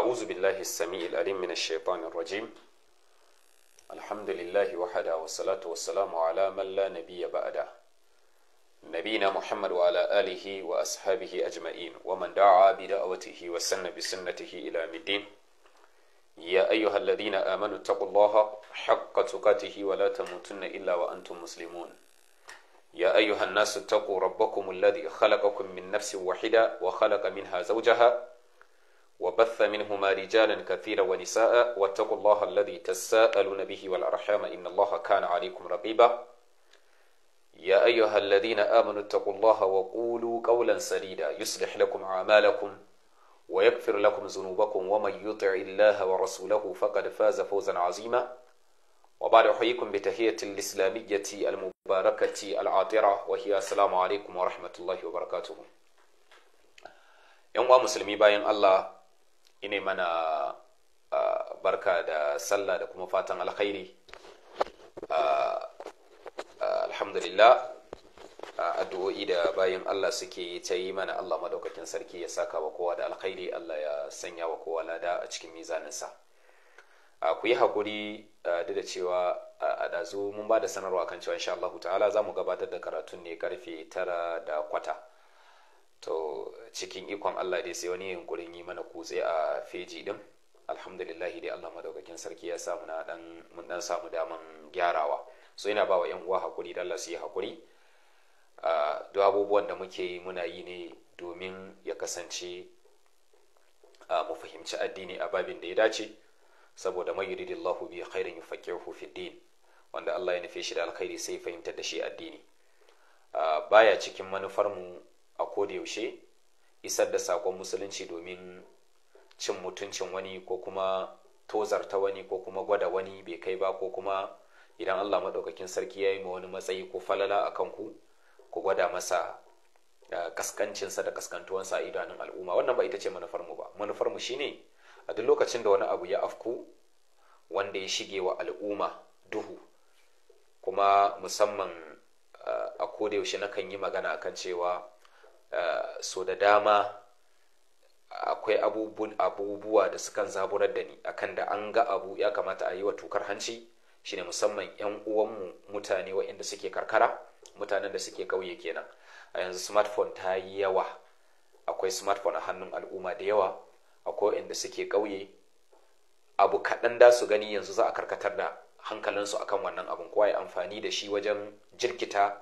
أعوذ بالله السميع العليم من الشيطان الرجيم الحمد لله وحده والصلاة والسلام على من لا نبي بعده نبينا محمد وعلى آله وأصحابه أجمعين ومن دعا بدعوته وسن بسنته إلى الدين يا أيها الذين آمنوا اتقوا الله حق تقاته ولا تموتن إلا وأنتم مسلمون يا أيها الناس اتقوا ربكم الذي خلقكم من نفس واحدة وخلق منها زوجها وبث منهما رجالا كثيرا ونساء واتقوا الله الذي تساءلون به والأرحام إن الله كان عليكم رقيبا يا أيها الذين آمنوا اتقوا الله وقولوا قولا سديدا يصلح لكم أعمالكم ويغفر لكم ذنوبكم ومن يطع الله ورسوله فقد فاز فوزا عظيما وبعد أحييكم بتحية الإسلامية المباركة العاطرة وهي السلام عليكم ورحمة الله وبركاته يوم مسلمي باين الله ine mana barka da sallah da kuma fatan alkhairi alhamdulillah addu'o'i da bayan Allah suke ta yi mana Allah madaukakin sarki ya saka wa kowa da alkhairi Allah ya sanya wa kowa lada a cikin mizaninsa ku yi haƙuri duk da cewa a dazu mun ba da sanarwa kan cewa insha Allah ta'ala za mu gabatar da karatun ne karfe tara da kwata to cikin ikon Allah dai sai wani yunkurin yi mana kutse a feji din alhamdulillah dai Allah madaukakin sarki ya samu na dan mun dan samu daman gyarawa so ina bawa yan uwa hakuri dan Allah su yi hakuri duk abubuwan da muke yi muna yi ne domin ya kasance mu fahimci addini a babin da ya dace saboda mai yuridillahu bi khairin yufaqihu fi din wanda Allah ya nufe shi da alkhairi sai fahimtar da shi addini baya cikin manufar mu. a yaushe isar da sakon musulunci domin cin mutuncin wani ko kuma tozarta wani ko kuma gwada wani bai kai ba ko kuma idan Allah maɗaukakin sarki ya yi ma wani matsayi ko falala a kanku ku gwada masa kaskancinsa da kaskantuwansa a idanun al'umma wannan ba ita ce manufarmu ba manufarmu shine a duk lokacin da wani abu ya afku wanda ya shige wa al'umma duhu kuma musamman a kodayaushe yaushe kan yi magana akan cewa Eh, so da dama akwai abubuwa da sukan zaburar da ni akan da an ga abu ya kamata a yi wa tukar hanci shine musamman 'yan uwanmu mutane waɗanda suke karkara mutanen da suke kauye kenan a yanzu smartphone ta yi yawa akwai smartphone a hannun al'umma da yawa akwai waɗanda suke kauye abu kaɗan da su gani yanzu za a karkatar da hankalinsu akan wannan abin kowa ya amfani da shi wajen jirkita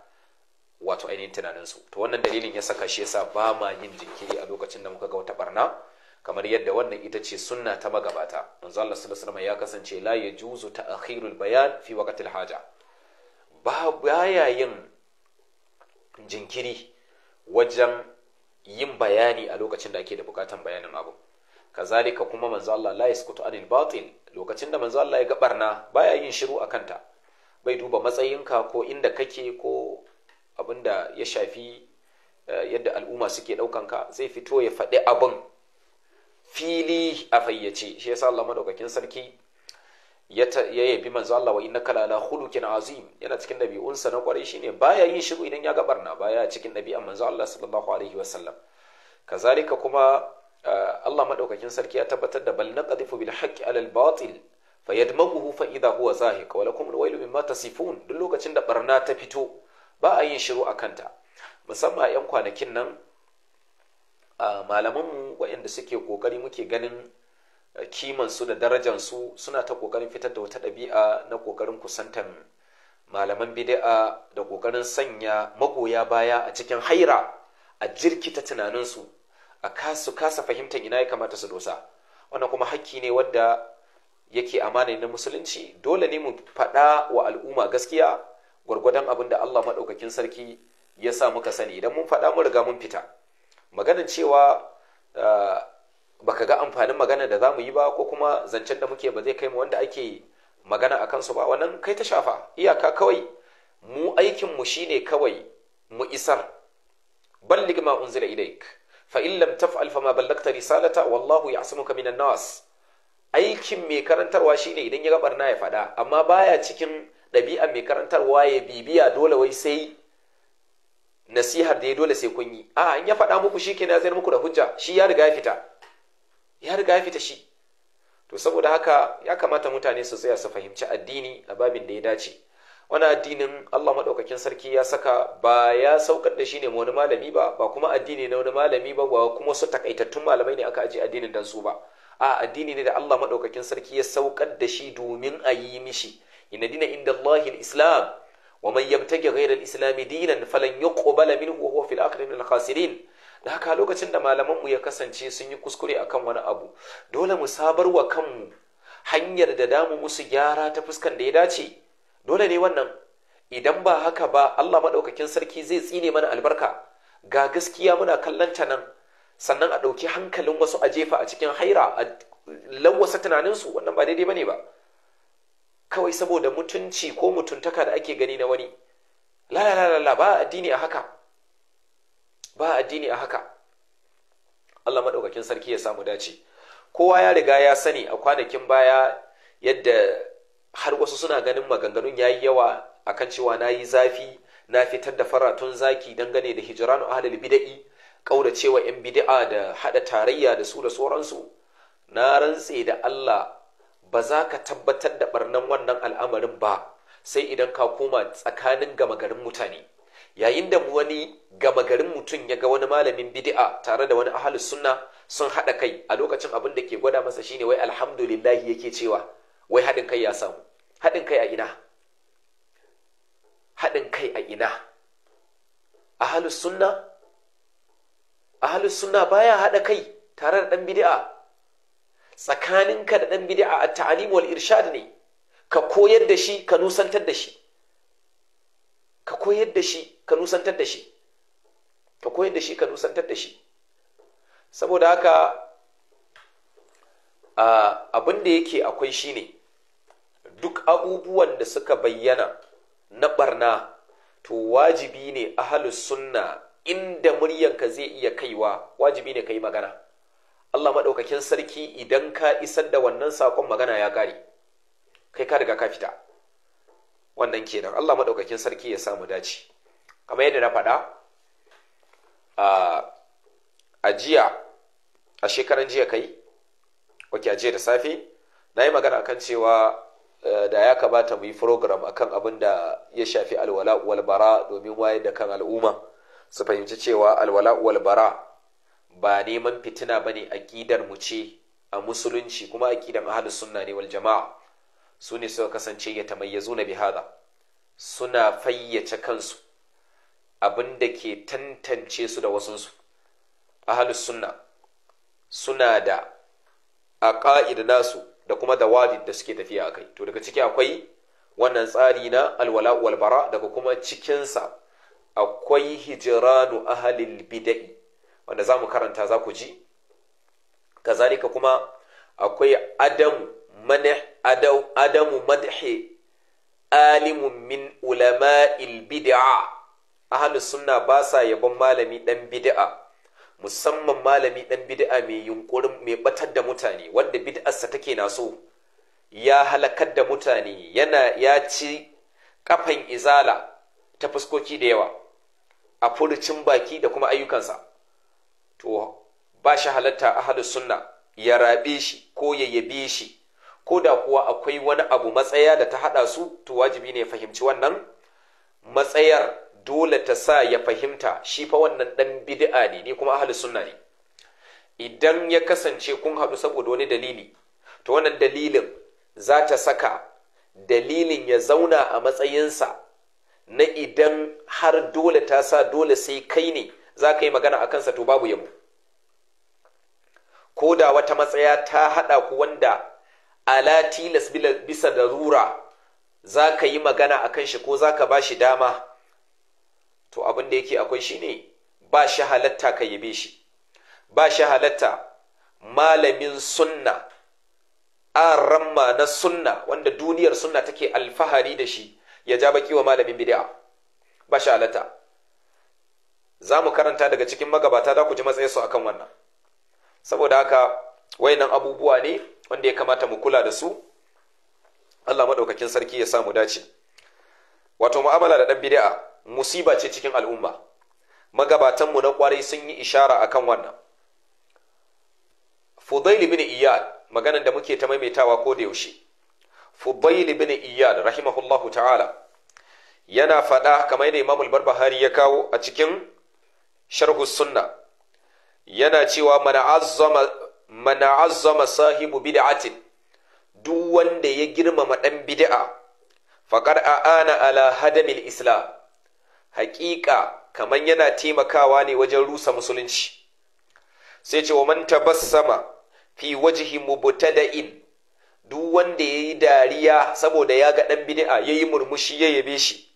wato ainihin tunaninsu to wannan dalilin ya saka shi yasa ba ma yin jinkiri a lokacin da muka ga wata barna kamar yadda wannan ita ce sunna ta magabata manzo Allah sallallahu alaihi ya kasance la yajuzu ta'khirul bayan fi waqtil haja ba baya yin jinkiri wajen yin bayani a lokacin da ake da bukatan bayanin abu kazalika kuma manzo Allah la yaskutu anil batil lokacin da manzo Allah ya ga barna baya yin shiru akanta bai duba matsayinka ko inda kake ko abinda ya shafi eh, yadda al'umma suke ɗaukan ka zai fito ya faɗi abin fili a fayyace shi yasa Allah madaukakin sarki ya yabi manzo Allah wa innaka la khuluqin azim yana cikin dabi'unsa na kwarai shine baya yin shiru idan ya ga barna baya cikin dabi'an manzo Allah sallallahu alaihi wasallam kazalika kuma eh, Allah madaukakin sarki ya tabbatar da bal naqdifu bil haqqi alal batil fayadmaguhu fa idha huwa zahiq wa lakum al mimma tasifun duk lokacin da barna ta fito ba a yin shiru a kanta musamman 'yan kwanakin nan malamanmu waɗanda suke ƙoƙari muke ganin kimansu da darajansu suna ta ƙoƙarin fitar da wata ɗabi'a na ƙoƙarin kusantan malaman bida'a da ƙoƙarin sanya magoya baya a cikin haira a jirkita tunaninsu a kasu kasa fahimtar ina ya kamata su dosa wannan kuma hakki ne wadda yake amana na musulunci dole ne mu faɗa wa al'umma gaskiya gwargwadon abin da Allah maɗaukakin sarki ya sa muka sani idan mun faɗa mu riga mun fita maganar cewa ah, baka ga amfanin magana da za mu yi ba ko kuma zancen da muke ba zai kai mu wanda ake magana a kansu ba wannan kai ta shafa iyaka kawai mu aikin mu shine kawai mu isar ballig ma unzila ilaik fa in lam taf'al ma ballagta risalata wallahu ya'simuka minan nas aikin mai karantarwa shine idan ya ga barna ya faɗa amma baya cikin ɗabi'an mai karantarwa ya bibiya dole wai sai nasihar da ya dole sai kun yi a in ya faɗa muku shi kenan zai muku da hujja shi ya riga ya fita ya riga ya fita shi to saboda haka ya kamata mutane su tsaya su fahimci addini a babin da ya dace wani addinin Allah maɗaukakin sarki ya saka ba ya saukar da shi ne wani malami ba ba kuma addini na wani malami ba ba kuma su takaitattun malamai ne aka ajiye addinin dan su ba a addini ne da Allah maɗaukakin sarki ya saukar da shi domin a yi mishi inna dina inda Allahi islam wa man yabtaghi ghayra islam dinan falan yuqbala minhu wa huwa fil akhirati khasirin da haka lokacin da malaman mu ya kasance sun yi kuskure akan wani abu dole mu sabar wa kanmu hanyar da damu musu gyara ta fuskan da ya dace dole ne wannan idan ba haka ba Allah madaukakin sarki zai tsine mana albarka ga gaskiya muna kallon ta nan sannan a ɗauki hankalin wasu a jefa a cikin haira a lawasa tunaninsu wannan ba daidai bane ba kawai saboda mutunci ko mutuntaka da ake gani na wani la ba addini a haka ba addini a haka Allah maɗaukakin sarki ya samu dace kowa ya riga ya sani a kwanakin baya yadda har wasu suna ganin maganganun ya yi yawa a kan cewa na yi zafi na fitar da faratun zaki dangane da hijranu ahlul bid'i ƙauracewa yan bida'a da haɗa tarayya da su da sauransu na rantse da Allah ba za ka tabbatar da barnan wannan al'amarin ba sai idan ka koma tsakanin gama garin mutane yayin da wani gama garin mutum ya ga wani malamin bidi'a tare da wani ahalus sunna sun haɗa kai a lokacin abin da ke gwada masa shine wai alhamdulillahi yake cewa wai haɗin kai ya samu haɗin kai a ina haɗin kai a ina ahalus sunna ahalus sunna baya haɗa kai tare da ɗan bidi'a? tsakaninka da ɗan bidi'a a ta'alim wal irshad ne ka koyar da shi ka nusantar da shi ka koyar da shi ka nusantar da shi ka koyar da shi ka nusantar da shi saboda haka abin da yake akwai shi ne, duk abubuwan da suka bayyana na barna to wajibi ne ahalus sunna inda muryanka zai iya kaiwa wajibi ne ka yi magana Allah maɗaukakin sarki idan ka isar da wannan saƙon magana ya kare kai ka riga ka fita wannan kenan Allah maɗaukakin sarki ya samu dace kamar yadda na faɗa a jiya a shekaran jiya kai wake a jiya da safe na yi magana kan cewa eh, da ya kamata mu yi program akan abin da ya shafi alwala walbara domin wayar da kan al'umma su fahimci cewa alwala walbara ba neman fitina ba ne aƙidar mu ce a musulunci kuma aƙidar ahalus sunna ne wal jama'a su ne suka kasance ya tamayyazu na bihada suna fayyace kansu abin da ke tantance su da wasunsu ahalus sunna suna da a ƙa'ida nasu da kuma da wadid da suke tafiya a kai to daga ciki akwai wannan tsari na alwala bara daga kuma cikinsa akwai hijiranu ahalil bida'i wanda za mu karanta za ku ji kazalika kuma akwai adamu manah adamu madhe alimun min ulama'il bid'a ahlus sunna ba sa yabon malami dan bid'a musamman malami dan bid'a mai yunkurin mai batar da mutane wanda bid'arsa take naso ya halakar da mutane yana ya ci kafan izala ta fuskoki da yawa a furucin baki da kuma ayyukansa to ba shi halatta ahalus sunna ya rabe shi ko ya yabe shi ko da kuwa akwai wani abu matsaya da ta hada su to wajibi ne fahimci wannan matsayar dole ta sa ya fahimta shi fa wannan dan bid'a ne ni kuma ahalus sunna ne idan ya kasance kun haɗu saboda wani dalili to wannan dalilin za ta saka dalilin ya zauna a matsayinsa na idan har dole ta sa dole sai kai ne za ka yi magana a kansa to babu yabo ko da wata matsaya ta haɗa ku wanda ala tilas bisa rura za ka yi magana a kan shi ko za ka ba shi dama to abin da yake akwai shi ne ba shi halatta ka yabe shi ba shi halatta malamin sunna an ramma na sunna wanda duniyar sunna take alfahari da shi ya ja baki wa malamin bid'a ba shi halatta za mu karanta daga cikin magabata za ku ji matsayinsu akan wannan saboda haka wayannan abubuwa ne wanda ya kamata mu kula da su Allah maɗaukakin sarki ya samu dace wato mu'amala da ɗan bid'a musiba ce cikin al'umma magabatan mu na ƙwarai sun yi ishara akan wannan Fudail ibn Iyad maganar da muke ta maimaitawa ko da yaushe Fudail ibn Iyad rahimahullahu ta'ala yana faɗa kamar da imamul barbahari ya kawo a cikin sharhu sunna yana cewa mana azzama sahibu bid'atin duk wanda ya girmama ɗan bid'a faƙar a'ana ala hadamil islam haƙiƙa Kaman yana taimakawa ne wajen rusa musulunci sai ce wa man tabassama fi wajhi mubtada'in duk wanda yayi dariya saboda ya ga ɗan bid'a yayi murmushi yayyabe yabe shi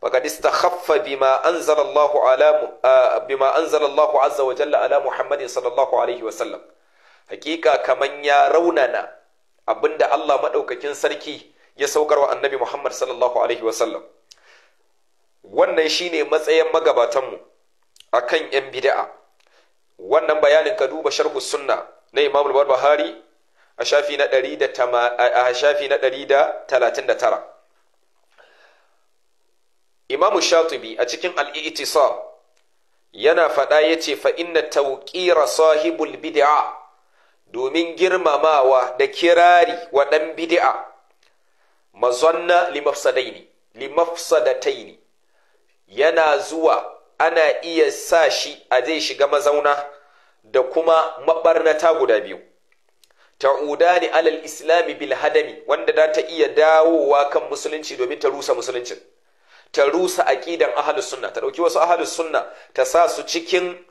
faqad istakhaffa bima anzala Allahu ala bima anzala Allahu azza wa jalla ala Muhammadin sallallahu alaihi wa sallam hakika kaman ya raunana abinda Allah maɗaukakin sarki ya saukarwa annabi Muhammad sallallahu alaihi wa sallam wannan shine matsayin magabatanmu kan yan bida'a. wannan bayanin ka duba sharhu sunna na Imam al-Barbahari a shafi na 100 a shafi na 139 imamu shatubi a cikin al'i'tisar yana faɗa ya ce fa'inna tauƙira sahibul bid'a domin girmamawa da kirari wa ɗan bid'a mazonna limafsadatai ne yana zuwa ana iya sa shi a zai shiga mazauna da kuma maɓarnata guda biyu ta'uda ne alal islami bil hadami wanda ta iya dawowa kan musulunci domin ta rusa musuluncin ta rusa aqidan ahlus sunna ta ɗauki wasu ahlus sunna ta sa su cikin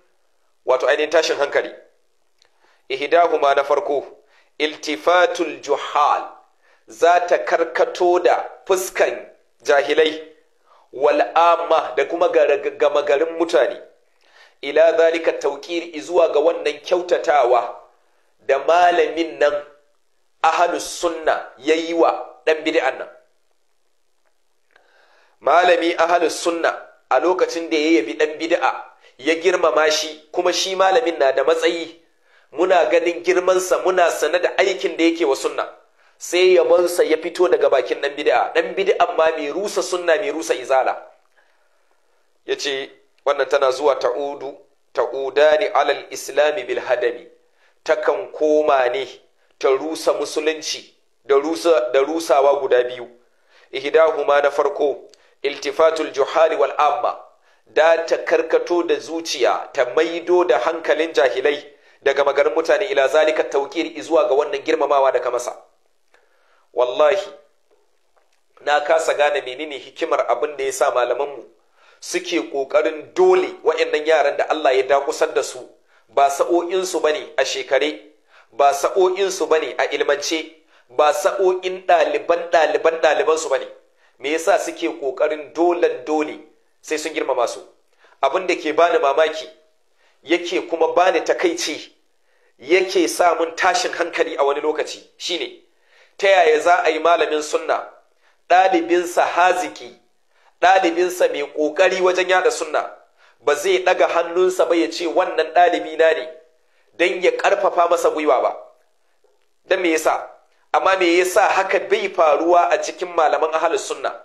wato ainihin tashin hankali ma na farko iltifatul juhal za ta karkato da fuskan jahilai wal'amma da kuma gama garin mutane ila zalika tauƙiri zuwa ga wannan kyautatawa da malamin nan ahalus sunna yayi wa ɗan bid'an nan malami ahalus sunna a lokacin da ya yabi ɗan bid'a ya girmama shi kuma shi malamin na da matsayi muna ganin girmansa muna sane da aikin da yake wa sunna sai yabonsa ya fito daga bakin ɗan bid'a ɗan bid'a ma mai rusa sunna mai rusa izala yace wannan tana zuwa ta'udu ta'udani alal islami bil hadami takan koma ne ta rusa musulunci da rusawa guda biyu ihdahu ma na farko iltifatul juhari wal amma da ta karkato da zuciya ta maido da hankalin jahilai daga magarin mutane ila zalika tawqir zuwa ga wannan girmamawa da kamasa wallahi na kasa gane menene hikimar abin da yasa malaman mu suke kokarin dole waɗannan yaran da Allah ya dakusar da su ba sa'o'in su bane a shekare ba sa'o'in su bane a ilmance ba sa'o'in ɗaliban ɗaliban ɗaliban su bane me yasa suke kokarin dolan dole sai sun girmama su abin da ke bani mamaki yake kuma bani takaici yake samun tashin hankali a wani lokaci shine ta yaya za a yi malamin sunna ɗalibinsa haziki ɗalibinsa mai ƙoƙari wajen yada sunna ba zai ɗaga hannunsa ba ya ce wannan ɗalibi na ne don ya ƙarfafa masa gwiwa ba don me yasa amma me yasa haka bai faruwa a cikin malaman ahlus sunna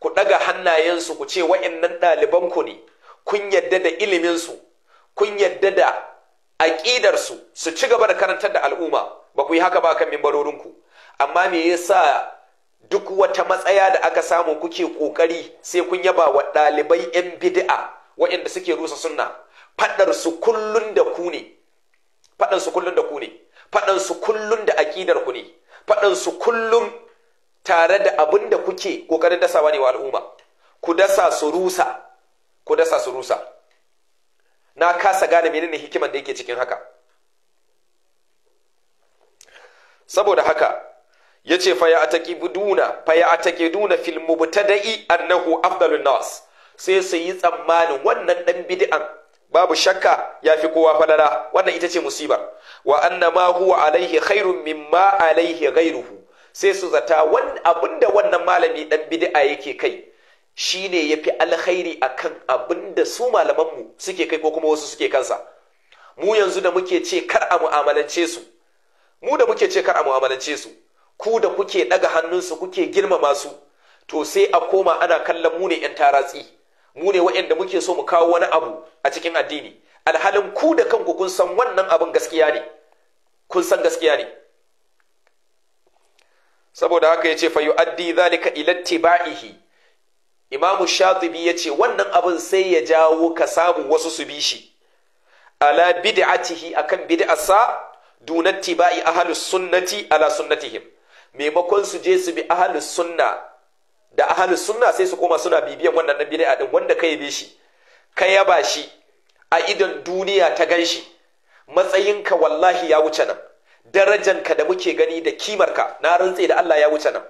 ku daga hannayensu ku ce wa'annan ɗaliban ku ne kun yadda da iliminsu kun yadda da aƙidarsu su ci gaba da karantar da al'umma ba ku yi haka ba kan mimbarorin amma me yasa duk wata matsaya da aka samu kuke kokari sai kun yaba wa ɗalibai 'yan bid'a waɗanda suke rusa sunna faɗar su kullun da kullun da aƙidar ku ne faɗansu kullum tare da abin da kuke ƙoƙarin dasawa ne wa al'umma ku dasa su rusa ku dasa su rusa na kasa gane menene hikimar da yake cikin haka saboda haka ya ce faya a taƙi duna faya a taƙi duna filmu da'i annahu afdalun nas sai su yi tsammanin wannan ɗan bidi'an babu shakka ya fi kowa falala wannan ita ce musibar wa annama huwa alaihi khairun mimma alaihi ghairuhu sai su zata abinda wannan malami dan bid'a yake kai shine yafi alkhairi akan abinda su malaman mu suke kai ko kuma wasu suke kansa mu yanzu da muke ce kar a mu'amalance su mu da muke ce kar a mu'amalance su ku da kuke daga hannunsu kuke girmama su to sai a koma ana kallon mu ne yan taratsi mu ne waɗanda muke so mu kawo wani abu a cikin addini alhalin ku da kanku kun san wannan abin gaskiya ne kun san gaskiya ne saboda haka yace fa yu'addi zalika ila tibaihi imamu shatibi yace wannan abin sai ya jawo ka samu wasu su bi shi ala bid'atihi akan bid'asa dunat tibai ahlus sunnati ala sunnatihim maimakon su je su bi ahlus sunna da ahalu sunna sai su koma suna bibiyan wannan dan bid'a din wanda ka yabe shi ka yaba shi a idan duniya ta gan shi matsayinka wallahi ya wuce nan darajanka da muke gani da kimarka na rantse da Allah ya wuce nan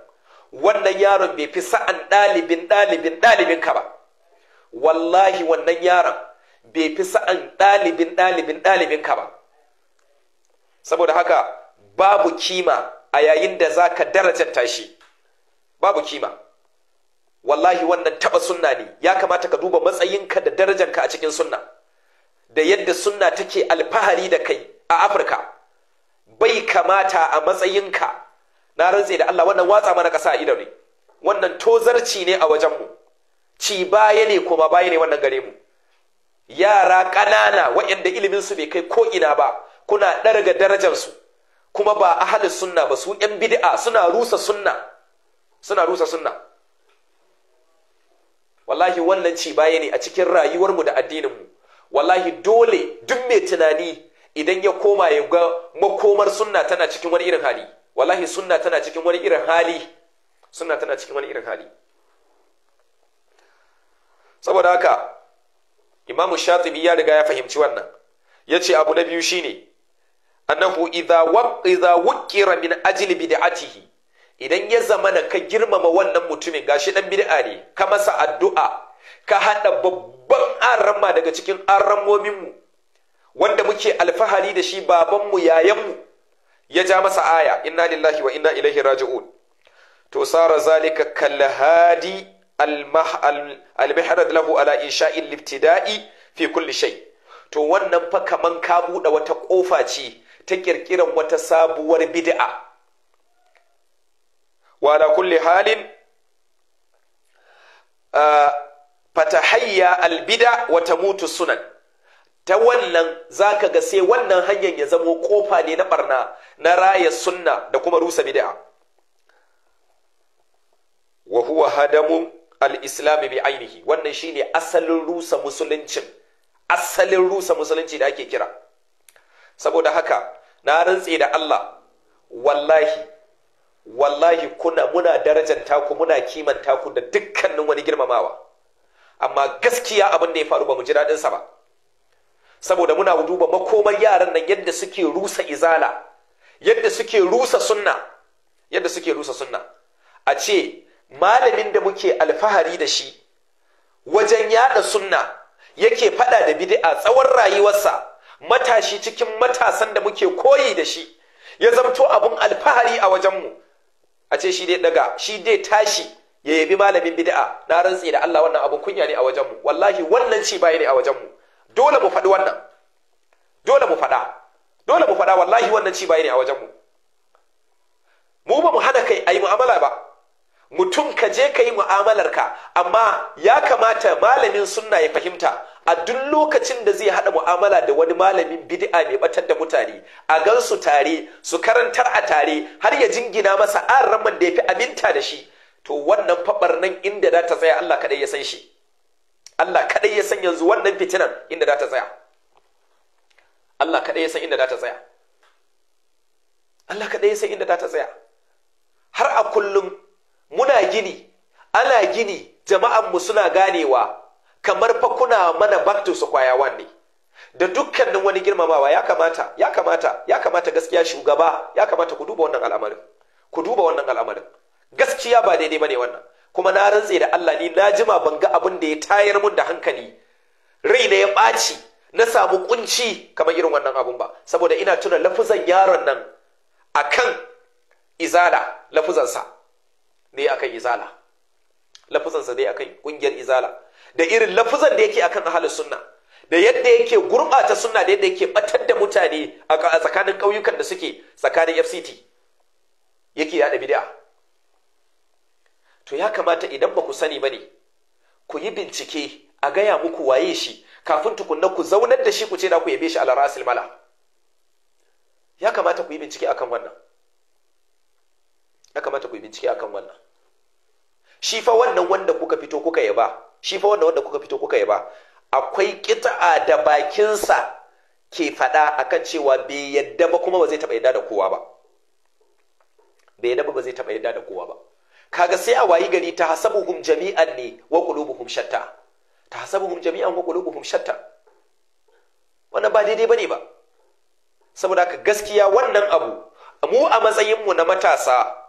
wannan yaron bai fi sa'an ɗalibin ɗalibin ɗalibinka ba wallahi wannan yaron bai fi sa'an ɗalibin ɗalibin ɗalibinka ba saboda haka babu kima a yayin da za ka darajanta shi babu kima wallahi wannan taɓa sunna ne ya kamata ka duba matsayinka da darajarka a cikin sunna da yadda sunna take alfahari da kai a afirka bai kamata a matsayinka na rantse da allah wannan watsa mana ƙasa a ido ne wannan tozarci ne a wajenmu ci baya ne kuma baya ne wannan gare mu yara ƙanana waɗanda iliminsu bai kai ko ina ba kuna ɗarga darajarsu kuma ba ahalin sunna ba su ‘yan bid'a suna rusa sunna suna rusa sunna wallahi wannan ci baya ne a cikin rayuwarmu da addininmu wallahi dole duk mai tunani idan ya koma ya ga makomar sunna tana cikin wani irin hali wallahi sunna tana cikin wani irin hali sunna tana cikin wani irin hali saboda haka imamu shatibi ya riga ya fahimci wannan ya ce abu na biyu shine annahu idza wukira min ajli bid'atihi idan ya zama na ka girmama wannan mutumin gashi ɗan bid'a ne ka masa addu'a ka haɗa babban arama daga cikin aramomin mu wanda muke alfahari da shi baban mu yayan mu ya ja masa aya inna lillahi wa inna ilaihi raji'un to sara zalika kal hadi al mihrad lahu ala insha'il libtida'i fi kulli shay to wannan fa kaman ka bude wata ƙofa ce ta kirkiran wata sabuwar bid'a wa ala halin fatahayya albida wa tamutu sunan ta wannan zaka ga sai wannan hanyar ya zamo kofa ne na barna na raya sunna da kuma rusa bid'a wa huwa hadamu al-islam bi ainihi wannan shine asalin rusa musuluncin asalin rusa musulunci da ake kira saboda haka na rantse da Allah wallahi wallahi kuna muna darajar taku muna kiman taku da dukkanin wani girmamawa amma gaskiya abin da ya faru ba mu ji daɗinsa ba saboda muna duba makomar yaran nan yadda suke rusa izala yadda suke rusa sunna yadda suke rusa sunna a ce malamin da muke alfahari da shi wajen yada sunna yake fada da bid'a tsawon rayuwarsa matashi cikin matasan da muke koyi da shi ya zamto abun alfahari a wajenmu a ce shi dai daga shi dai tashi ya yabi malamin bid'a na rantsi da Allah wannan abun kunya ne a wajen mu wallahi wannan ci baya ne a wajen mu dole mu faɗi wannan dole mu faɗa dole mu faɗa wallahi wannan ci baya ne a wajen mu mu ba mu hana kai ayi mu'amala ba mutum ka je ka yi mu'amalarka amma ya kamata malamin sunna ya fahimta a duk lokacin da zai haɗa mu'amala da wani malamin bid'a mai batar da mutane a gan su tare su karantar a tare har ya jingina masa an raman da ya fi aminta da shi to wannan faɓar nan inda za ta tsaya Allah kaɗai ya san shi Allah kaɗai ya san yanzu wannan fitinan inda za ta tsaya Allah kaɗai ya san inda za ta tsaya Allah kaɗai ya san inda za ta tsaya har a kullum muna gini ana gini jama'an mu suna ganewa kamar fa kuna mana back su kwaya, wanne? da dukkanin wani girmamawa ya kamata ya kamata ya kamata gaskiya shugaba ya kamata ku duba wannan al'amarin ku duba wannan al'amarin gaskiya ba daidai bane wannan kuma na rantse da Allah ni na jima ban ga abin da ya tayar mun da hankali rai na ya ɓaci na samu ƙunci kamar irin wannan abun ba saboda ina tuna lafuzan yaron nan a akan izala lafuzansa dai akan izala lafuzansa dai akan kungiyar izala da irin lafuzan da yake akan ahalar sunna da yadda yake gurbata sunna da yadda yake batar da mutane a tsakanin ƙauyukan da suke tsakanin FCT yake yada bid'a to ya kamata idan ba ku sani bane ku yi bincike a gaya muku waye shi kafin tukunna ku zaunar da shi ku ce da ku yabe shi ala rasil mala ya kamata ku yi bincike akan wannan ya kamata ku yi bincike akan wannan shi fa wannan wanda kuka fito kuka yaba shi fa wannan wanda kuka fito kuka yaba akwai kita'a da bakinsa ke faɗa akan cewa bai yadda ba kuma ba zai taɓa yadda da kowa ba bai yadda ba ba zai taba yadda da kowa ba kaga sai a wayi gari ta hasabuhum jami'an ne wa qulubuhum shatta ta hasabuhum jami'an wa qulubuhum shatta wannan ba daidai bane ba saboda haka gaskiya wannan abu mu a matsayinmu na matasa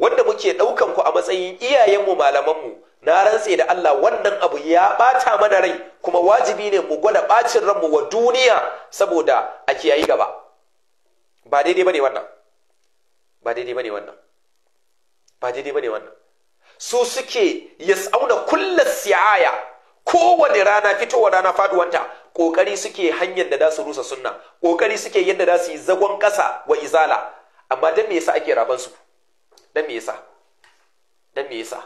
wanda muke ɗaukan ku a matsayin iyayenmu malamanmu na rantse da Allah wannan abu ya bata mana rai kuma wajibi ne mu gwada ɓacin ranmu wa duniya saboda a kiyayi gaba ba daidai bane wannan ba daidai bane wannan ba daidai bane wannan su suke ya tsauna kulla siyaya, kowane rana fitowa rana faduwanta kokari suke hanyar da za su rusa sunna kokari suke yadda za su yi zagon kasa wa izala amma dan me yasa ake raban su dan me yasa dan me yasa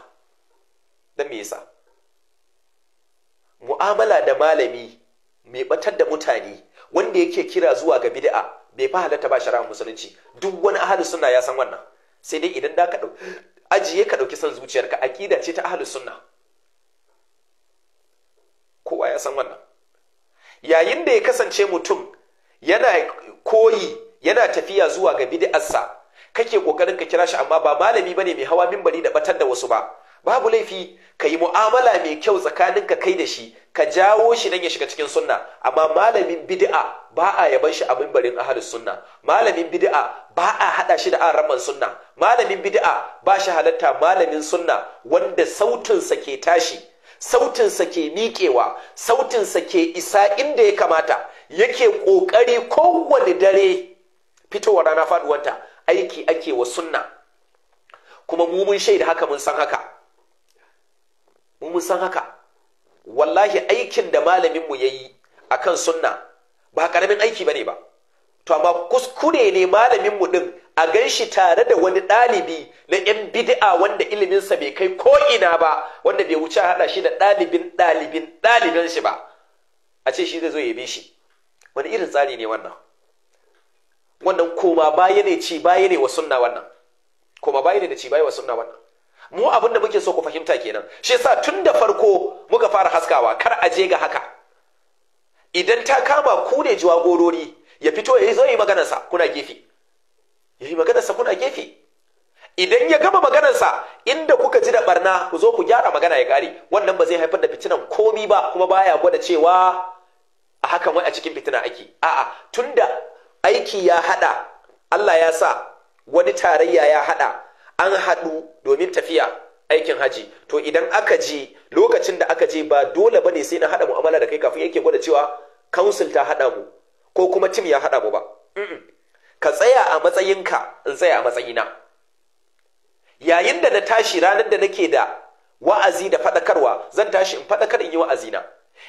dan me yasa mu'amala da malami mai batar da mutane wanda yake kira zuwa ga bid'a bai fa halatta ba shari'ar musulunci duk wani ahlus sunna ya san wannan sai dai idan da ka ajiye ka dauki son zuciyarka akida ce ta ahlus sunna kowa ya san wannan yayin da ya kasance mutum yana koyi yana tafiya zuwa ga bid'arsa kake kokarin ka kira shi amma ba malami bane mai hawa mimbari da batar da wasu ba babu laifi ka yi mu'amala mai kyau tsakanin ka kai da shi ka jawo shi dan ya shiga cikin sunna amma malamin bid'a ba a yaban shi a mimbarin ahlus sunna malamin bid'a ba a hada shi da arraman sunna malamin bid'a ba shi halatta malamin sunna wanda sautin sa ke tashi sautinsa ke miƙewa sautinsa ke isa inda ya kamata yake kokari kowane dare fitowa rana faduwanta aiki ake wa sunna kuma mu mun shaida haka mun san haka mu mun san haka wallahi aikin da malamin mu yayi akan sunna ba karamin aiki bane ba to amma kuskure ne malamin mu din a ganshi tare da wani ɗalibi na yan bid'a wanda iliminsa bai kai ko ina ba wanda bai wuce hada shi da ɗalibin ɗalibin ɗalibin shi ba a ce shi zai zo ya yabe shi wani irin tsari ne wannan wannan koma baya ne ci baya ne wa sunna wannan koma baya ne da ci baya wa sunna wannan mu abin da muke so ku fahimta kenan shi yasa tun da farko muka fara haskawa kar a je ga haka idan ta kama ku ne gorori, ya fito ya zo yi maganarsa kuna gefe ya yi maganarsa kuna gefe idan ya gama maganarsa inda kuka ji da barna ku zo ku gyara magana ya kare wannan ba zai haifar da fitinan komi ba kuma baya gwada cewa a hakan wai a cikin fitina ake a'a tunda aiki ya hada Allah ya sa wani tarayya ya hada an haɗu domin tafiya aikin haji to idan aka je lokacin da aka je ba dole bane sai na hada mu'amala da kai kafin yake gwada cewa council ta hada mu ko kuma tim ya hada mu ba ka tsaya a matsayinka in tsaya a matsayina yayin da na tashi ranar da nake da wa'azi da fadakarwa zan tashi in fadakar in yi wa'azina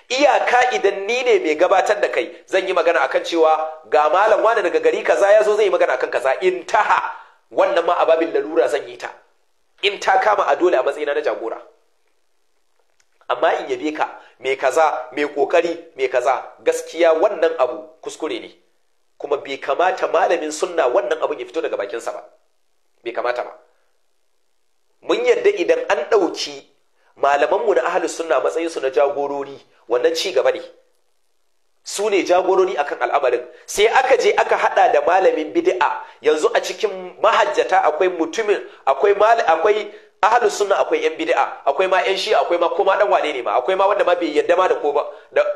iyaka idan ni ne mai gabatar da kai zan yi magana akan cewa ga malam wani daga gari kaza ya zo zai yi magana akan kaza In taha wannan ma ababin lalura zan yi ta in ta kama a dole a matsayina na jagora amma in yabe ka mai kaza mai kokari mai kaza gaskiya wannan abu kuskure ne kuma bai kamata malamin sunna wannan abun ya fito daga bakinsa ba bai kamata ba mun yadda idan an ɗauki malamanmu na ahalus sunna matsayinsu na jagorori wannan ci gaba ne su ne jagorori akan al'amarin sai aka je aka hada da malamin bid'a yanzu a cikin mahajjata akwai mutumin akwai mal akwai ahlus sunna akwai yan bid'a akwai ma yan shi, akwai ma koma dan wane ne ma akwai ma wanda ma bai yadda ma da ko ba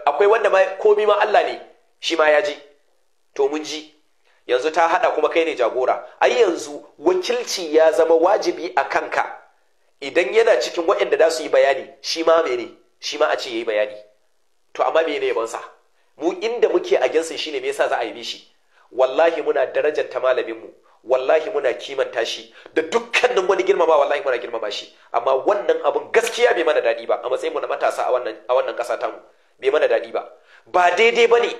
akwai wanda ma komi ma Allah ne shi ma ya ji to mun ji yanzu ta hada kuma kai ne jagora ai yanzu wakilci ya zama wajibi a kanka idan yana cikin waɗanda za su yi bayani shi ma mene shi ma a ce yayi bayani to amma me ne yabansa mu inda muke a ginsin shine me yasa za a yi shi wallahi muna darajar ta malamin mu wallahi muna kimanta shi da dukkanin wani girmama wallahi muna girmama shi amma wannan abun gaskiya bai mana daɗi ba a matsayin mu na matasa a wannan a wannan kasa ta mu bai mana daɗi ba ba daidai bane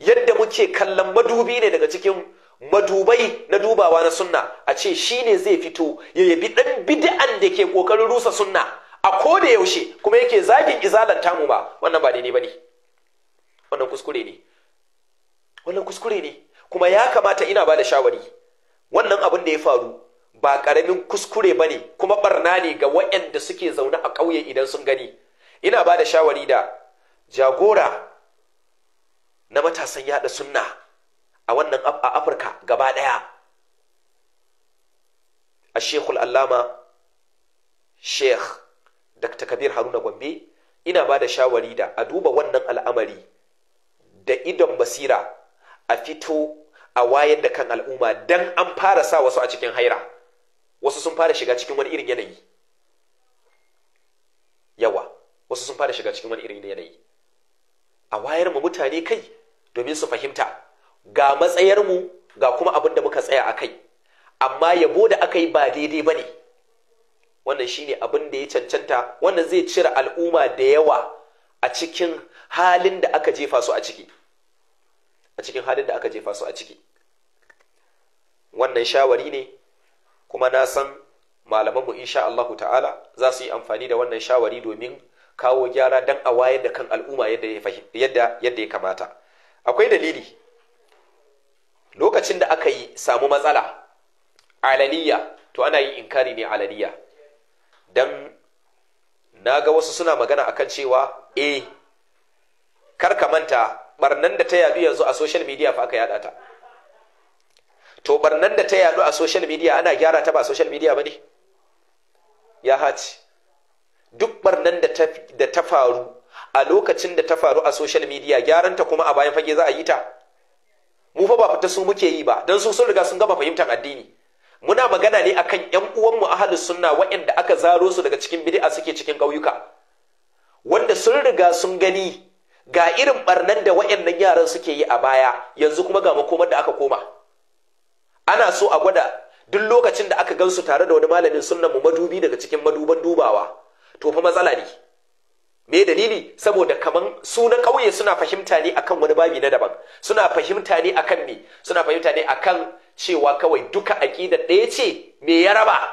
yadda muke kallon madubi ne daga cikin madubai na dubawa na sunna a ce shi ne zai fito ya yabi ɗan bid'an da ke kokarin rusa sunna a ko da yaushe kuma yake zagin izalar tamu ba wannan ba daidai ne. wannan kuskure ne wannan kuskure ne kuma ya kamata ina ba da shawari wannan abin da ya faru ba karamin kuskure ba ne. kuma barna ne ga waɗanda suke zaune a ƙauye idan sun gani ina ba da shawari da jagora na matasan yada sunna a wannan a Afirka gaba ɗaya a shekul Allama Sheikh dr kabir haruna gombe ina ba da shawari da a duba wannan al'amari da idon basira a fito a wayar da kan al'umma don an fara sa wasu a cikin haira wasu sun fara shiga cikin wani irin yanayi yawa wasu sun fara shiga cikin wani irin yanayi a wayar mu mutane kai domin su fahimta ga matsayar mu ga kuma abin da muka tsaya a kai amma yabo da aka yi ba daidai ba ne wannan shine abin da ya cancanta wannan zai cire al'umma da yawa a cikin halin da aka jefa su a ciki a cikin halin da aka jefa su a ciki wannan shawari ne kuma na san malamanmu insha Allah ta'ala za su yi amfani da wannan shawari domin kawo gyara don a wayar da kan al'umma yadda ya kamata akwai dalili lokacin da aka yi samu matsala alaniya to ana yin inkari ne alaniya don na ga wasu suna magana akan cewa eh, kar karka manta barnan da ta yadu yanzu a social media fa aka yada ta to barnan da ta yadu a social media ana gyara ta ba social media ba ne ya haci duk barnan da ta faru a lokacin da ta faru a social media gyaranta kuma a bayan fage za a yi ta mu fa ba fita su muke yi ba don su sun riga sun gaba fahimtar addini muna magana ne akan ƴan uwanmu ahlus sunna waɗanda aka zaro su daga cikin bid'a suke cikin ƙauyuka wanda sun riga sun gani ga irin barnan da waɗannan yaran suke yi a baya yanzu kuma ga makomar da aka koma ana so a gwada duk lokacin da aka gansu tare da wani malamin sunnan mu madubi daga cikin maduban dubawa to fa matsala ne me dalili saboda kaman su na ƙauye suna fahimta ne akan wani babi na daban suna fahimta ne akan me suna fahimta ne akan cewa kawai duka aƙidar ɗaya ce me ya raba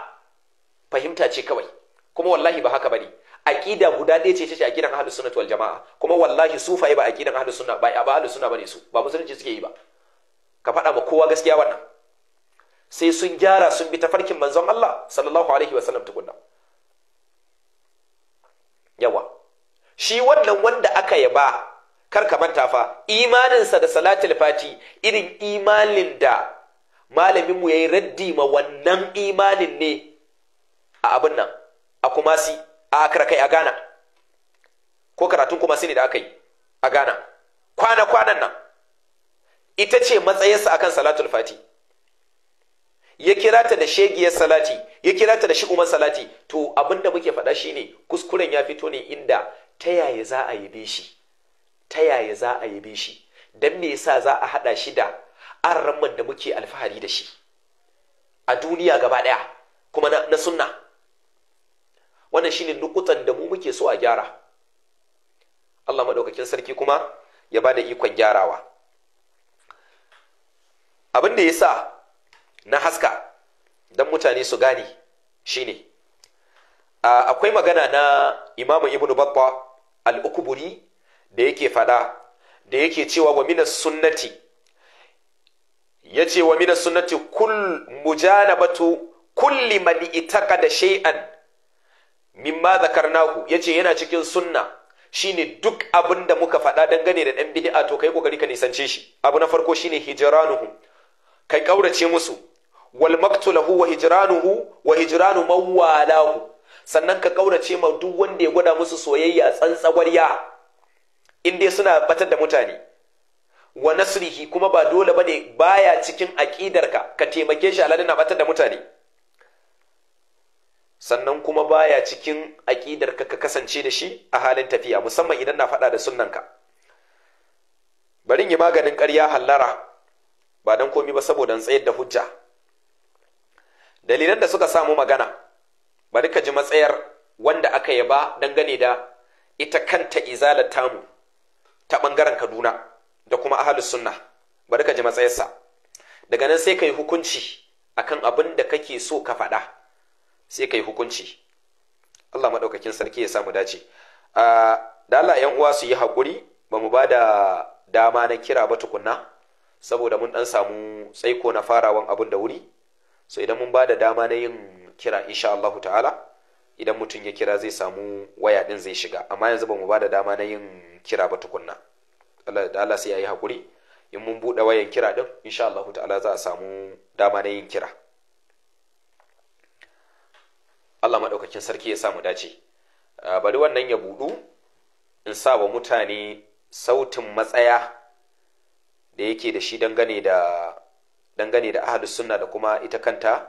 fahimta ce kawai kuma wallahi ba haka bane aƙida guda ɗaya ce ce aƙidan ahlus suna wal jamaa kuma wallahi su yi ba aƙidan ahlus suna ba ba ahlus ba bane su ba musulunci suke yi ba ka faɗa ma kowa gaskiya wannan sai sun gyara sun bi tafarkin manzon Allah sallallahu alaihi wa sallam tukunna yawa shi wannan wanda aka yaba kar ka manta fa imaninsa da salatul fati irin imanin da Malaminmu ya yi raddi ma wannan imanin ne a abin nan a kumasi a akra a Ghana ko karatun kumasi ne da aka yi a Ghana kwana kwanan nan ita ce matsayinsa a akan salatul fati ya kira ta da shegiyar salati ya kira ta da shigumar salati to abinda muke faɗa shi ne kuskuren ya fito ne inda ta yaya za a yabe shi ta yaya za a yabe shi dan me yasa za a haɗa shi da ramman da muke alfahari da shi a duniya gaba ɗaya kuma na sunna wannan shine nukutan da mu muke so a gyara Allah maɗaukakin sarki kuma ya ba da ikon gyarawa abin da ya sa na haska don mutane su gane shine akwai magana na imamu ibnu babba al'Ukuburi da yake fada da yake cewa wa minas sunnati yace wa minas sunnati mujana mujanabatu kulli man da shay'an mimma zakarnahu yace yana cikin sunna shine duk abin da muka faɗa dangane da ɗan a to kai kokari ka nisance shi abu na farko shine hijranuhu kai kaurace musu wal maktulahu wa hijranuhu wa hijranu mawalahu sannan ka kaurace ma duk wanda ya gwada musu soyayya tsantsagwarya in dai suna batar da mutane wa nasrihi kuma ba dole bane baya cikin aqidarka ka taimake shi alalin na batar da mutane sannan kuma baya cikin aƙidarka ka kasance da shi a halin tafiya musamman idan na faɗa da sunnanka barin yi maganin ƙarya hallara ba don komi ba saboda tsayar da hujja dalilan da suka samu magana bari ka ji matsayar wanda aka yaba dangane da ita kanta izalar tamu ta ɓangaren kaduna da kuma ahalus sunna bari ka ji matsayarsa daga nan sai ka yi hukunci akan abin da kake so ka faɗa sai ka yi hukunci Allah maɗaukakin sarki ya samu dace ah, da Allah ‘yan uwa su yi haƙuri ba mu ba da dama na kira ba tukunna saboda mun ɗan samu tsaiko na farawan abun da wuri so idan mun ba da dama na yin kira insha Allahu ta'ala idan mutum ya kira zai samu waya ɗin zai shiga amma yanzu ba mu ba da dama na yin kira ba tukunna da Allah sai yi hakuri in mun buɗe wayan kira ɗin insha Allah ta'ala za a samu dama na yin kira Allah maɗaukakin sarki ya samu dace bari wannan ya buɗu in sa wa mutane sautin matsaya da yake da shi dangane da dangane da sunna da kuma ita kanta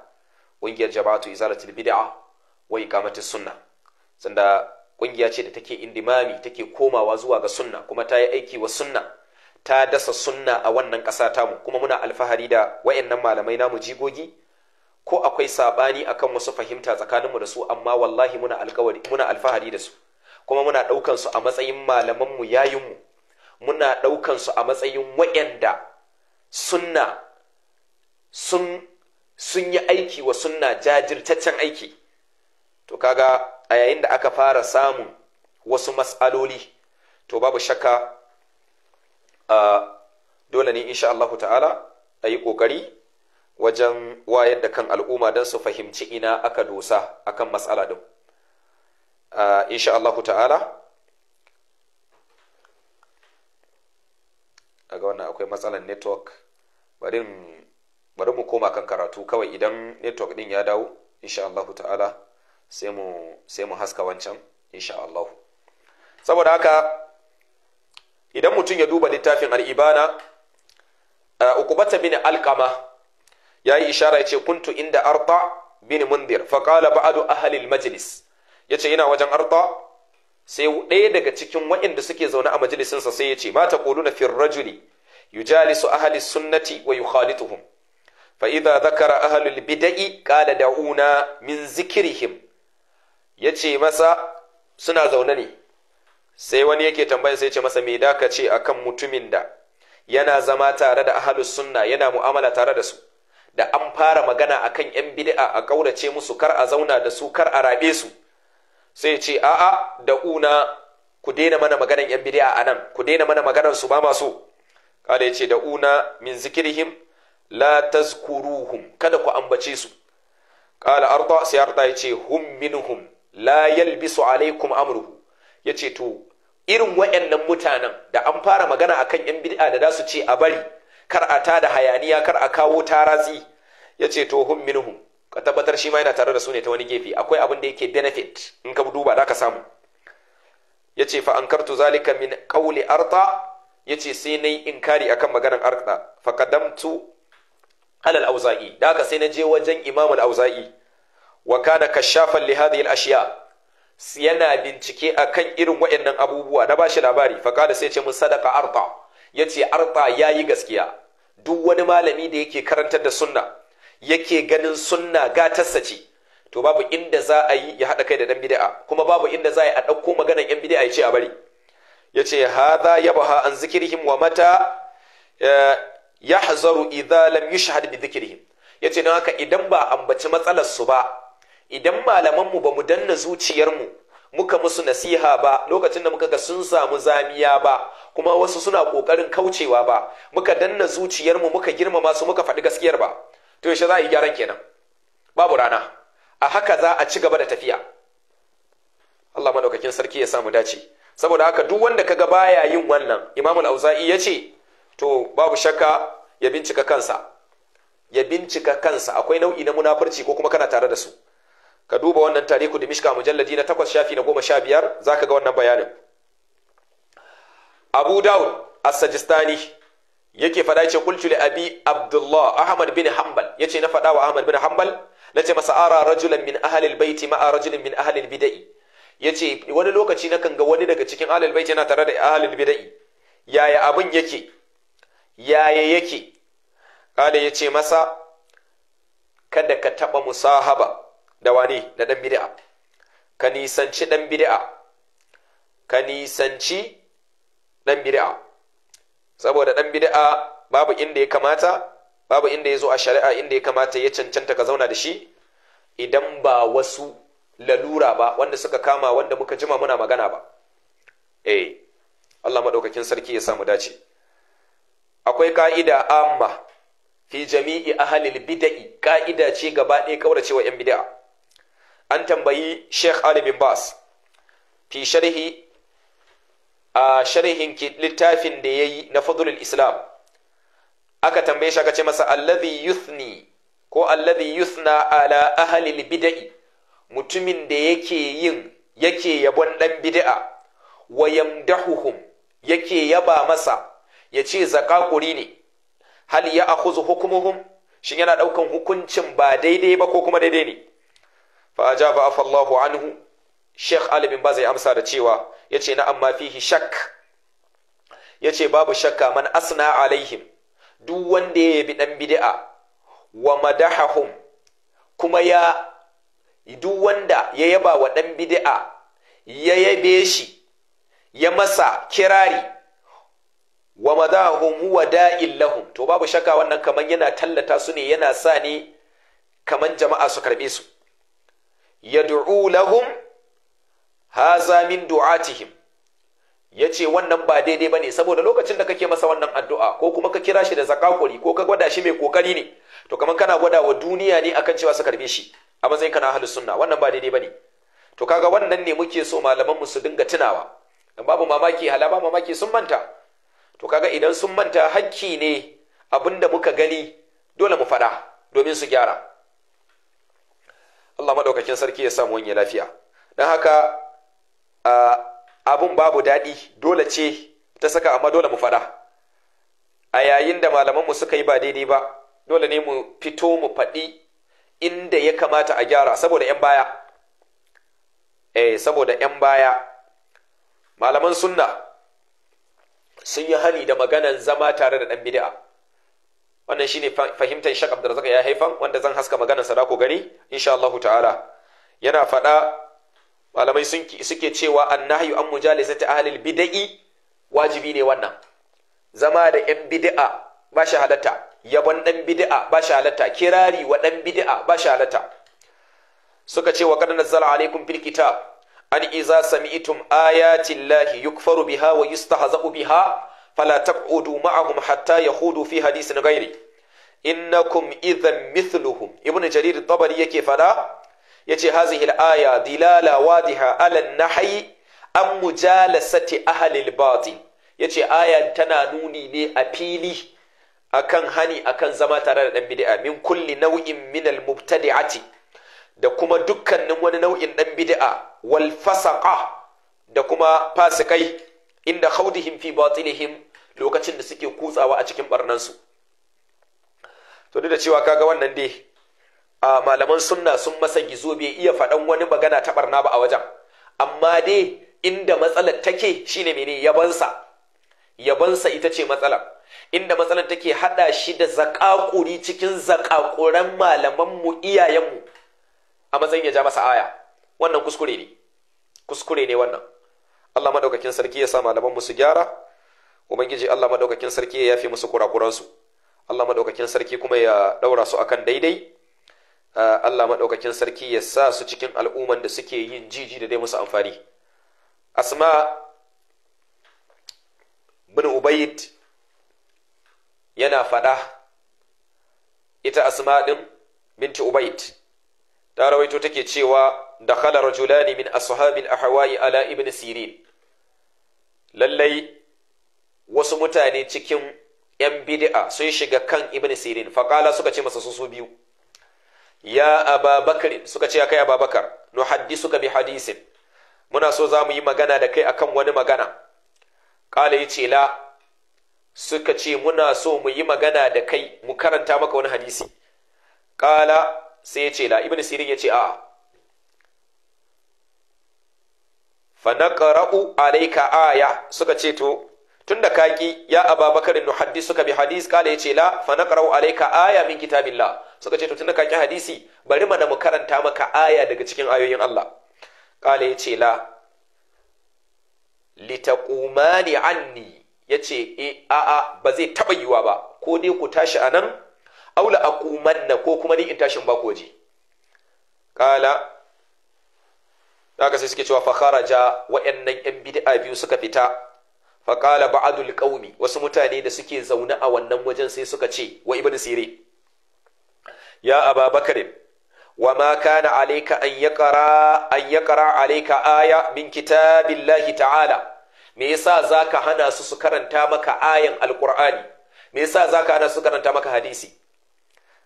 ƙungiyar jama'atu izalatul bid'a wa iqamatus sunna sanda Ƙungiya ce da take indimami take komawa zuwa ga sunna kuma ta yi aiki wa sunna ta dasa sunna a wannan ƙasa tamu kuma muna alfahari da wayannan malamai namu jigogi ko akwai saɓani akan wasu fahimta tsakaninmu da su amma wallahi muna alkawari muna alfahari da su kuma muna ɗaukan su a matsayin malamanmu yayinmu muna ɗaukan su a matsayin wayanda sunna sun sun yi aiki wa sunna jajirtaccen aiki to kaga a yayin da aka fara samun wasu matsaloli to babu shakka dole ne insha Allah ta'ala a yi ƙoƙari wajen wayar da kan al'umma don su fahimci ina aka dosa akan matsala din insha Allah ta'ala ga wannan akwai matsalan network bari mu koma kan karatu kawai idan network din ya dawo insha Allah ta'ala sai mu haska wancan insha Allah saboda haka idan mutum ya duba littafin al'ibana ukubata bin alkama ya yi ishara ya ce kuntu inda arta bin mundir faƙala ba'adu ahalil majalis ya ce yana wajen arta sai ɗaya daga cikin waɗanda suke zaune a majalisinsa sai ya ce mata ƙoluna fir rajuli yujalisu ahalis sunnati wa yukhalituhum fa idza zakara ahalul bida'i, qala da'una min zikrihim ya ce masa suna zaune ne sai wani yake tambaya sai ce masa me da ka ce akan mutumin da yana zama tare da ahalus sunna yana mu'amala tare da su da an fara magana a kan yan bid'a a kaurace musu kar a zauna da su kar a rabe su sai ce a'a da una ku daina mana maganan yan a nan, ku daina mana maganan su ba masu kada ce da una min zikirihim la tazkuruhum kada ku ambace su kala arta sai ya ce hum minhum la yalbisu alaikum amruhu yace to irin wayannan mutanen da an fara magana akan yan bid'a da zasu ce a bari kar a tada hayaniya kar a kawo taratsi yace to hum minhum ka tabbatar shi ma yana tare da su ne ta wani gefe akwai abin da yake benefit in ka duba da ka samu yace fa ankartu zalika min qawli arta yace sai nayi inkari akan maganar arta fa qadamtu alal auza'i da ka sai na je wajen imamul auza'i wa kana kashafan li hadhihi al-ashya yana bincike akan irin waɗannan abubuwa na bashi labari fa kada sai ce mun sadaka arta yace arta yayi gaskiya duk wani malami da yake karantar da sunna yake ganin sunna gatarsa ce to babu inda za a yi ya haɗa kai da dan bid'a kuma babu inda za a yi a ɗauko maganar ɗan bid'a ya ce a bari ya ce hadha yabaha an zikirihim wa mata eh, yahzaru idza lam yushhad bi zikrihim yace don haka idan ba ambaci matsalar su ba idan malamanmu ba mu danna zuciyarmu muka musu nasiha ba lokacin da muka ga sun samu zamiya ba kuma wasu suna kokarin kaucewa ba muka danna zuciyarmu muka girmama su muka faɗi gaskiyar ba to yaushe za a yi gyaran kenan babu rana a haka za a ci gaba da tafiya Allah madaukakin sarki ya samu dace saboda haka duk wanda kaga baya yin wannan Imam Al-Auza'i yace to babu shakka ya bincika kansa ya bincika kansa akwai nau'i na munafurci ko kuma kana tare da su ka duba wannan tariku dimishka mujalladi na takwas shafi na goma sha biyar za ka ga wannan bayanin abu daud as-sajistani yake faɗa ce kultu li abi abdullah ahmad bin hanbal yace na faɗawa wa ahmad bin hanbal nace masa ara rajulan min ahli albayti ma'a rajulin min ahli albid'i yace wani lokaci na kan ga wani daga cikin ahli albayti yana tare da ahli bida'i yaya abin yake yaya yake kale yace masa kada ka taba musahaba da wane da ɗan bid'a ka nisanci ɗan bid'a ka nisanci ɗan bid'a saboda ɗan bid'a babu inda ya kamata babu inda ya zo a shari'a inda ya kamata ya cancanta ka zauna da shi idan ba wasu lalura ba wanda suka kama wanda muka jima muna magana ba eh Allah maɗaukakin sarki ya samu dace akwai ka'ida amma fi jami'i ahalil bida'i ka'ida ce gaba ɗaya cewa 'yan bida'a an tambayi Sheikh Ali bin Bas fi sharhi a sharhin littafin da yayi na Fadlul Islam aka tambaye shi aka ce masa allazi yuthni ko allazi yuthna ala ahli bid'i mutumin da yake yin yake yabon dan bid'a wa yamdahuhum yake yaba masa ya ce zakakuri ne hal ya akhuzu hukmuhum shin yana daukan hukuncin ba daidai ba ko kuma daidai ne fa ajaba afallahu anhu Sheikh Ali bin zai ya amsa da cewa yace na amma fihi shakk yace babu shakka man asna alaihim duk wanda ya yabi dan bid'a wa madahahum kuma ya duk wanda ya yaba wa dan bid'a ya yabe shi ya masa kirari wa madahum wa da'il lahum to babu shakka wannan kaman yana tallata su ne yana sa ne kaman jama'a su karbe su yad'u lahum haza min du'atihim yace wannan ba daidai bane saboda lokacin da kake masa wannan addu'a ko kuma ka kira shi da zakakuri ko ka gwada shi mai kokari ne to kaman kana gwada wa duniya ne akan cewa su karbe shi a matsayin kana ahlus sunna wannan ba daidai bane to kaga wannan ne muke so malaman mu su dinga tunawa dan babu mamaki halaba mamaki sun manta to kaga idan sun manta hakki ne abinda muka gani dole mu faɗa domin su gyara Allah maɗaukakin sarki ya samu wani lafiya don haka abun babu daɗi dole ce ta saka amma dole mu faɗa a yayin da malamanmu suka yi ba daidai ba dole ne mu fito mu faɗi inda ya kamata a gyara saboda 'yan baya eh saboda 'yan baya malaman sunna sun yi hani da maganan zama tare da ɗan bida'a. wannan shine fahimtar Sheikh Abdurrazzaq ya haifan wanda zan haska maganar sa da ku gani insha Allah ta'ala yana faɗa malamai suke cewa annahyu an mujalisati ahlil bid'i wajibi ne wannan zama da yan bid'a ba shi halatta yabon dan bid'a ba shi halatta kirari wa dan bid'a ba shi halatta suka ce wa qad nazzala alaikum fil kitab an iza sami'tum ayati llahi yukfaru biha wa yustahza'u biha fala tab'udu ma'ahum hatta yahudu fi hadisin ghairi innakum idhan mithluhum ibnu jarir tabari yake fada yace hazihi al-aya dilala wadiha ala an-nahyi an mujalasati ahli al-batil yace aya tana nuni ne a fili akan hani akan zama tare da ɗan bid'a min kulli nau'in min al-mubtadi'ati da kuma dukkanin wani nau'in ɗan bid'a wal fasaqa da kuma fasikai inda khawdihim fi batilihim lokacin da suke kutsawa a cikin barnansu to duk da cewa kaga wannan dai a malaman sunna sun masa gizo bai iya faɗan wani magana ta barna ba a wajen amma dai inda matsalar take shine mene yabansa yabansa ita ce matsala. inda matsalar take hada shi da zakakuri cikin zakakuran malamanmu iyayenmu a matsayin ya ja masa aya wannan kuskure ne kuskure ne wannan Allah madaukakin sarki ya sa malaman musu gyara ubangiji Allah madaukakin sarki ya yafe musu kurakuransu Allah madaukakin sarki kuma ya daura su akan daidai ah, Allah madaukakin sarki ya sa su cikin al'umman da suke yin jiji da dai musu amfani Asma bin Ubayd yana fada ita Asma din binti Ubayd ta rawaito take cewa dakhala rajulani min ashabil ahwa'i ala ibn sirin lallai wasu mutane cikin ‘yan bid'a sun shiga kan ibn sirin faƙala suka ce masa su biyu ya ababakar suka ce ya kai ababakar nu suka bi hadisin muna so za mu yi magana da kai akan wani magana ƙala ya ce la suka ce muna so mu yi magana da kai mu karanta maka wani hadisi ƙala sai ya ce la ibn sirin ya ce a'a fanaqra'u alayka aya suka ce to tunda kaki ya ababakar ibn hadis suka bi hadis kala ce la fanaqra'u alayka aya min kitabillah suka ce to tunda kaki hadisi bari mana mu karanta maka aya daga cikin ayoyin Allah kala ce la litaqumani anni yace e a a ba zai taba yiwa ba ko dai ku tashi anan aula aqumanna ko kuma ni in tashin ba koji kala haka sai suke cewa fa kharaja wa'annan yan bid'a biyu suka fita fa qala ba'dul qaumi wasu mutane da suke zaune a wannan wajen sai suka ce wa ibnu sire ya ababakar wa ma kana alayka an yaqra an yaqra alayka aya min kitabillahi ta'ala me yasa zaka hana su su karanta maka ayan alqur'ani me yasa zaka hana su karanta maka hadisi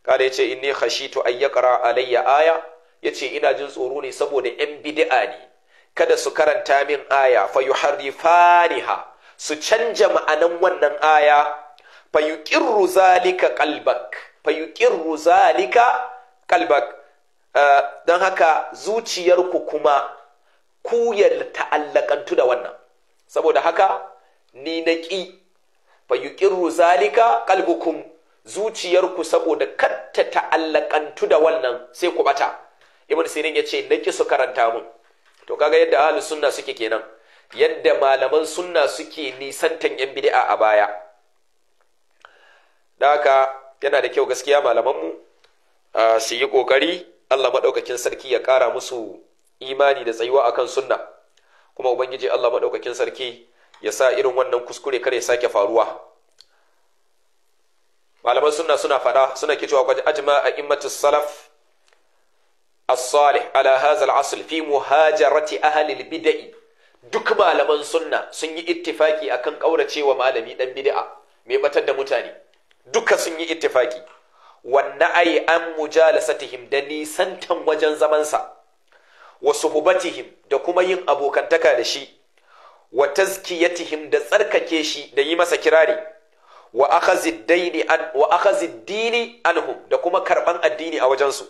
kada yace inni khashitu an yaqra alayya aya ya ce ina jin tsoro ne saboda ‘yan bidi'a ne kada su karanta min aya fa yuharrifaniha su canja ma'anan wannan aya fa ƙirru zalika kalbak fa ƙirru zalika kalbak eh, don haka zuciyarku kuma ku ta'allakantu da wannan saboda haka ni na ƙi fa ƙirru zalika qalbukum zuciyarku saboda ta ta'allakantu da wannan sai ku ɓata. ibn sirin ya ce na ki su karanta mun to kaga yadda ahlus sunna suke kenan yadda malaman sunna suke nisantan yan bid'a a baya da haka yana da kyau gaskiya malamanmu su yi kokari Allah maɗaukakin sarki ya ƙara musu imani da tsayuwa akan sunna kuma ubangiji Allah maɗaukakin sarki ya sa irin wannan kuskure kare sake faruwa malaman sunna suna fada suna kicewa kwaje ajima a salaf as-salih ala hadha al-asl fi muhajarati duk malaman sunna sun yi ittifaki akan ƙauracewa malami dan bid'a mai batar da mutane duka sun yi ittifaki Wanne ai an mujalasatihim da nisantan wajen zamansa wa suhubatihim da kuma yin abokantaka da shi wa tazkiyatihim da tsarkake shi da yi masa kirari wa akhazid dini anhum da kuma karban addini a wajensu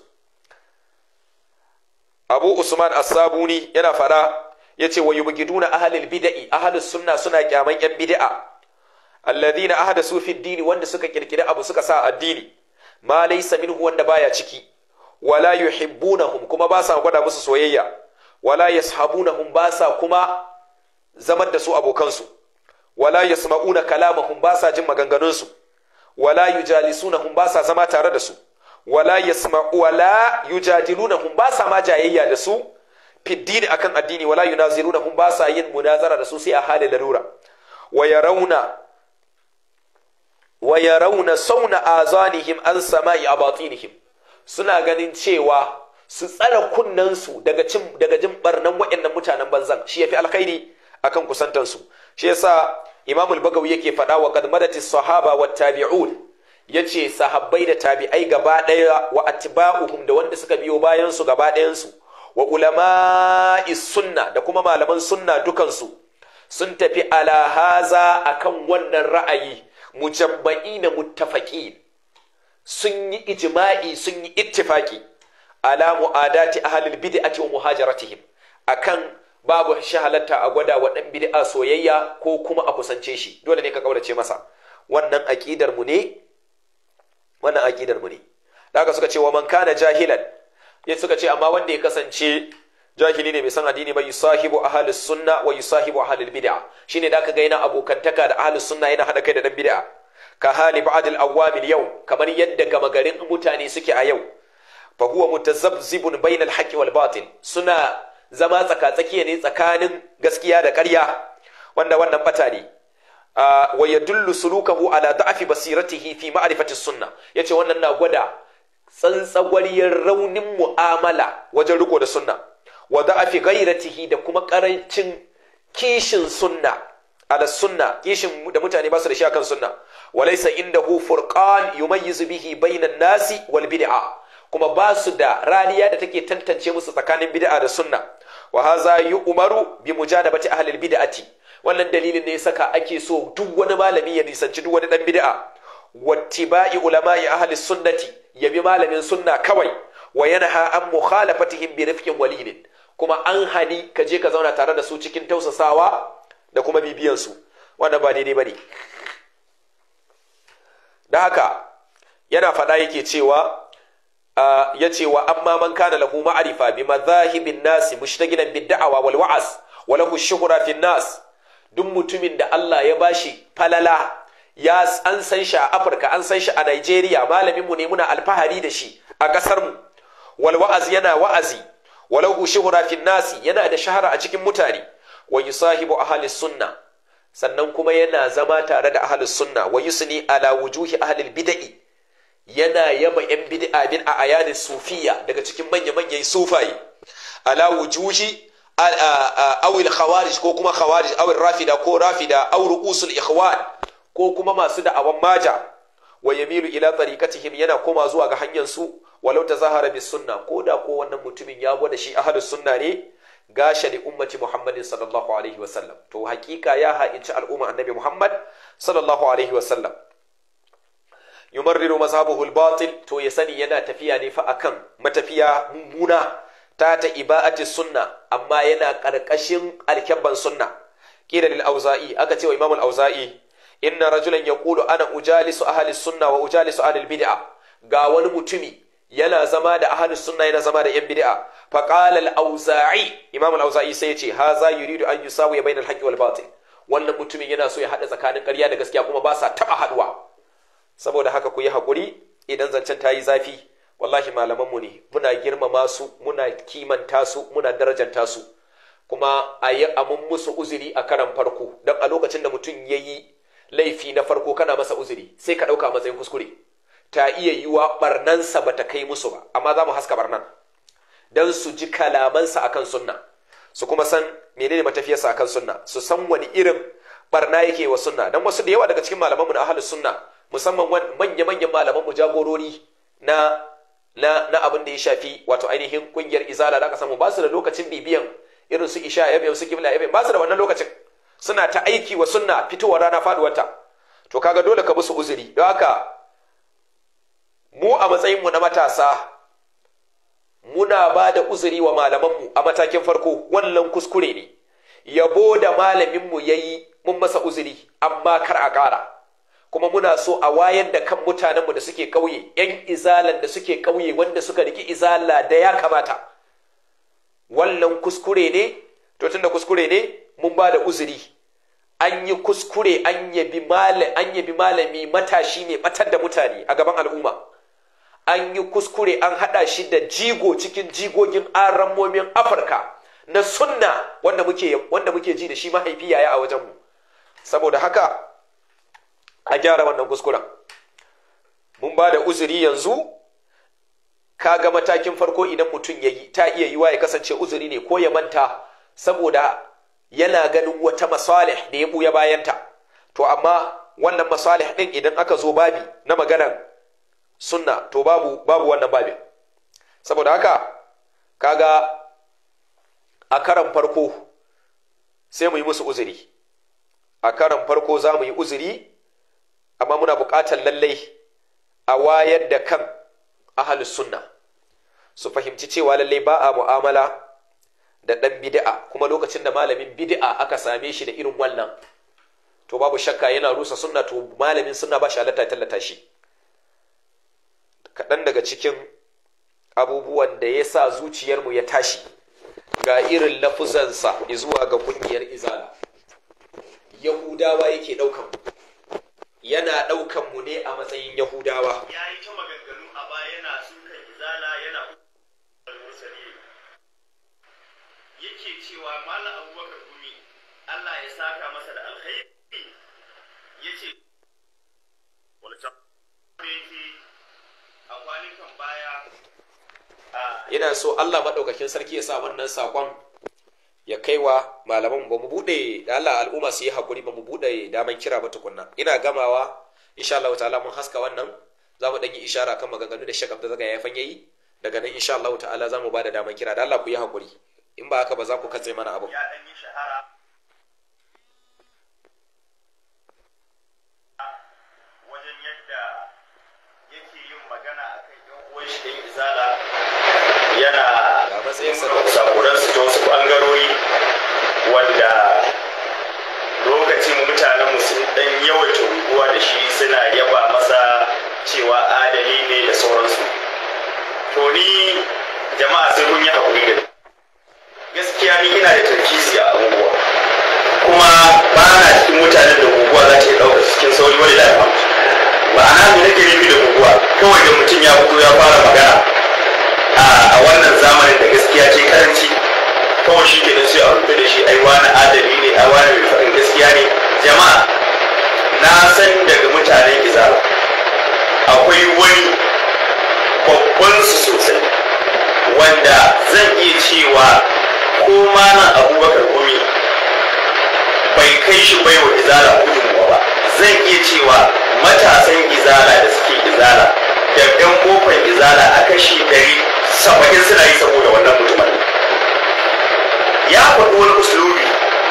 abu usman as-sabuni yana fada yace wa yubghiduna ahlul bid'i ahlus sunna suna kyaman yan bid'a alladhina ahdathu fi ad-din wanda suka kirkire abu suka sa addini ma laysa minhu wanda baya ciki wala yuhibbunahum kuma ba sa gwada musu soyayya wala yashabunahum ba sa kuma zamar da su abokansu wala yasma'una kalamahum ba sa jin maganganunsu wala yujalisunahum ba sa zama tare da su wala yasma wala yujadilunahum ba sa ma jayayya da su fi-dini akan addini wala yunazirunahum ba sa yin munazara da su sai a halin larura wa yarawna wa yarawna sauna azanihim an sama'i abatinihim suna ganin cewa su tsara su daga cin daga jin barnan waɗannan mutanen banzan shi yafi alkhairi akan kusantansu shi yasa imamul bagawi yake faɗawa wa qad madati sahaba wat tabi'un Ya ce sahabbai da tabi'ai gaba ɗaya wa atba'uhum da wanda suka biyo bayansu su gaba ɗayansu wa ulama sunna da kuma malaman sunna dukansu sun tafi ala haza akan wannan ra'ayi na mutafaki sun yi ijma'i sun yi ittifaki ala mu'adati ahlil bid'ati wa muhajaratihim akan babu shi halatta a gwada wa bid'a soyayya ko kuma a kusance shi dole ne ka kaurace masa wannan aƙidar mu ne wannan aqidar mu ne da haka suka ce wa man kana jahilan ya suka ce amma wanda ya kasance jahili ne bai san addini ba yusahibu ahlus sunna wa yusahibu ahlul bid'a shine da ka ga yana abokantaka da ahlus sunna yana hada kai da dan bid'a ka hali ba'd al awamil yau kamar yadda gama garin mutane suke a yau fa huwa mutazabzibun bayna al haqqi wal batil suna zama tsaka tsakiya ne tsakanin gaskiya da ƙarya wanda wannan bata ne wa yadullu sulukahu ala da'afi basiratihi fi ma'rifati sunna yace wannan na gwada tsantsagwariyar raunin mu'amala wajen riko da sunna wa da'afi ghairatihi da kuma karancin kishin sunna ala sunna kishin da mutane ba su da shi akan sunna walaysa indahu furqan yumayyizu bihi bainan nasi wal bid'a kuma ba su da raliya da take tantance musu tsakanin bid'a da sunna wa haza yu'maru bi mujadabati ahli al bid'ati wannan dalilin ne saka ake so duk wani malami ya nisanci duk wani dan bid'a wattiba'i ulama'i ahli sunnati ya bi malamin sunna kawai wa yanha an mukhalafatihim bi rifqin walidin kuma an hani ka je ka zauna tare da su cikin tausasawa da kuma bibiyan su wannan ba daidai bane da haka yana faɗa yake cewa ya ce wa amma man kana lahu ma'arifa bi madhahibin nasi mushtagilan bid'a da'awa wal wa'as wa lahu shuhra fi nas duk mutumin da Allah ya bashi falala ya an san shi a Afirka an san shi a Najeriya malaminmu ne muna alfahari da shi a ƙasar mu wal yana wa'azi walau shuhura fin nasi yana da shahara a cikin mutane wa yusahibu ahli sunna sannan kuma yana zama tare da ahli sunna wa yusni ala wujuhi ahli bid'i yana yaba yan bid'a bin a ayani sufiya daga cikin manya manyan sufaye ala wujuhi awil khawarij ko kuma khawarij awil rafida ko rafida aw ru'usul ikhwan ko kuma masu da'awan maja wa yamilu ila tariqatihim yana koma zuwa ga hanyar su walau tazahara bis sunna ko da ko wannan mutumin ya gwada shi ahlus sunna ne gasha li ummati muhammadin sallallahu alaihi wa sallam to hakika ya ha'inci al'umma annabi muhammad sallallahu alaihi wa sallam yumarriru mazhabuhu al-batil to ya sani yana tafiya ne fa akan matafiya mummuna ta ta iba'ati sunna amma yana ƙarƙashin alkebban sunna qila lil auza'i aka ce wa imam al auza'i inna rajulan yaqulu ana ujalisu ahli sunna wa ujalisu ahli bid'a ga wani mutumi yana zama da ahli sunna yana zama da yan bid'a fa qala al auza'i imam al auza'i sai yace haza yuridu an bayna al haqqi wal batil wannan mutumin yana so ya haɗa tsakanin ƙarya da gaskiya kuma ba sa taɓa haɗuwa saboda haka ku yi hakuri idan zancen ta yi zafi wallahi malamanmu ne muna girmama su muna kimanta su muna darajanta su kuma a yi amun musu uzuri a karan farko don a lokacin da mutum ya yi laifi na farko kana masa uzuri sai ka ɗauka matsayin kuskure ta iya yiwa barnansa ba ta kai musu ba amma za mu haska barnan don su ji kalamansa akan sunna su kuma san menene matafiyarsa akan sunna su san wani irin barna yake wa suna, don wasu da yawa daga cikin malamanmu na ahalus sunna musamman manya-manyan mu jagorori na na na abin da ya shafi wato ainihin kungiyar izala da ka samu ba su da lokacin bibiyan irin su isha yabe su kibla yabe ba su da wannan lokacin suna ta aiki wa sunna fitowar rana faduwar ta to kaga dole ka musu uzuri don haka mu a matsayin mu na matasa muna ba da uzuri wa malamanmu a matakin farko wannan kuskure ne yabo da malamin mu yayi mun masa uzuri amma kar a kara kuma muna so a wayar da kan mutanenmu da suke ƙauye ‘yan izalan da suke ƙauye wanda suka riki izala da ya kamata wannan kuskure ne to tunda kuskure ne mun ba da uzuri an yi kuskure an yabi malami matashi ne batar da mutane a gaban al'umma an yi kuskure an haɗa shi da jigo cikin jigogin aramomin afirka na sunna wanda muke ji da shi mahaifi yaya a wajenmu saboda haka a gyara wannan kuskuren mun ba da uzuri yanzu ka ga matakin farko idan mutum ya yi ta iya yiwa ya kasance uzuri ne ko ya manta saboda yana ganin wata masalih da ya buya bayanta to amma wannan masalih din idan aka zo babi na maganar sunna to babu babu wannan babin saboda haka kaga a karan farko sai mu yi musu uzuri a karan farko za mu yi uzuri amma muna buƙatar lallai a wayar da kan ahalus sunna su fahimci cewa lallai ba a mu'amala da ɗan bid'a kuma lokacin da malamin bid'a aka same shi da irin wannan to babu shakka yana rusa sunna to malamin sunna ba shi halatta ya tallata shi kaɗan daga cikin abubuwan da ya sa zuciyarmu ya tashi ga irin lafuzansa zuwa ga ƙungiyar izala yahudawa yake ɗaukan yana ɗaukan mu ne a matsayin yahudawa ya yi ta maganganu a baya yana sukan izala yana mursali yake cewa mala abubakar gumi allah ya saka masa da alkhairi Ya wani a kwanikan baya yana so allah maɗaukakin sarki ya sa wannan saƙon ya kaiwa malaman ba mu bude da Allah al'umma su yi hakuri ba mu bude daman kira ba tukunna ina gamawa insha Allah ta'ala mun haska wannan za mu danyi ishara kan maganganu da Sheikh da Zaga ya fanye yi daga nan insha Allah ta'ala za mu bada daman kira da Allah ku yi hakuri in ba haka ba za ku katse mana abu ya danyi shahara wajen yadda yake yin magana akan yan uwan shi izala yana matsayinsa da ta wasu ɓangarori wanda lokacin mutanen sun ɗan yawaita unguwa da shi suna yaba masa cewa adali ne da sauransu to ni jama'a sai kun yi haƙuri da gaskiya ni ina da tarkisi a abubuwa. kuma ba na cikin mutanen da guguwa za ta yi ɗaukar cikin sauri wani lafiya ba na mu nake nufi da guguwa kawai da mutum ya fito ya fara magana a wannan zamanin da gaskiya ce karanci kawai shi kenan sai a rufe da shi ai wani adali ne a wani mai faɗin gaskiya ne jama'a na san daga mutane izala akwai wani babban su sosai wanda zan iya cewa ko malam abubakar gumi bai kai shi bai wa izala gudunmuwa ba zan iya cewa matasan izala da suke izala da ɗan kofar izala a kashi ɗari saba'in suna yi saboda wannan mutumin ya faɗi wani usulubi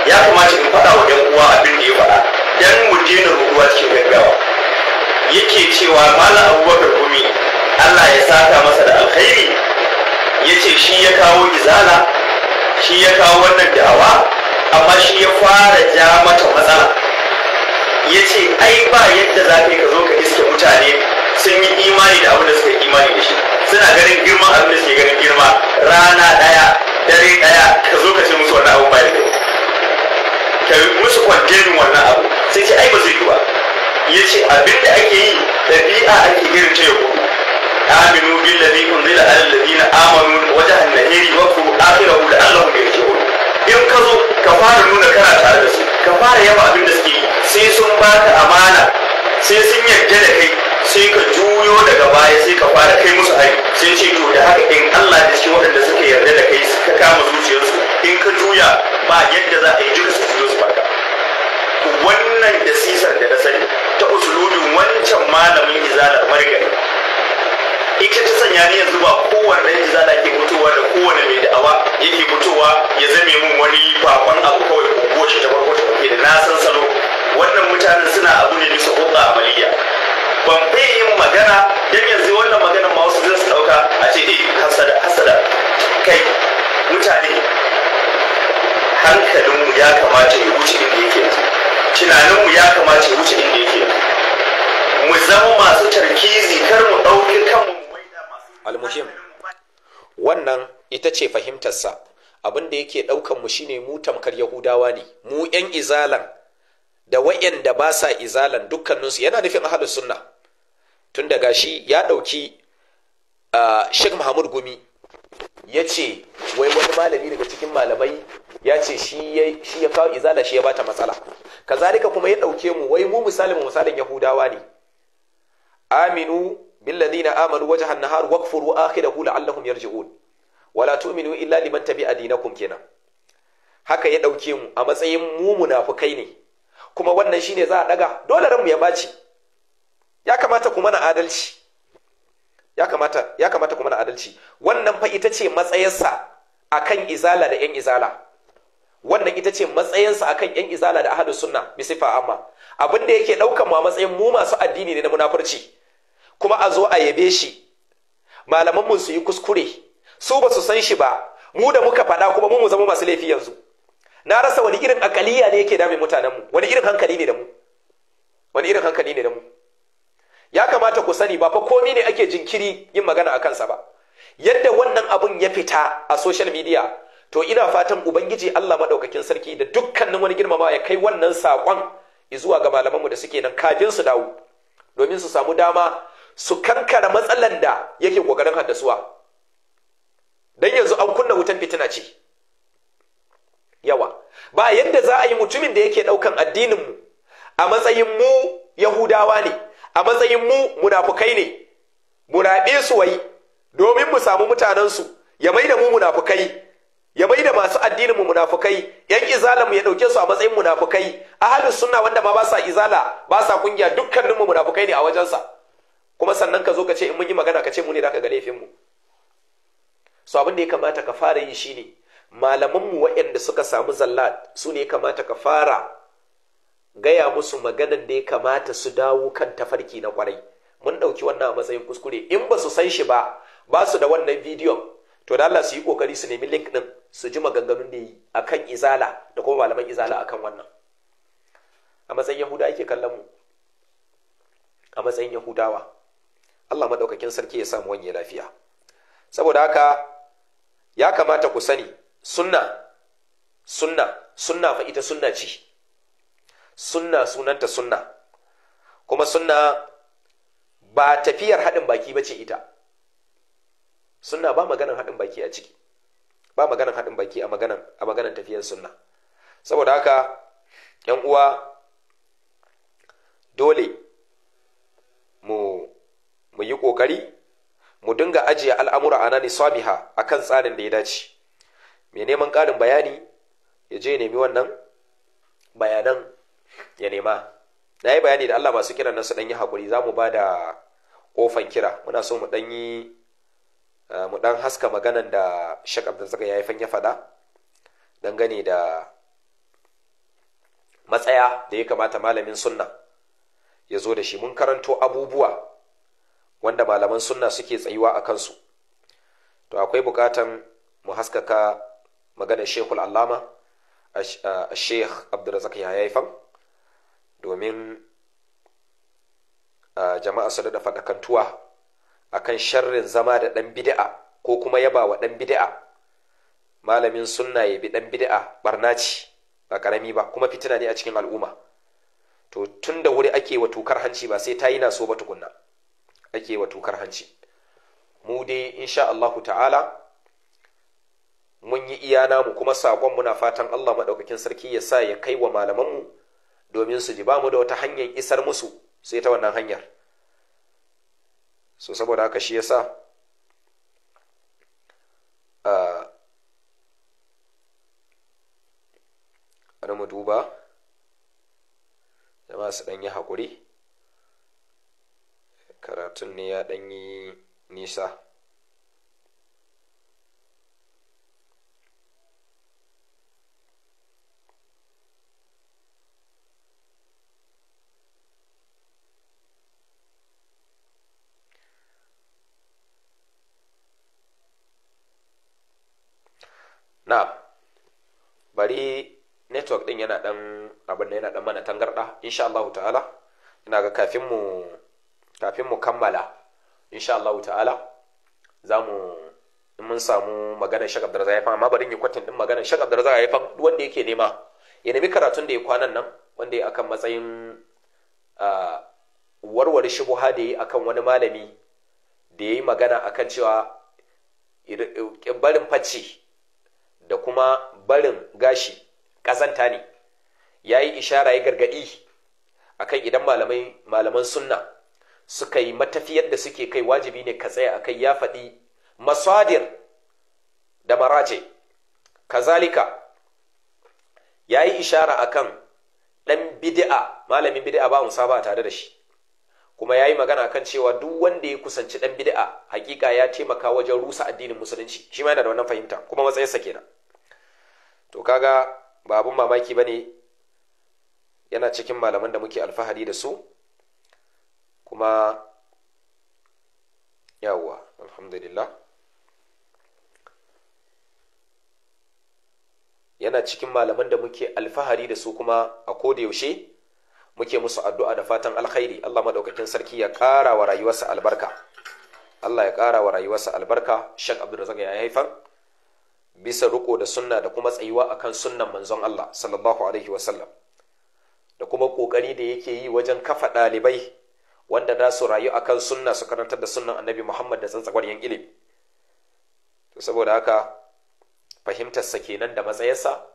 ya kamata in faɗa wa ɗan uwa abin da ya faɗa dan mu daina ruwa cikin gaggawa yake cewa mala abubakar gumi allah ya saka masa da alkhairi ya ce shi ya kawo izala shi ya kawo wannan da'awa amma shi ya fara ja mata matsala ya ce ai ba yadda za ka yi ka zo ka iske mutane sun yi imani da abin da suka yi imani da shi suna ganin girman abin da suke ganin girma rana daya dare daya ka zo ka ce musu wannan abu bai da ka yi musu kwandenin wannan abu sai ce ai ba zai yi ba ya ce abin da ake yi ɗabi'a ake irin ta yau aminu billazi unzila ala alladhina amanu wajhan nahiri wa qul akhirahu la'allahum yarji'un in ka zo ka fara nuna kana tare da su ka fara yawa abin da suke yi sai sun ka amana sai sun yarda da kai sai ka juyo daga baya sai ka fara kai musu hari sai ce to da haka in Allah da shi waɗanda suka yarda da kai suka kama zuciyarsu in ka juya ba yadda za a yi duka su juyo su baka wannan da sisar da na sani ta usulubin wancan malamin izalar margari ita ta sanya ni yanzu ba kowane ɗan izala ke mutuwa da kowane mai da'awa yake mutuwa ya zame min wani bakon abu kawai ko goce ta farko ta da na san salo wannan mutanen suna abu ne bisa hulɗa amaliya ban fiye yin magana don yanzu wannan maganar ma wasu zai su ɗauka a ce eh hasada hasada kai mutane hankalinmu ya kamata ya wuce inda yake tunaninmu ya kamata ya wuce inda yake mu zama masu tarkizi kar mu ɗauki kanmu almuhim wannan ita ce fahimtarsa abin da yake ɗaukan mu shine mu tamkar yahudawa ne mu yan izalan da wayanda ba sa izalan dukkaninsu yana nufin ahlus sunna tun daga shi ya ɗauki Sheikh Muhammad Gumi ya ce wai wani malami daga cikin malamai ya ce shi ya kawo izala shi ya bata matsala kazalika kuma ya ɗauke mu wai mu misalin misalin yahudawa ne aminu billadhina amanu wajha an-nahar wakfuru akhirahu la'allahum yarji'un wala tu'minu illa liman tabi'a dinakum kenan haka ya dauke mu a matsayin mu munafukai ne kuma wannan shine za a daga dole mu ya baci ya kamata ku mana adalci ya kamata ya kamata adalci wannan fa ita ce matsayarsa akan izala da yan izala wannan ita ce matsayinsa akan yan izala da ahadu sunna bi sifa amma abin da yake daukan mu a matsayin mu masu addini ne na munafurci kuma a zo a yabe shi malamanmu su yi kuskure su ba su san shi ba mu da muka faɗa kuma mu mu zama masu laifi yanzu na rasa wani irin akaliya ne yake dame mutanenmu wani irin hankali ne da mu wani irin hankali ne da mu ya kamata ku sani ba fa komai ne ake jinkiri yin magana a kansa ba yadda wannan abun ya fita a social media to ina fatan ubangiji Allah madaukakin sarki da dukkanin wani girmama ya kai wannan sakon zuwa ga malamanmu da suke nan kafin su dawo domin su samu dama su kankara matsalan da yake kokarin haddasuwa dan yanzu an kunna wutan fitina ce yawa ba yadda za a yi mutumin da yake daukan addinin mu a matsayin mu yahudawa ne a matsayin mu munafukai ne murabe su wai domin mu samu mutanen su ya maida mu munafukai ya mai da masu addinin mu munafukai yan izalamu ya dauke su a matsayin munafukai ahlus sunna wanda ma ba sa izala ba sa kungiya dukkanin mu munafukai ne a wajensa kuma sannan ka zo ka ce in mun yi magana ka ce mu ne da ka ga laifin mu so abin da ya kamata ka fara yi shine malamanmu waɗanda suka samu zallat su ne kamata ka fara gaya musu maganan da ya kamata su dawo kan tafarki na kwarai mun ɗauki wannan a matsayin kuskure in ba su san shi ba ba su da wannan bidiyon to da Allah su yi kokari su nemi link ɗin su ji maganganun da yi akan izala da kuma malaman izala akan wannan a matsayin yahuda ake kallon mu a matsayin yahudawa Allah maɗaukakin sarki ya samu wani lafiya saboda haka ya kamata ku sani sunna sunna sunna fa ita sunna ce sunna sunanta sunna kuma sunna ba tafiyar haɗin baki ba ce ita sunna ba maganan haɗin baki a ciki ba maganan haɗin baki a maganan a maganan tafiyar sunna saboda haka yan uwa dole mu mu yi ƙoƙari mu dinga ajiye al'amura a nan sabiha a kan tsarin da ya dace mai neman ƙarin bayani ya je nemi wannan bayanan ya nema na yi bayani da Allah masu kira nan su ɗan yi haƙuri za mu ba da ƙofan kira muna so mu ɗan yi eh, mu ɗan haska maganan da shek abdulzaka ya yi fanya faɗa dangane da matsaya da ya kamata malamin sunna ya zo da shi mun karanto abubuwa wanda malaman sunna suke tsayuwa a kansu to akwai bukatan mu haskaka maganar shekul allama a sheikh abdulrazak ya haifan domin jama'a su da faɗakantuwa a kan sharrin zama da ɗan bida'a ko kuma yaba wa ɗan bida'a malamin sunna ya bi ɗan bida'a barna ce ba ƙarami ba kuma fitina ne a cikin al'umma to tun da wuri ake wa tukar hanci ba sai ta yi na so ba tukunna ake wa tukar hanci mu dai insha Allahu ta'ala mun yi iyana mu kuma sakon muna fatan Allah maɗaukakin sarki ya sa ya kai wa mu domin su ji ba mu da wata hanyar isar musu sai ta wannan hanyar so saboda haka shi yasa a bari mu duba jama'a su ɗan yi haƙuri karatun ne ya ɗan yi nisa na bari network ɗin yana ɗan abin da yana ɗan mana tangarɗa insha Allah ta'ala ina ga kafin mu kafin mu kammala insha Allah ta'ala za mu in mun samu maganar shagab da zaifan amma barin yi kwatin din maganar shagab da zaifan wanda yake nema ya nemi karatun da ya kwanan nan wanda ya akan matsayin warware shubuha da ya akan wani malami da ya yi magana akan cewa eh, barin facce da kuma barin gashi kazanta ne ya yi ishara ya gargaɗi akan idan malaman sunna suka yi matafiyar da suke kai wajibi ne ka tsaya kai. ya faɗi masadir da maraje kazalika ya yi ishara a kan ɗan bidi'a, malamin bidi'a ba ba tare da shi kuma ya yi magana kan cewa duk wanda ya kusanci ɗan bidi'a, hakika ya taimaka wajen rusa addinin musulunci shi ma yana da wannan fahimta kuma matsayinsa kenan to kaga ba abun mamaki bane yana cikin malaman da muke alfahari da su kuma yawwa alhamdulillah yana cikin malaman da muke alfahari da su kuma a yaushe muke musu addu'a da fatan alkhairi Allah maɗaukakin sarki ya ƙara wa rayuwarsa albarka Allah ya ƙara wa rayuwarsa albarka Sheikh Abdulrazak ya haifar bisa riko da sunna da kuma tsayuwa akan sunnan manzon Allah sallallahu alaihi wasallam da kuma ƙoƙari da yake yi wajen kafa ɗalibai wanda za su rayu a kan sunna su karantar da sunnan annabi Muhammad da tsantsagwar yan ilimi to saboda haka fahimtar sa kenan da matsayarsa,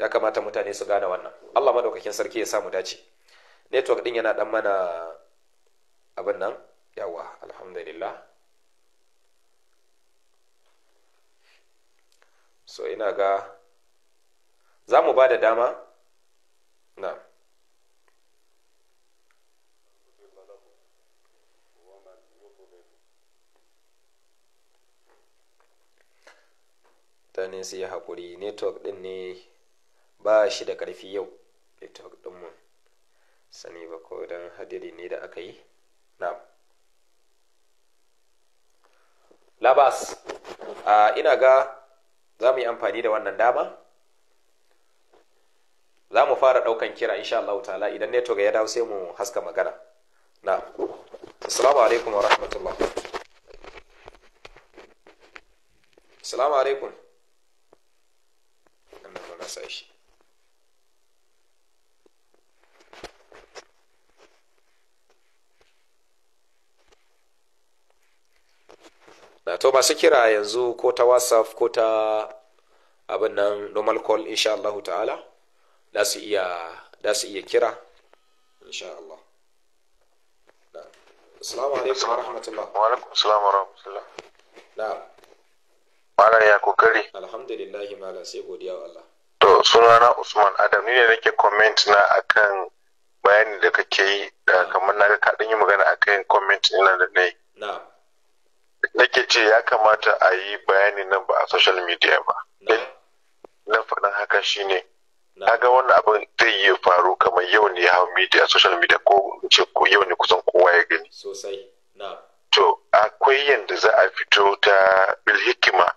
ya kamata mutane su gane wannan Allah madaukakin sarki ya samu dace network din yana dan mana abin nan yawa alhamdulillah so ina ga za mu ba da dama na ne su yi haƙuri network ɗin ne ba shi da ƙarfi yau network ɗinmu mu sani ba ko don hadiri ne da aka yi na labas uh, ina ga za mu yi amfani da wannan dama za mu fara ɗaukan kira insha Allah ta'ala idan network ya dawo sai mu haska magana na assalamu alaikum wa rahmatullah assalamu alaikum weiß ich. na to masu kira yanzu ko ta whatsapp ko ta abin nan normal call insha Allah ta'ala da su iya kira insha Allah Assalamu alaikum wa rahmatullah. Wa alaikum assalam wa rahmatullah. Na. Malam ya kokari. Alhamdulillah malam sai godiya wa Allah. To sunana Usman Adam ni ne nake comment na akan bayani da kake yi da kamar na ka yi magana akan comment ina da ne? Nake ce ya kamata a yi bayani nan ba a social media ba. Na faɗin haka shine ga wannan abin zai iya faru kamar yau ne ya hau media social media ko ce ko yau ne kusan kowa ya gani. Sosai. To akwai yadda za a fito ta bil hikima.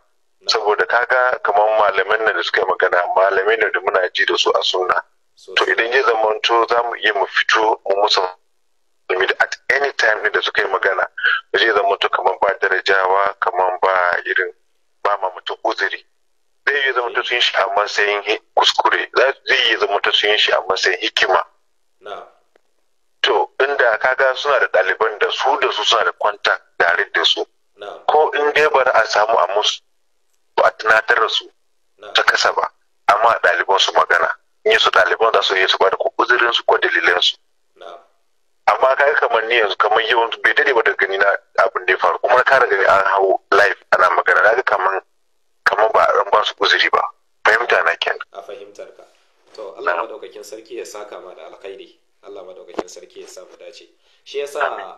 saboda kaga kamar malamin nan da suka yi magana malamai ne da muna ji da su a suna, to idan ya zamanto za mu iya mu fito mu musu at any time ne da suka yi magana ba zai zamanto kamar ba darajawa kamar ba irin ba ma mutum uzuri zai iya zamanto sun shi a matsayin kuskure zai iya zamanto sun shi a matsayin hikima to inda kaga suna da ɗaliban da su da su suna da kwanta tare da su ko in dai bari a samu a musu a tunatar da su ta kasa ba amma ɗaliban su magana in su ɗaliban za su yi su bada da uzurin su ko dalilin su amma ka kamar ni yanzu kamar yawan bai dade ba da gani na abin da ya faru kuma ka kara gani an hau live ana magana na ga kamar kamar ba a ba su uzuri ba fahimta na ken a fahimtar ka to Allah madaukakin sarki ya saka ma da alkhairi Allah madaukakin sarki ya sa mu dace shi yasa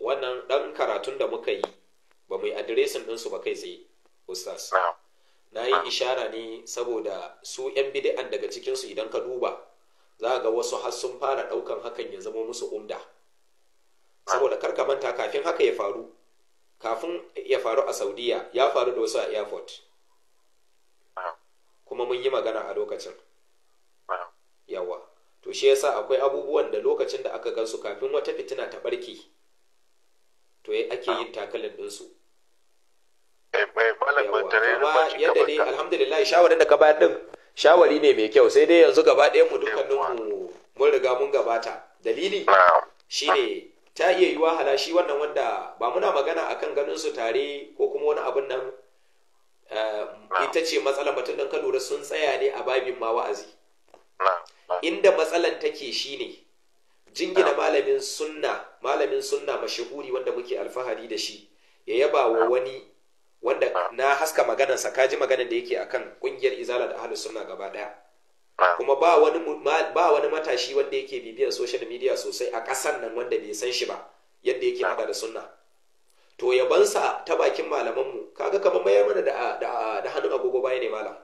wannan dan karatun da muka yi ba mu yi adiresin su ba kai tsaye ustaz na yi ishara ne saboda su 'yan bidi'an daga cikinsu idan ka duba za ga wasu har sun fara ɗaukan hakan ya zama musu umda saboda karka manta kafin haka ya faru kafin ya faru a saudiya ya faru da wasu a airport kuma mun yi magana a lokacin yawa to shi yasa akwai abubuwan da lokacin da aka gansu kafin wata fitina ta barke to ake yin takalin ɗinsu Eh, eh, yadda ne alhamdulillah shawarar da ka bayar din shawari ne mai kyau sai dai yanzu gaba ɗaya mu dukkanin mun riga mun gabata dalili shine ta iya yi wahala shi wannan wanda ba muna magana akan ganin su tare ko kuma wani abin nan eh, ita ce matsalar batun ɗan ka sun tsaya ne a babin ma wa'azi inda matsalar take shine jingina malamin sunna malamin sunna mashahuri wanda muke alfahari da shi ya yaba wa wani wanda ah. na haska sa ka ji maganar da yake akan kungiyar izala da ahlus sunna gaba daya ah. kuma ba wani ba wani matashi wanda yake bibiyar social media sosai a kasan nan wanda bai san shi ba yadda yake hada ah. da sunna to yabansa ta bakin malaman mu kaga kamar mayar mana da da, hannun agogo baya ne malam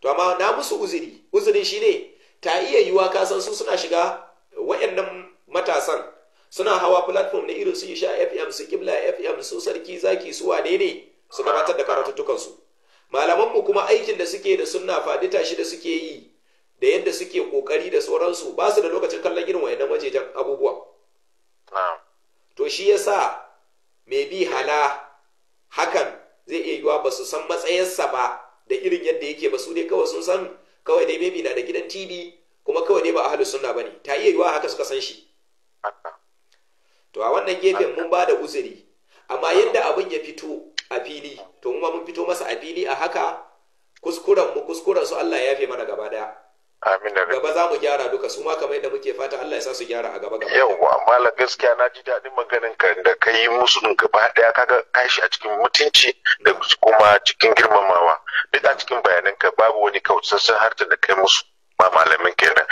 to amma na musu uzuri uzurin shine ta iya yiwa kasan su suna shiga wayannan matasan suna hawa platform na irin su isha fm su kibla fm su sarki zaki su wane ne su gabatar da karatuttukansu malamanmu kuma aikin da suke da sunna ta tashi da suke yi da yadda suke kokari da sauransu ba su da lokacin kallon irin wayannan majejan abubuwa to shi yasa mai bi hala hakan zai iya yiwa ba su san matsayarsa ba da irin yadda yake ba su ne kawai sun san kawai dai maybe na da gidan tv kuma kawai dai ba ahlus sunna bane ta iya yiwa haka suka san shi to a wannan gefen mun ba da uzuri amma yadda abin ya fito a fili to kuma mun fito masa a fili a haka kuskuren mu kuskuren su Allah ya yafe mana gaba daya amin da gaba za mu gyara duka su ma kamar yadda muke fata Allah ya sa su gyara a gaba gaba yawa mala gaskiya na ji daɗin maganin ka da ka yi musu din gaba daya kaga kashi a cikin mutunci da kuma cikin girmamawa duk a cikin bayanan ka babu wani kautsassan harta da kai musu ba malamin kenan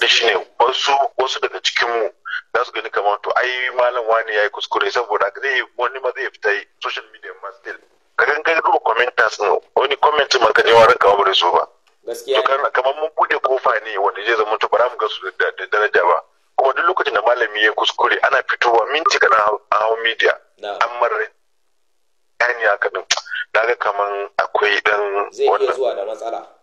da shi ne wasu wasu daga cikin mu za su gani kamar to ai malam wani ya yi kuskure saboda zai wani ma zai fita social media ma still ka gan kai duba commenters din wani comment man ka je wa ranka ba su ba gaskiya to kamar mun bude kofa ne wanda zai zama to ba mu ga su da daraja ba kuma duk lokacin da malami ya kuskure ana fitowa minti kana a hawan media an marar yani haka din daga kamar akwai dan wannan zai iya zuwa da matsala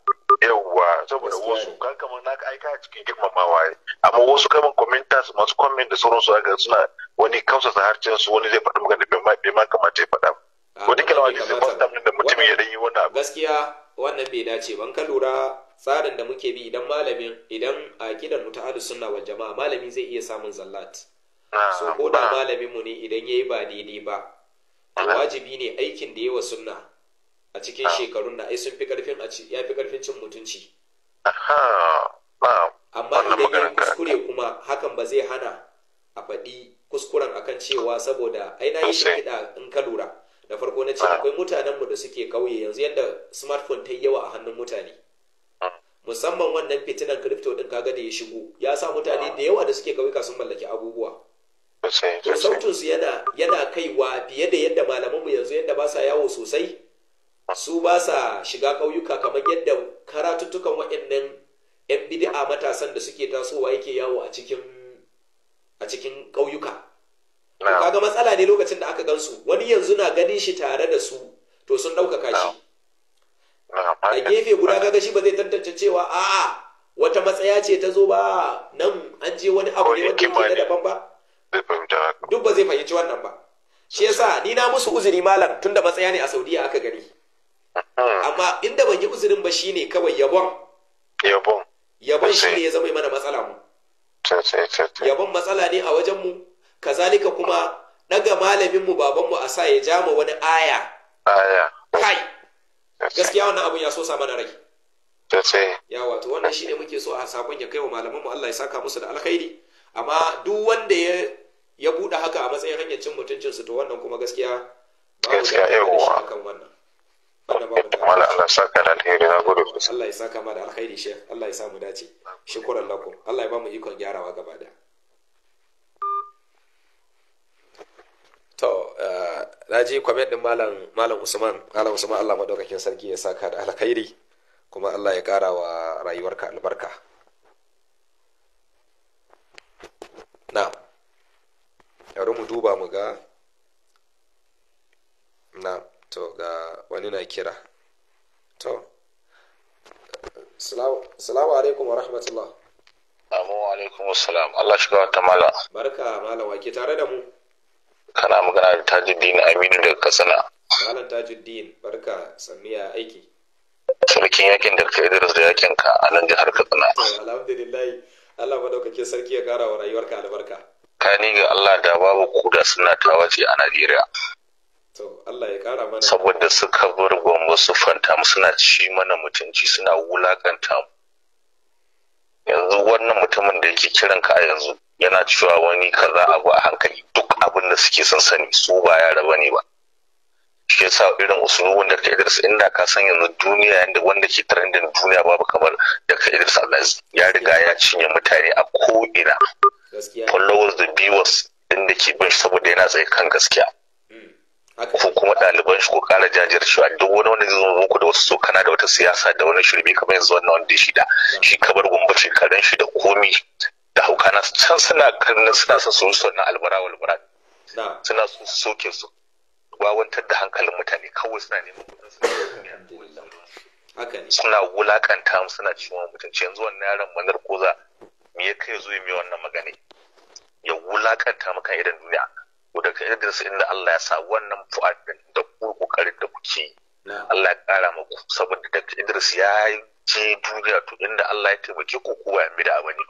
yawwa saboda wasu kalkamar kamar na aika a cikin girmamawa ya amma wasu kamar commentators masu comment da sauransu ga suna wani kausasa harshen su wani zai faɗi maka da bai ma kamata ya faɗa wani kalma da zai fasta da mutum ya dan yi wani abu gaskiya wannan bai dace ban ka lura tsarin da muke bi idan malamin idan a kidan mu ta hadu sunna wal jama'a malami zai iya samun zallat so ko da malamin mu ne idan yayi ba daidai ba wajibi ne aikin da yawa sunna a cikin ah. shekarun na ai sun fi karfin a ya fi karfin cin mutunci amma idan ya kuskure kuma hakan ba zai hana a faɗi kuskuren akan cewa saboda ai na yi shirkiɗa in ka lura da farko na ce ah. akwai mutanenmu da suke kauye yanzu yadda smartphone ta yi yawa a hannun mutane ah. musamman wannan fitinan crypto din kaga da ya shigo ya sa mutane da yawa da suke kauyuka sun mallaki abubuwa sautinsu yana yana kaiwa fiye da yadda malamanmu yanzu yadda ba sa yawo sosai su ba sa shiga ƙauyuka kamar yadda karatuttukan waɗannan 'yan bid'a matasan da suke tasowa yake yawo a cikin a cikin ƙauyuka kaga matsala ne lokacin da aka gansu wani yanzu na ganin shi tare da su to sun ɗaukaka shi a gefe guda kaga shi ba zai tantance cewa a'a wata matsaya ce ta zo ba nan an je wani abu ne wanda ke da daban ba duk ba zai fahimci wannan ba shi yasa ni na musu uzuri malam tunda matsaya ne a Saudiya aka gani Hmm. amma inda ban yi uzurin ba shine kawai yabon yabon yabon shine ya zama mana matsala mu yabon matsala ne a wajen mu kazalika kuma daga malamin mu baban mu a sa ya jama wani aya aya kai gaskiya wannan abun ya so sa mana rai ya wato wannan shine muke so a sakon ya kai wa malaman mu Allah ya saka musu da alkhairi amma duk wanda ya ya buɗe haka a matsayin hanyar cin mutuncin su to wannan kuma gaskiya gaskiya da kan wannan Mala Allah saka da alheri na gode Allah ya saka ma da alheri shi Allah ya sa mu dace. Shukran lakum. Allah ya ba mu ikon gyarawa gaba da. To eh, na ji din malam malam Usman, malam Usman Allah madaukakin sarki ya saka da alkhairi kuma Allah ya kara wa rayuwarka albarka. Na. Yaro mu duba mu ga na to ga wani na kira to salamu alaikum wa rahmatullah salamu alaikum salam Allah shiga wata mala barka mala wake tare da mu kana magana da tajuddin aminu daga katsina malam tajuddin barka ya aiki sarkin yakin da ka idris da yakin ka a nan jihar katsina alhamdulillah allah madaukake sarki ya kara wa rayuwarka albarka kani ga allah da babu kuda suna tawace a najeriya saboda suka bar gwamma su fanta suna ci mana mutunci suna wulakanta mu yanzu wannan mutumin da yake kiran ka a yanzu yana cewa wani kaza abu a hankali duk abin da suke son sani su ba yara ne ba shi yasa irin usulubin da ka Idris inda ka san yanzu duniya yanda wanda ke trending duniya babu kamar da ka Idris Alhaji ya riga ya cinye mutane a ko'ina. ina followers da viewers inda ke bin saboda yana tsaye kan gaskiya ko kuma ɗaliban shi ko ƙara jajircewa duk wani wani zai zo muku da wasu kana da wata siyasa da wani shirme kamar yanzu wannan wanda shi da shi kabar gumbacin karen shi da komi da haukana can suna suna sa su na albara walbara suna so su soke su wawantar da hankalin mutane kawai suna neman kudin suna wulakanta mu suna ciwon mutunci yanzu wannan yaron manar koza me ya kai zuwa mai wannan magana ya wulakanta maka idan duniya daga Idris inda Allah ya sa wannan fu'adin da ku kokarin da kuke Allah ya kara muku saboda daga Idris ya je duniya to inda Allah ya taimake ku kowa ya mida abani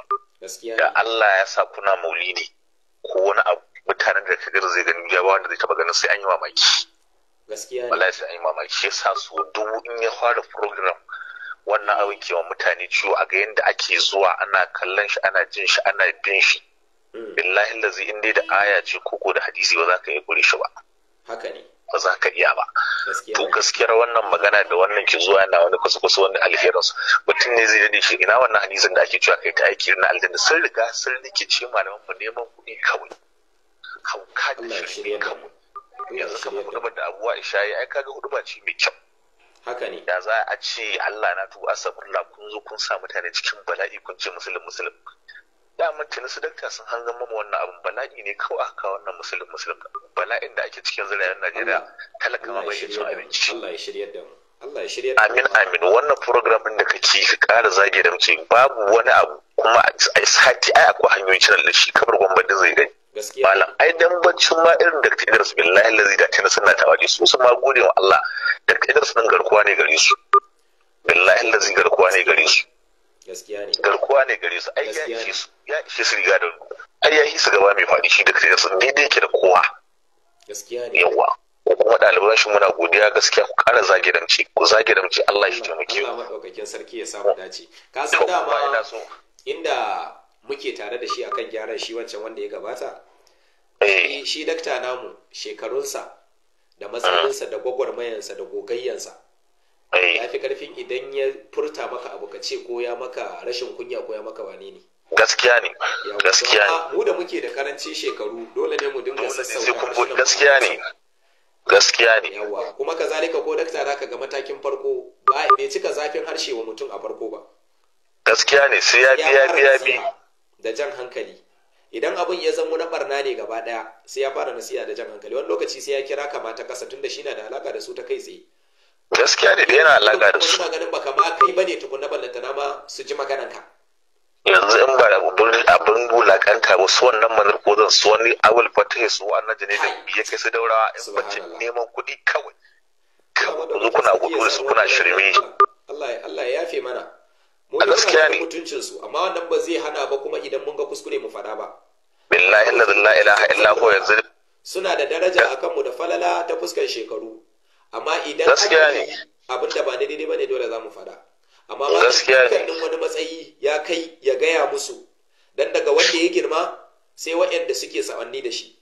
da Allah ya sa kuna maulidi ko wani abu mutanen da kaga zai gani ya ba wanda zai taba ganin sai an yi mamaki gaskiya wallahi sai an yi mamaki ya sa so dubu in ya fara program wannan abin kewa mutane ciwo a ga yadda ake zuwa ana kallon shi ana jin shi ana bin shi billahi lazi in dai da aya ce koko da hadisi ba za ka yi kure shi ba haka ne ba za ka iya ba to gaskiyar wannan magana da wannan ke zuwa yana wani kusa kusa wani alherin mutum ne zai dade shi ina wannan hadisin da ake cewa kai ta aiki na aljanna sun riga sun rike ce malaman mu neman kuɗi kawai hauka da shirye kawai yanzu kamar hudubar da abuwa isha ya ai kaga huduba ce mai kyau haka ne da za a ce Allah na tuba asabar kun zo kun sa mutane cikin bala'i kun ce musulun musulun daman tuni su dakta sun hanga mama wannan abin bala'i ne kawai aka kawo wannan musulun musulun bala'in da ake cikin zuriyar najeriya talaka ma bai cin abinci Allah ya shirya da mu Allah ya shirya amin amin wannan program din da kake ka ƙara zage da mutum babu wani abu kuma a sati ai akwai hanyoyin cin da shi kamar gwamnati zai gani malam ai dan baccin ma irin da kake darsu billahi lazi da tana suna waje su su ma gode wa Allah da kake darsu nan garkuwa ne gare su billahi lazi garkuwa ne gare su gaskiya ne garkuwa ne gare su ai ya ishe su riga da ai ya ishe su gaba mai faɗi shi da kare su daidai yake da kowa gaskiya yawa ko kuma ɗaliban shi muna godiya gaskiya ku ƙara zagiranci ku zagiranci Allah shi taimake mu Allah sarki ya samu dace ka san dama inda muke tare da shi akan gyaran shi wancan wanda ya gabata eh. shi dakta namu shekarunsa da matsayinsa da mm. gwagwarmayansa da gogayyansa Eh. ya fi karfin idan ya furta maka abu ka ce ko ya maka rashin kunya ko ya maka wani ne gaskiya ne gaskiya ne mu da muke da karanci shekaru dole ne mu dinga sassauta gaskiya ne gaskiya ne yawa kuma kazalika ko dakta zaka ga matakin farko ba bai cika zafin harshe wa mutum a farko ba gaskiya ne sai ya biya biya bi da jan hankali idan abin ya zama na barna ne gaba daya sai ya fara nasiya da jan hankali wani lokaci sai ya kira kama ta kasa tunda shi na da alaka da su ta kai tsaye gaskiya ne da yana alaka da su ganin baka ma kai bane tukun na ballanta na ma su ji maganan ka yanzu in ba abin wulakanta ba su wannan manar ko zan su wani awul fata su wannan jini da ya kai su daurawa in bacci neman kuɗi kawai kawai ku kuna gudu da su kuna shirme Allah ya Allah ya yafe mana mu gaskiya ne mutuncin su amma wannan ba zai hana ba kuma idan mun ga kuskure mu faɗa ba billahi la ilaha illa huwa yanzu suna da daraja akan mu da falala ta fuskar shekaru amma idan abin da ba daidai ba ne dole za mu fada amma ba wani matsayi ya kai ya gaya musu dan daga wanda ya girma sai wa'yanda suke sa'anni da shi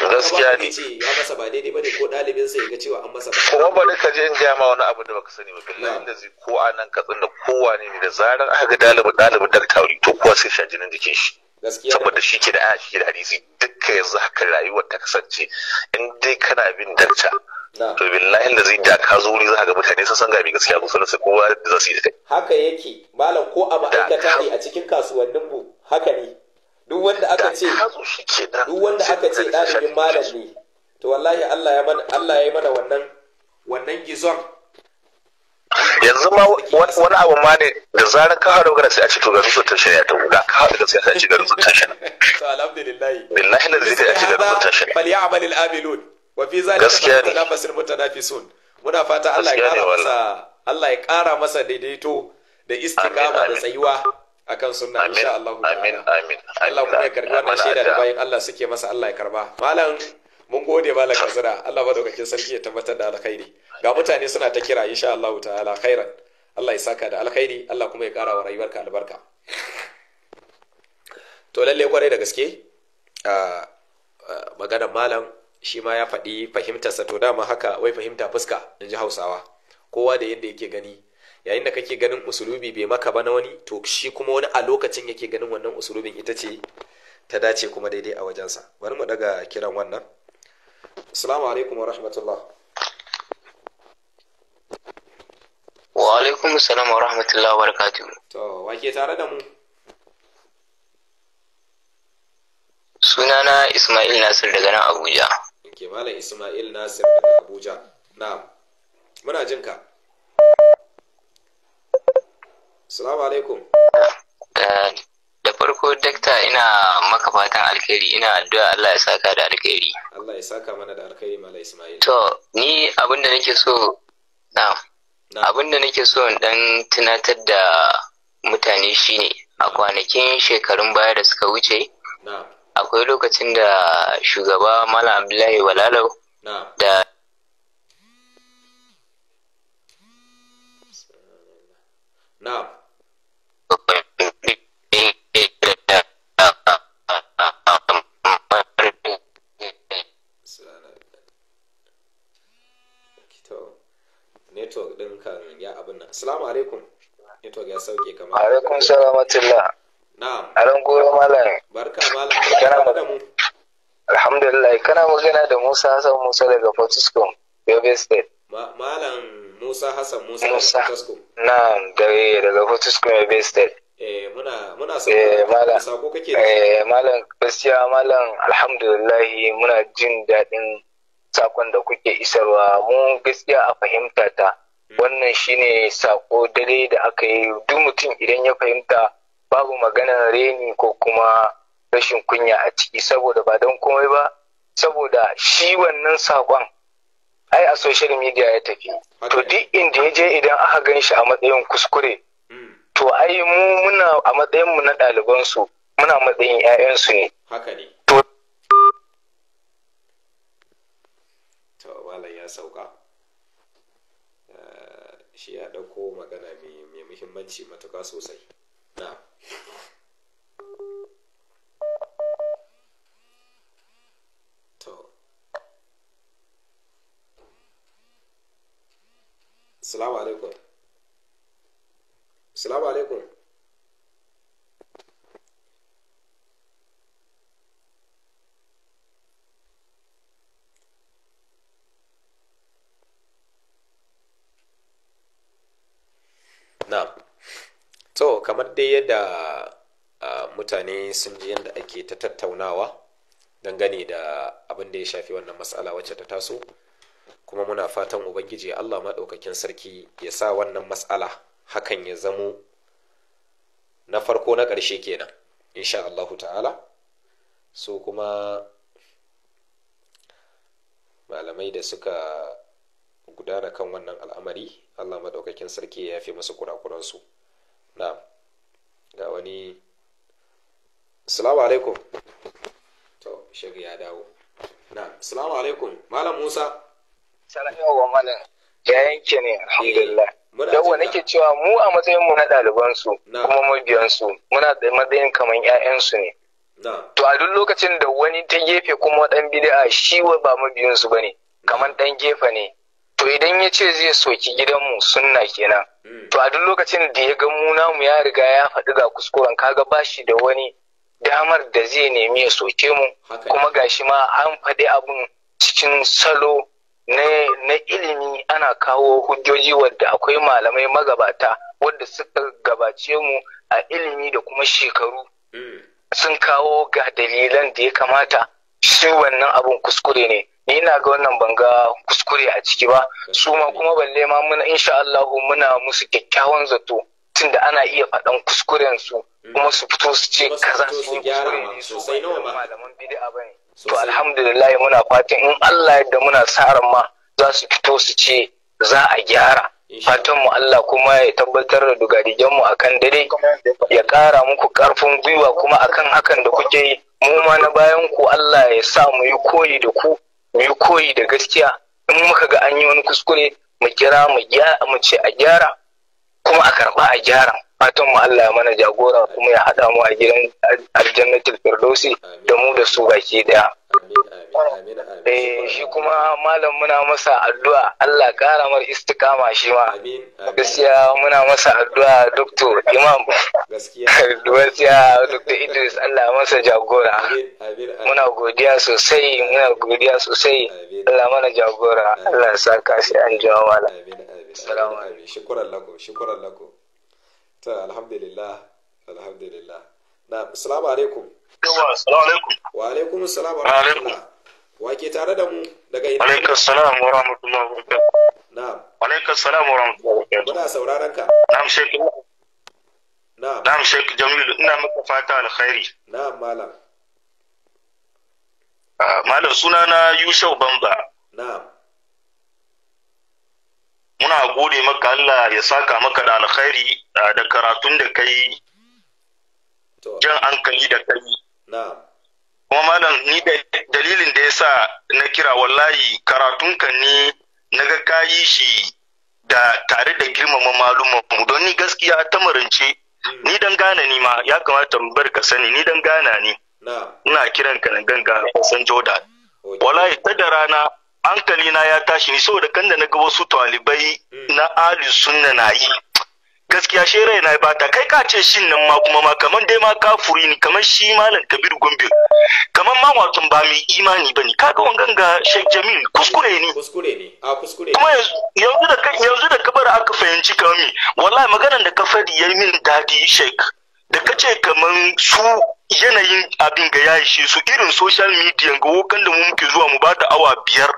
gaskiya ne ya ba daidai ka je in gaya ma wani abu da baka sani ba billahi inda zai ko anan katsin da kowane ne da zarar aka ga ɗalibin ɗalibin da ta to kowa sai sha jinin jikin shi saboda shi ke da aya shi da hadisi yanzu haka rayuwar ta kasance in dai kana bin darta to billahi da zai da ka zuri za ka ga mutane sun san ga mai gaskiya ba sai kowa da za su yi da haka yake malam ko a ma'aikata ne a cikin kasuwannin mu haka ne duk wanda aka ce duk wanda aka ce dalibin malam ne to wallahi Allah ya mana Allah ya yi mana wannan wannan gizon yanzu ma wani abu ma ne da zarar ka haɗu gara sai a ce to garin sun tashi ya ta wuda ka haɗu gara sai a ce garin sun tashi to alhamdulillah billahi da zai ta ce garin sun tashi bal ya'mal al-amilun wa fi zalika tanafasul mutanafisun muna fata Allah ya kara masa Allah ya kara masa daidaito da istiqama da tsayuwa akan sunna insha Allah amin amin Allah kuma ya karbi wannan shaida da bayin Allah suke masa Allah ya karba malam mun gode malam Kazira Allah madaukakin sarki ya tabbatar da alkhairi ga mutane suna ta kira insha Allah ta'ala khairan Allah ya saka da alkhairi Allah kuma ya kara wa rayuwarka albarka to lalle kwarai da gaske ah, ah, maganar malam shi ma ya faɗi fahimtarsa to dama haka wai fahimta fuska in ji hausawa kowa da yadda yake gani yayin da kake ganin usulubi bai maka ba na wani to shi kuma wani a lokacin yake ganin wannan usulubin ita ce ta dace kuma daidai a wajensa bari mu daga kiran wannan assalamu alaikum wa rahmatullah wa alaikum assalam wa rahmatullah wa barakatuh to wake tare da mu sunana ismail nasir daga nan abuja ke malam ismail nasir daga abuja na muna jin ka salamu alaikum da farko dakta ina maka fatan alkhairi ina addu'a Allah ya saka da alkhairi Allah ya saka mana da alkhairi malam ismail to ni abinda nake so na'am abinda nake so dan tunatar da mutane shine a kwanakin shekarun baya da suka wuce akwai lokacin da shugaba Malam Abdullahi Walalau da Network ɗin kan ya abin nan. Assalamu alaikum. Network ya sauke kamar. Alaikum salamatullah. na'am aran goro malam barka malam kana da mu alhamdulillah kana magana da Musa Hassan Musa daga Fortiscom Yobe State malam Musa Hassan Musa daga Fortiscom na'am daga daga Fortiscom Yobe State eh muna muna eh, sako eh malam gaskiya malam alhamdulillah muna jin daɗin sakon da kuke isarwa mu gaskiya a fahimta ta hmm. wannan shine sako dare da aka yi duk mutum idan ya fahimta babu maganar reni ko kuma rashin kunya a ciki saboda ba don komai ba saboda shi wannan saƙon ai a social media ya tafi to duk inda ya je idan aka gan shi a matsayin kuskure hmm. to ai mu muna a matsayin mu na ɗalibansu muna matsayin 'ya'yansu ne to ya sauka eh, shi ya ɗauko magana mai muhimmanci matuƙa sosai na'am तो सलाम अलैकुम सलाम अलैकुम ना to kamar dai yadda mutane sun ji yadda ake ta tattaunawa dangane da abin da ya shafi wannan matsala wacce ta taso kuma muna fatan ubangiji allah maɗaukakin sarki ya sa wannan matsala hakan ya zamo na farko na ƙarshe kenan insha allahu ta'ala so kuma malamai da suka gudana kan wannan al'amari allah maɗaukakin sarki ya fi musu kurakuransu na'am ga wani salamu alaikum to shegu ya dawo na salamu alaikum malam musa salam wa malam ya yanke ne alhamdulillah eh, yawwa nake cewa mu a matsayinmu na ɗalibansu kuma mabiyansu muna da matsayin kamar 'ya'yansu ne to a duk lokacin da wani ta gefe kuma ɗan bida'a shi wa ba mabiyansu ba ne kamar ɗan gefe ne to idan ya ce zai soki gidanmu sunna kenan hmm. to a duk lokacin da ya ga mu ya riga ya faɗi ga kuskuren kaga bashi da wani damar da zai nemi ya soke mu kuma gashi ma an faɗi abin cikin salo na ilimi ana kawo hujjoji wadda akwai malamai magabata wadda suka gabace mu a ilimi da kuma shekaru hmm. sun kawo ga dalilan da ya kamata shi wannan abun kuskure ne ni na ga wannan ban ga kuskure a ciki ba su ma kuma balle ma muna insha Allah muna musu kyakkyawan zato tunda ana iya faɗan kuskuren su mm. kuma su fito su ce kaza su yi kuskure ne su bai malaman bid'a bane to alhamdulillah muna fatan in Allah yadda muna sa ma za su fito su ce za a gyara fatan mu Allah kuma ya tabbatar da dugadigen mu akan dare ya kara muku karfin gwiwa kuma akan hakan da kuke yi mu ma na bayan ku Allah ya sa mu yi koyi da ku mu koyi da gaskiya in muka ga an yi wani kuskure mu kira mu ce a gyara kuma a karɓa a gyara fatan mu Allah ya mana jagora kuma ya haɗa mu a gidan aljannatul firdausi da mu da su baki daya Eh shi kuma malam muna masa addu'a Allah karamar istikama shi ma gaskiya muna masa addu'a doctor imam gaskiya doctor Idris Allah masa jagora muna godiya sosai muna godiya sosai Allah mana jagora Allah ya saka shi an jawo mala assalamu alaikum shukran lako shukran lako ta alhamdulillah alhamdulillah na assalamu alaikum wa da mu daga ina alaikum wa wa barakatuh wa muna sauraron ka na'am ina maka fata alkhairi malam ah, suna na yushau bamba na'am muna gode maka Allah ya saka maka da alkhairi da karatun da kai jan hankali da kai kuma malam ni dalilin da ya sa na kira wallahi karatunka ne na ga kayi shi da tare da girmama malumanmu don ni gaskiya ta marance hmm. ni dan Gana ni ma ya kamata mu bar ka sani ni dan gana ni ina kiran ka na ganga san joda wallahi ta da rana hankali na ya tashi ni saboda kan da naga wasu talibai hmm. na Ali sunna na yi gaskiya shi rai na bata kai ka ce shin nan ma kuma ma kaman dai ma kafuri ni kaman shi malam kabir gombe kaman ma watan ba mai imani bane kaga wangan ga Sheikh Jamil kuskure ne kuskure ne a kuskure kuma yanzu da yanzu da kabar aka fahimci kami wallahi maganar da ka fadi yayi min dadi Sheikh da kace kaman su yanayin abin ga ya ishe su irin social media ga wokan da mu muke zuwa mu bada awa biyar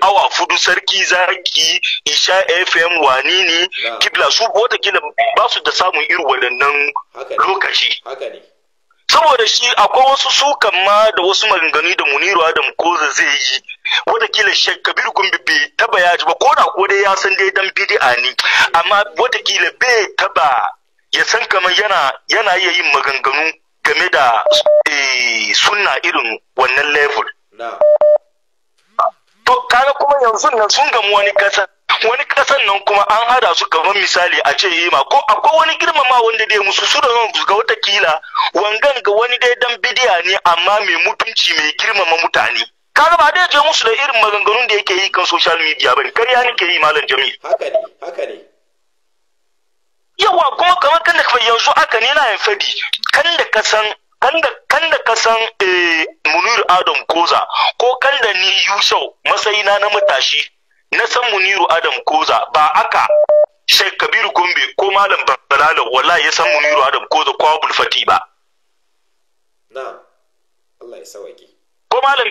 awa fudu sarki zaki isha fm wani ne kibla su watakila ba su da samun irin waɗannan lokaci saboda shi akwai wasu su ma da wasu maganganu da muniru adam koza zai yi watakila shek kabir gumbi bai taba ya ba ko da ko dai ya san dai dan bidi'a ne amma watakila bai taba ya san kamar yana yana iya yin maganganu game da eh, sunna irin wannan level to kana kuma yanzu nan sun gamu wani kasa wani kasan nan kuma an hada su kamar misali a ce ma, ko akwai wani girmama wanda dai musu su da nan ga wata kila wangan ga wani dai dan bidiya ne amma mai mutunci mai girmama mutane kaga ba dai je musu da irin maganganun da yake yi kan social media bane kariya nake yi malam Jami. haka ne haka ne yawa kuma kamar kan da yanzu aka ne na fadi kan da kasan kan da ka san eh, munir adam koza ko kan da ni yusau matsayina na matashi na san muniru adam koza ba aka shek kabiru gombe ko malam balala wallahi ya san muniru adam koza ko abul fati ba na Allah ya sawaki ko malam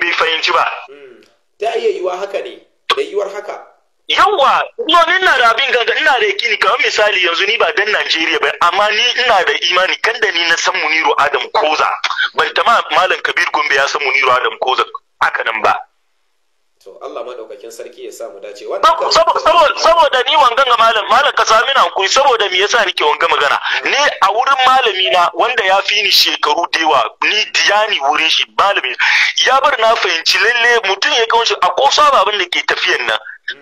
bai fahimci ba hmm, ta iya yiwa haka ne da yiwar haka yawa kuma ina da abin ganga ina da yakini kamar misali yanzu ni ba dan Najeriya ba amma ni ina da imani kan da ni na san Muniru Adam Koza ban ta ma malam Kabir Gombe ya san Muniru Adam Koza haka nan ba to Allah madaukakin sarki ya samu dace saboda ni wangan ga malam malam ka sami na hankuri saboda me yasa nake wanga magana ni a wurin malami na wanda ya fi ni shekaru dewa ni diyani wurin shi malami ya bar na fahimci lalle mutum ya kawo shi a ko saba abin da ke tafiyan nan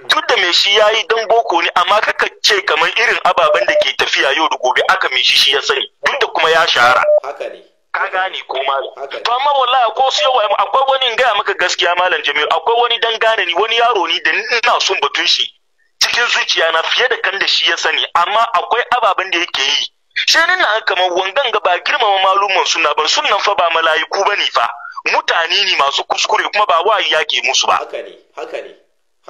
duk da me shi yayi dan boko ne amma kaka ce kamar irin ababen da ke tafiya yau da gobe aka me shi shi ya sani duk da kuma ya shahara haka ne ka gane ko malam to amma wallahi ko su yawa akwai wani in gaya maka gaskiya malam Jamiu, akwai wani dan gane ni wani yaro ni da ina son batun shi cikin zuciya na fiye da kan da shi ya sani amma akwai ababen da yake yi sai nan na kamar wangan ga ba girmama malumman suna, ban sunnan fa ba mala'iku bane fa mutane ne masu kuskure kuma ba wayi yake musu ba haka ne haka ne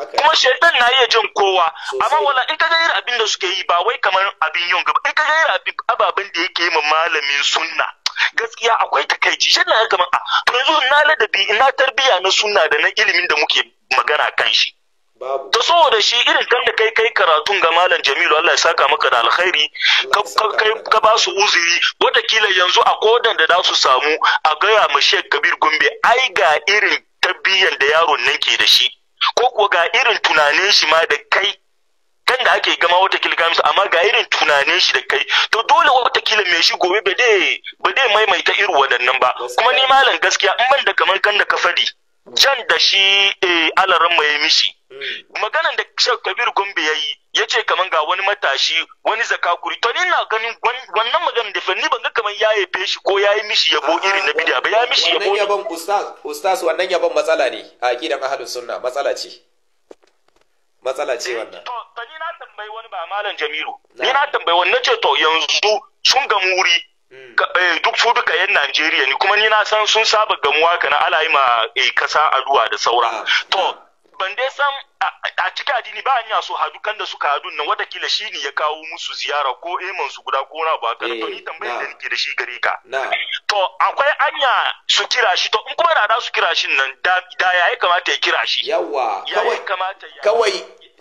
kuma shaitan na iya jin kowa amma wala in ka ga irin abin da suke yi ba wai kamar abin yin gaba in ka ga irin ababen da yake yi ma malamin sunna gaskiya akwai takaici shi na kamar a ah, to yanzu na ladabi ina tarbiya na sunna da na ilimin da muke magana kan shi da saboda shi irin kan da kai kai karatun ga malam jamilu Allah ya saka maka da alkhairi ka ba su uzuri watakila yanzu a kodan da za su samu a gaya ma shek kabir gombe ai ga irin tarbiyyar da yaron nan ke da shi ko kuwa ga irin tunanin shi ma da kai kan da ake gama wata kila musu amma ga irin tunanin shi da kai to dole wata kila mai shi gobe ba dai ba dai maimaita irin waɗannan ba kuma ni malam gaskiya in ban da kamar kan da ka fadi jan da shi eh alaran mai mishi mm. maganan da Sheikh Kabir Gombe yi. ya ce kaman ga wani matashi wani zakakuri to ni na ganin wannan maganin da ni ban ga kaman ya yi shi ko ya yi mishi yabo ah, irin na bidiya ba ya mishi yabo wannan yabon ustaz ustaz wannan yabon matsala ne a aqidan ahlus sunna matsala ce matsala ce wannan to to ni na tambayi wani ba malam Jamilu ni na tambayi wani ce to yanzu sun ga wuri hmm. eh, duk su duka yan Najeriya ne kuma ni na san sun saba gamuwa kana alayima ma eh, kasa addu'a da saura ah. to ah. ban dai san a cikin addini ba ni su hadu kan da suka hadu nan watakila shi ne ya kawo musu ziyara ko iman su guda ko eh, na ba ka to ni tambayar da nake da shi gare ka to akwai anya su kira shi to in kuma da su kira shi nan da yayi kamata ya kira shi yawa kawai kawai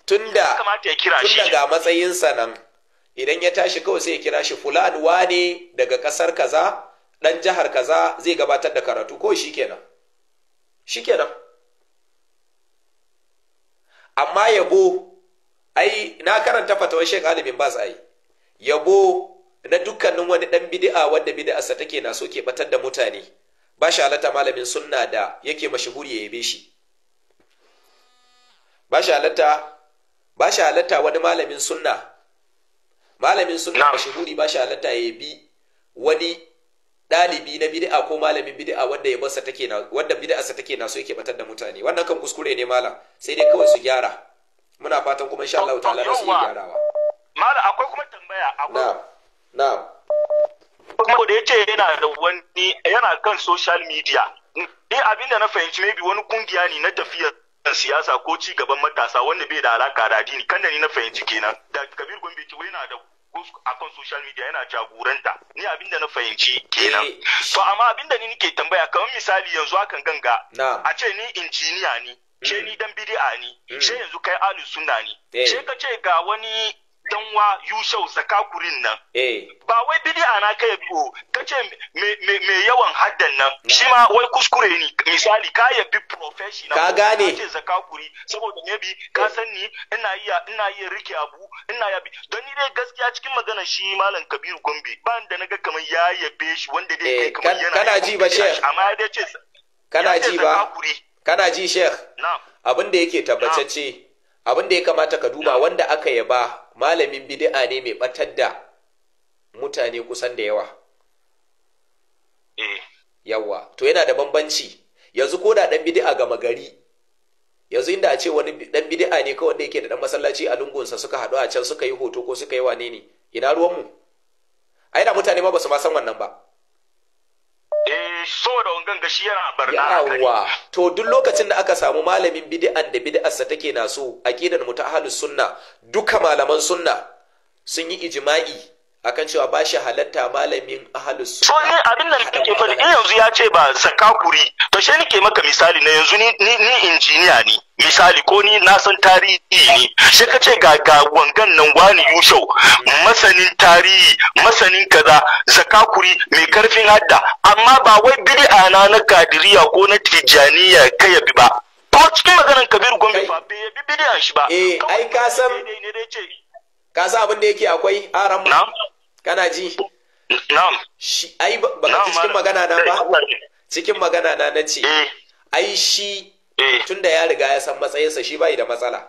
tunda kamata ya kira shi tunda ga matsayin sa nan idan ya tashi kawai sai ya kira shi fulan wane daga kasar kaza dan jihar kaza zai gabatar da karatu ko shikenan shikenan amma yabo ai na karanta fatawar shek Ali bin Baz ai yabo na dukkanin wani dan bid'a wanda bid'arsa take na so ke batar da mutane ba shi halatta malamin sunna da yake mashahuri ya yabe shi ba shi halatta ba shi halatta wani malamin sunna malamin sunna mashahuri ba shi halatta ya yabi wani ɗalibi na bid'a ko malamin bid'a wanda ya barsa take na wanda sa take na so yake batar da mutane wannan kan kuskure ne malam sai dai kawai su gyara muna fatan kuma insha Allah ta'ala su yi gyarawa malam akwai kuma tambaya akwai na'am na'am kuma da yace yana da wani yana kan social media ni abinda na fahimci maybe wani kungiya ne na tafiyar siyasa ko ci gaban matasa wanda bai da alaka da addini kan da ni na fahimci kenan da Kabir Gombe ke yana da akan social media yana jagoranta ni abinda na fahimci eh, kenan to amma abinda ni nake tambaya kamar misali yanzu akan ganga a ce ni injiniya ne ce hmm. ni dan bid'a ne hmm. ce yanzu kai alu sunna ne eh. ce ka ce ga wani danwa yushau zakakurin nan eh. ba wai bidi'a na kai ka kace me yawan haddan nan shi ma wai kuskure ni misali ka bi professional ka gane kace zakakuri saboda bi, ka eh. san ni ina iya ina iya rike abu ina bi don ni dai gaskiya cikin magana shi malam Kabiru Gombe ba da naga kamar ya yabe shi wanda dai kai eh, kamar yana kana ji ba shek amma ya ce kana ji ba kana ji shek abin da yake tabbatacce abin da ya kamata ka duba wanda aka yaba malamin bidi'a ne mai batar da mutane kusan da yawa eh. yawa to yana da bambanci yanzu ko da ɗan bidi'a gama gari yanzu inda a ce wani ɗan bidi'a ne kawai da yake da dan masallaci a lungunsa suka haɗu a can suka yi hoto ko suka yi wane ne ina ruwanmu ai da mutane ma ba su ma san wannan ba eh saboda wangan gashi yana barna yawa to duk lokacin da aka samu malamin bid'an da bid'arsa take na so aqidar mutahalus sunna duka malaman sunna sun yi ijma'i akan cewa ba shi halatta malamin ahalus sunna so eh abin nan ke faɗi in yanzu ya ce ba sakakuri to shi nake maka misali na yanzu ni ni injiniya ne misali ko ni na san tarihi ne shi ka ce ga ga wangan nan wani yushau masanin tarihi masanin kaza zakakuri mai karfin hadda amma ba wai bid'a na na kadiriya ko na tijaniya kai ya bi ba ko cikin maganar kabir gombe ba bai yabi bidiyan shi ba eh ai ka san ka san abin da yake akwai aran na'am kana ji na'am shi ai ba cikin magana nan ba eh, cikin magana na na ce eh. ai shi eh. tunda ya riga ya san matsayinsa shi bai da matsala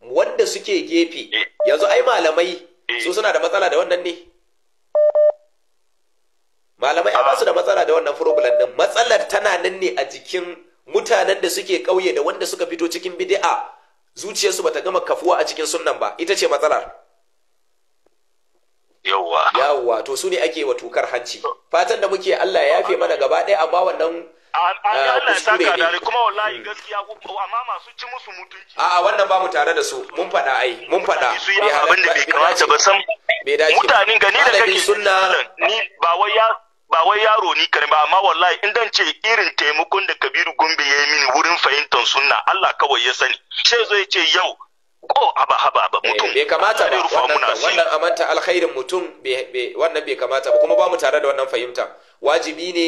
wanda suke gefe eh. yanzu ai malamai su suna da matsala da wannan ne malamai ba su da matsala da wannan problem din matsalar tana nan ne a jikin mutanen da suke kauye da wanda suka fito cikin bidi'a, zuciyarsu bata gama kafuwa a cikin sunnan ba ita ce matsalar yawwa yawwa to su ne ake wa tukar hanci fatan da muke Allah ya yafe mana gaba ɗaya amma wannan ah, kuskure ne kuma wallahi hmm. gaskiya amma masu ci musu mutunci a'a wannan ba mu tare da su mun faɗa ai mun faɗa su abin da bai kamata ba san bai dace mutanen gani da kake sunna ni ba wai ya ba wai yaro ni kare ba amma wallahi in dan ce irin taimakon da Kabiru Gombe ya yi mini wurin fahimtar sunna Allah kawai ya sani sai zo ya ce yau ko aba haba ba mutum eh, bai kamata ba wannan wannan amanta alkhairin mutum wannan bai kamata ba kuma ba mu tare da wannan fahimta wajibi ne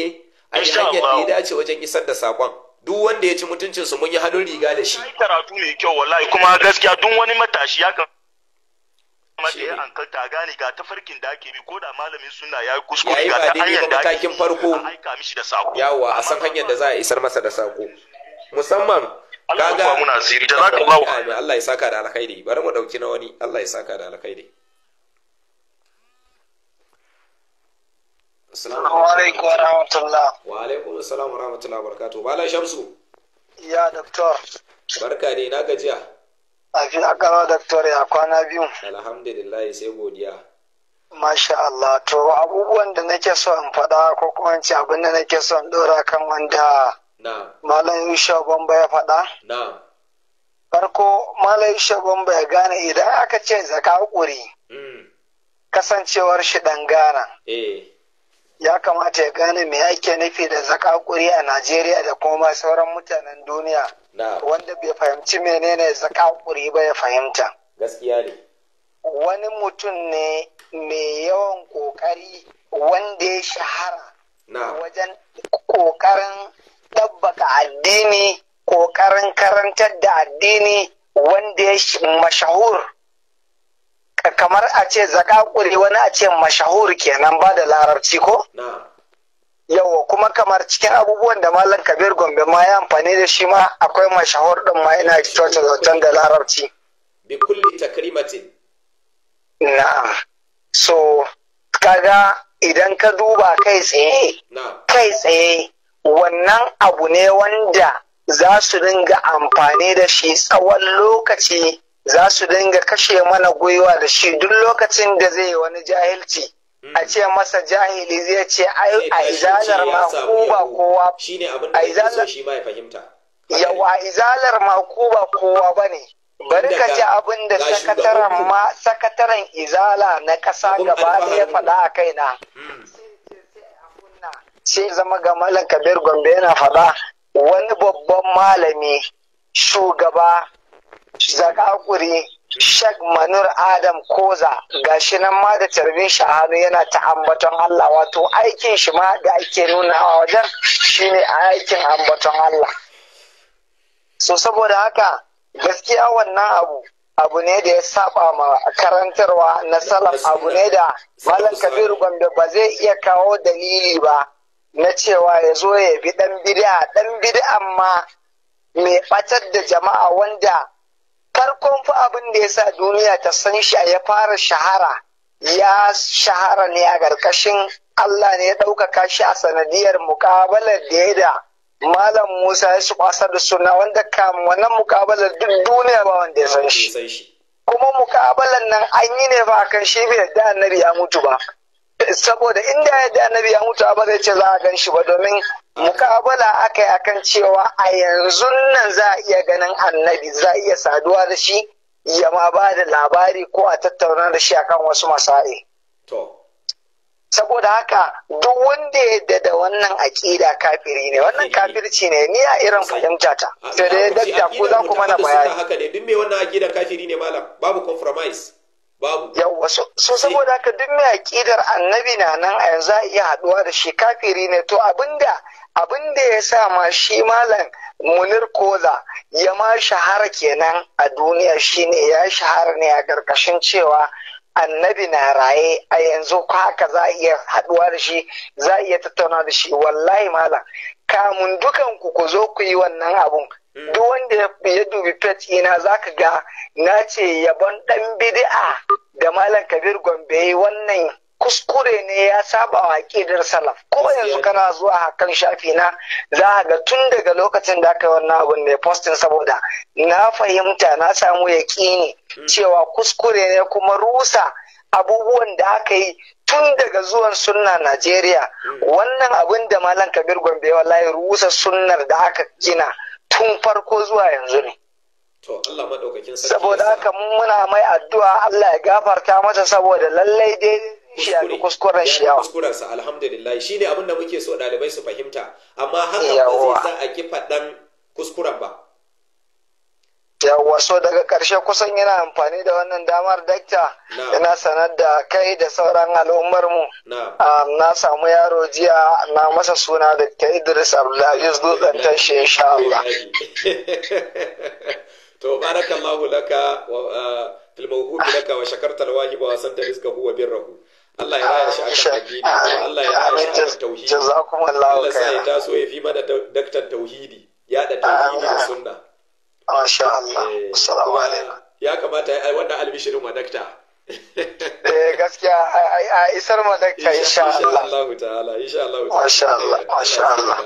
a yi hanyar da ya dace wajen isar da sakon duk wanda ya ci mutuncin su mun yi hannun riga da shi karatu mai kyau wallahi kuma gaskiya duk wani matashi ya kan mata ya ankalta gani ga tafarkin da ake bi ko da malamin suna ya kuskure ga ta hanyar da ake farko aika mishi da sako yawa a san hanyar da za a isar masa da sako musamman Allah ya muna asiri jazakallahu Allah ya saka da alkhairi bari mu dauki na wani Allah ya saka da alkhairi Assalamu alaikum wa rahmatullah. Wa alaikum assalam wa rahmatullah wa barakatuh. Bala Shamsu. Ya doctor Barka dai na gajiya. A fi akawa doctor ya kwana biyu. Alhamdulillah sai godiya. Masha Allah to abubuwan da nake so in faɗa ko kuma in ci abin da nake so in ɗora kan wanda Malam Isha Bamba ya faɗa? Farko Malam Isha Bamba ya gane idan aka ce zaka hukuri mm. kasancewar shi ɗan gana. Eh. Ya kamata ya gane me ake nufi da zaka hukuri a Najeriya da kuma sauran mutanen duniya. Wanda bai fahimci menene zaka hukuri ba ya fahimta. Gaskiya ne. Wani mutum ne mai yawan ƙoƙari wanda ya shahara wajen ƙoƙarin ɗabbaka addini ƙoƙarin karantar da addini wanda ya mashahur kamar a ce zakakuri wani a ce mashahur kenan ba da larabci ko? yawa kuma kamar cikin abubuwan da malam kabir gombe ma ya amfani da shi ma akwai mashahur ɗin ma ina kyautar zaton da larabci bi kulli takrimatin na'am so kaga idan ka duba kai tsaye kai tsaye wannan abu ne wanda za su dinga amfani da shi tsawon lokaci za su dinga kashe mana gwiwa da shi duk lokacin da zai yi wani jahilci a ce masa jahili zai ce a izalar ma ba kowa a izalar yawa izalar ma ba kowa ba ne bari ka ji abin da sakataren izala na ƙasa gaba ya faɗa a kaina hmm. sai zama ga malam kabir gombe yana faɗa wani babban malami shugaba zakakuri shag manur adam koza gashi nan ma da tarbin shahanu yana ta ambaton allah wato aikin shi ma da ake nuna a wajen shine aikin ambaton allah so saboda haka gaskiya wannan abu abu ne da ya saba ma karantarwa na salaf abu ne da malam Kabiru gombe ba zai iya kawo dalili ba na cewa ya zo ya bi ɗan bid'a ɗan bid'an ma mai ɓatar da jama'a wanda farkon fa abin da ya sa duniya ta san shi ya fara shahara ya shahara ne a ƙarƙashin Allah ne ya ɗaukaka shi a sanadiyar muƙabalar da ya da Malam Musa ya kwasar da suna wanda kam wannan muƙabalar duk duniya ba wanda ya san shi. Kuma muƙabalar nan an yi ne ba kan shi bai da annabi ya mutu ba. saboda inda yadda annabi ya mutu ba zai ce za a gan shi ba domin mukabala aka yi akan cewa a yanzu nan za a iya ganin annabi za a iya saduwa da shi ya ma ba da labari ko a tattauna da shi akan wasu masai saboda haka duk wanda ya yadda da wannan aƙida kafiri ne wannan eh, eh. kafirci ne ni a irin fahimta ta ah, sai da ya ah, dadda ko za ku mana bayani haka ne duk me wannan aƙida kafiri ne malam babu compromise yau so saboda haka duk mai aƙidar annabi na nan a yanzu a iya haɗuwa da shi kafiri ne to abinda abinda ya sa ma shi malam munir koza ya ma shahara kenan a duniya shine ya shahara ne a ƙarƙashin cewa annabi na raye a yanzu ko haka za a iya haɗuwa da shi za a iya tattauna da shi wallahi malam kamun dukanku ku ku zo ku yi wannan abun duk wanda ya dubi pet ina ka ga na ce yabon dan bidi'a da malam kabir gombe wannan kuskure ne ya saba wa kidar salaf ko yanzu kana zuwa hakan shafi na za a ga tun daga lokacin da aka yi wannan abun ne postin saboda na fahimta na samu yaƙini hmm. cewa kuskure ne kuma rusa abubuwan da aka yi tun daga zuwan sunna Najeriya hmm. wannan abin da Malam Kabir Gombe wallahi rusa sunnar da aka gina tun farko zuwa yanzu ne saboda haka muna mai addu'a Allah ya gafarta masa saboda lallai dai shi a duk kuskuren shi yawa kuskurensa alhamdulillah shine abin da muke so ɗalibai su fahimta amma hakan ba zai sa a ki faɗan kuskuren ba yawwa so daga ƙarshe kusan yana amfani da wannan damar dakta yana sanar da kai da sauran al'ummar mu ah, na samu yaro jiya na masa suna ta idris abdulaziz dutsen tashi insha Allah to barakallahu laka wa ah, fil mawhubi laka wa shakarta alwahib wa sadda rizqahu huwa birrahu Allah ya raya shi kan addini Allah ya raya shi akan tauhidi jazakumullahu khairan Allah sai taso ya fi mana daktar tauhidi ya da tauhidi da sunna Masha Allah. Eh, Assalamu alaikum. Ya kamata ai wannan albishirin wa Eh gaskiya a isar ma dakta insha Allah. Insha Allah ta'ala insha Allah ta'ala. Masha Allah eh, masha Allah.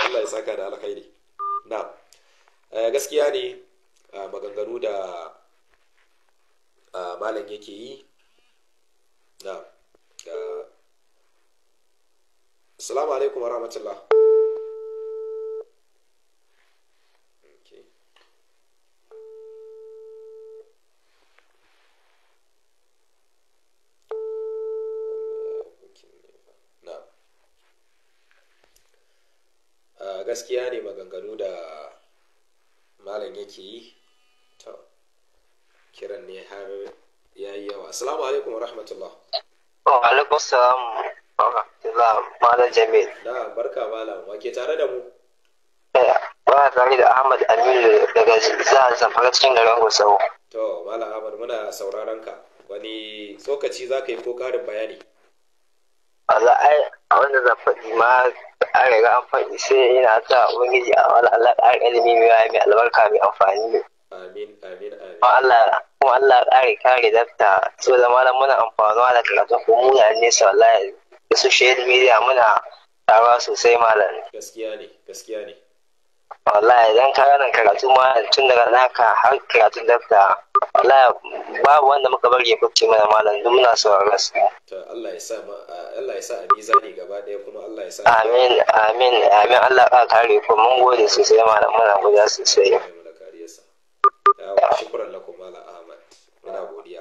Allah ya saka da alkhairi. Na'am. Eh, gaskiya ne maganganu da malam yake yi. Na'am. Assalamu alaikum wa rahmatullah. gaskiya ne maganganu da malam yake yi to kiran ne har ya yi yawa assalamu alaikum wa rahmatullah wa alaikum salam wa rahmatullah malam jamil na barka malam wake tare da mu eh, ba tare da ahmad aminu daga zafara cikin garin gusau to malam ahmad muna sauraron ka wani tsokaci za ka yi ko karin bayani Allah a wanda zan faɗi ma an riga an faɗi sai ina ta ubangiji a wani Allah ƙara ilimi mai mai albarka mai amfani amin amin Allah kuma Allah ƙare kare dafta so da malam muna amfanuwa da karatun ko muna nesa wallahi da su shaid media muna taruwa sosai malam gaskiya ne gaskiya ne wallahi idan ka ranar karatu ma tun daga naka har karatun dafta wallahi babu wanda muka bari ya bacci mana malam duk muna sauraron su to Allah ya sa Allah ya sa a mizani gaba daya kuma Allah ya sa amin amin amin Allah ka kare ku mun gode sosai malam muna gode sosai shukran lakum malam Ahmad muna godiya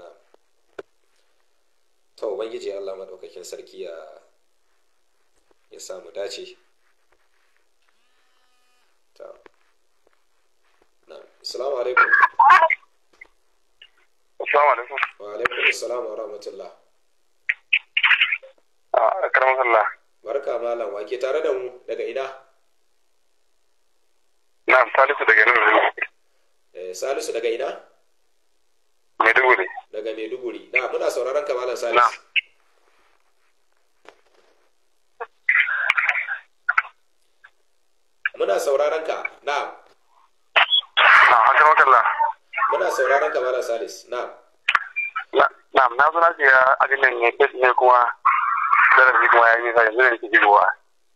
na to ubangiji Allah madaukakin sarki ya ya samu dace ta assalamu alaikum assalamu alaikum wa alaikum assalam wa rahmatullah a ah, karamar Allah barka malam wake tare da mu daga ina na salisu daga nan eh salisu daga ina maiduguri daga maiduguri na muna sauraron ka malam salisu muna sauraron ka na. na'am na'am muna sauraron ka mara salis na. na na zo na ce adilin ne ke ne kuma darasi kuma ya yi zai zai ke jigowa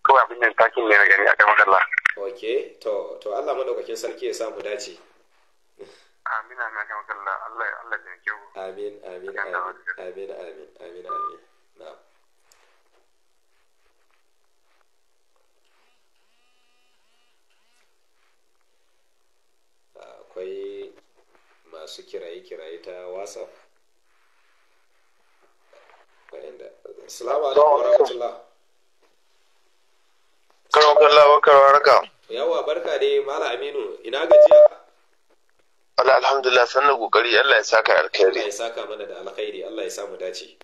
kawai abin da takin ne na gani a kan matsala ok to to allah madaukakin sarki ya samu dace amina na kan matsala amin amin amin amin amin amin akwai masu kiraye-kiraye ta whatsapp salamu alaikum wa rahmatullah karon yawa barka dai mala aminu ina gajiya Allah alhamdulillah sannan kokari Allah ya saka alkhairi Allah ya saka mana da alkhairi Allah ya samu dace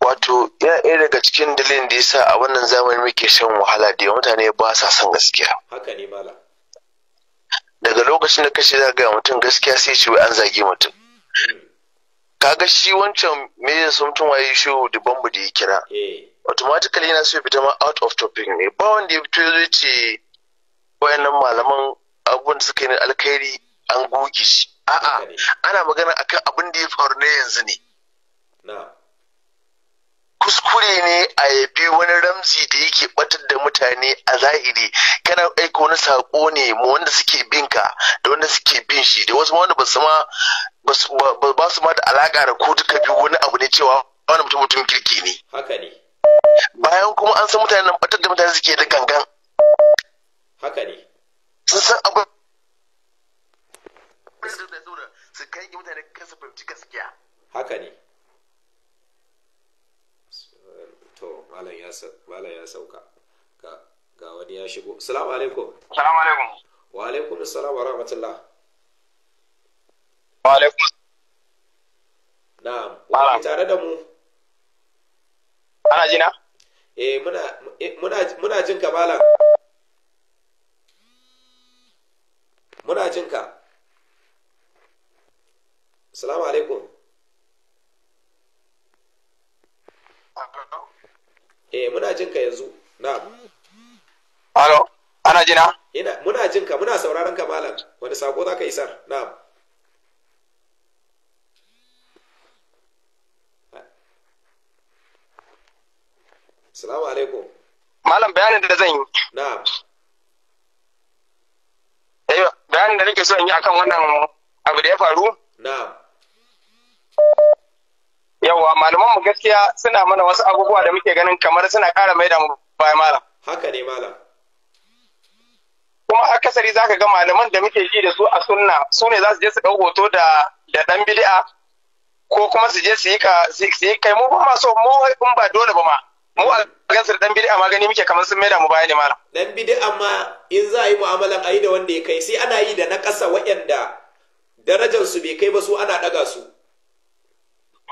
wato ya ɗaya daga cikin dalilin da yasa a wannan zamani muke shan wahala da mutane ba sa son gaskiya haka ne malam daga lokacin da kace za ga mutum gaskiya sai ce an zage mutum kaga shi wancan me ya mutum waye shi da bambu da ya kira eh. automatically yana so ya fita ma out of topic ne ba wanda ya fito ya ce wayannan malaman abubuwan da suka yi alkhairi an goge shi a'a ana magana akan abin da ya faru na yanzu ne kuskure ne a yabi wani ramzi da yake batar da mutane a zahiri kana aika wani sako ne mu wanda suke bin ka da wanda suke bin shi da wasu wanda ba su ma ba su ma da alaka da ko duka bi wani abu ne cewa wani mutum mutum kirki ne haka ne bayan kuma an san mutane nan batar da mutane suke da gangan haka ne sun san abu su kai mutane kasa fahimci gaskiya haka ne malam ya sauka ga wani ya shigo salamu alaikum salamu alaikum wa alaikum assalamu wa rahmatullah wa alaikum na'am wa tare da mu ana jina eh muna eh, muna muna jin ka malam muna jin ka assalamu alaikum eh muna jin ka yanzu na'am alo ana jina ina muna jin ka muna sauraron ka malam wani sako za ka isar na'am Assalamu alaikum. Malam bayanin da zan yi. Na'am. Eh bayanin da nake so in yi akan wannan abu da ya faru. Na'am. yawa malaman mu gaskiya suna mana wasu abubuwa da muke ganin kamar suna ƙara mai da mu bayan malam haka ne malam kuma akasari zaka ga malaman da muke ji da su a sunna su ne za su je su ɗau hoto da da dan bid'a ko kuma su je su yi kai mu ba ma so mu in ba dole ba ma mu a su da dan bid'a ma gani muke kamar sun maida mu baya ne malam dan bid'a ma in za a yi mu'amalan a yi da wanda ya kai sai ana yi da na ƙasa waɗanda darajar su bai kai ba su ana ɗaga su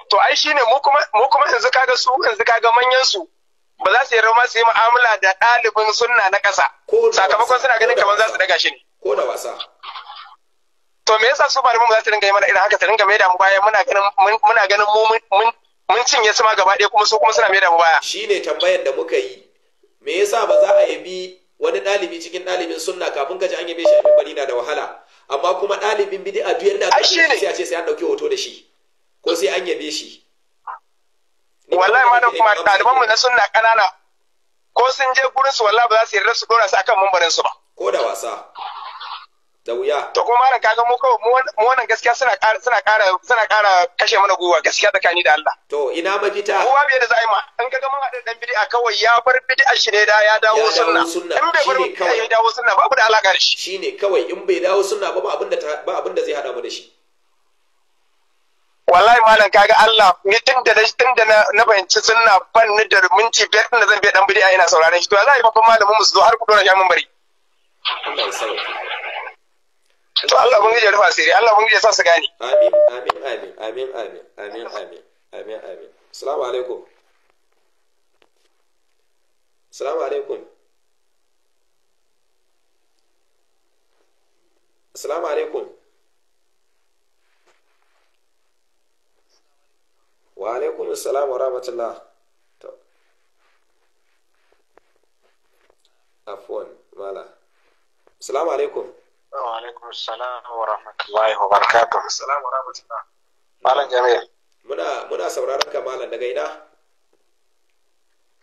to ai shine mu kuma mu kuma yanzu kaga su yanzu kaga manyan su ba za su yarda ma su yi mu'amala da ɗalibin sunna na ƙasa sakamakon suna ganin kamar za su daga shi ne ko da wasa to me yasa su ba mu za su dinga yi mana irin haka su dinga mai da mu baya muna ganin muna ganin mu mun mun cinye su ma gaba ɗaya kuma su kuma suna mai da mu baya shine tambayar da muka yi me yasa ba za a yabi wani ɗalibi cikin ɗalibin sunna kafin ka ji an yabe shi a na da wahala amma kuma ɗalibin bid'a duk yadda aka ce sai an ɗauki hoto da shi ko sai an yabe shi wallahi ma da kuma taliban mu na sunna ƙanana ko sun je gurin su wallahi ba za su yarda su dora su akan mambarin su ba ko da wasa da wuya to kuma ran kaga mu kawai mu wannan gaskiya suna ƙara suna ƙara suna ƙara kashe mana gwiwa gaskiya kani da Allah to ina mafita kowa bai da zai ma an kaga mun haɗa dan bid'a kawai ya bar bid'a shi ne da ya dawo sunna in bai bar bid'a ya dawo sunna babu da alaka da shi shine kawai in bai dawo sunna ba ba abinda ba abinda zai hada mu da shi wallahi malam kaga Allah ni tun da tun da na fahimci sunna ban ni da minti biyar tun da zan biya dan bidiya ina sauraron shi to za a yi babban malamin mu su zo har ku dora shi mun bari to Allah mun gije rufa sirri Allah mun gije sa su gane amin amin amin amin amin amin amin amin assalamu alaikum assalamu alaikum assalamu alaikum wa alaikum salam wa rahmatullah to afwan mala assalamu alaikum wa alaikum salam wa rahmatullahi wa barakatuh salam wa rahmatullah malam jami'a muna muna sauraron ka malam daga ina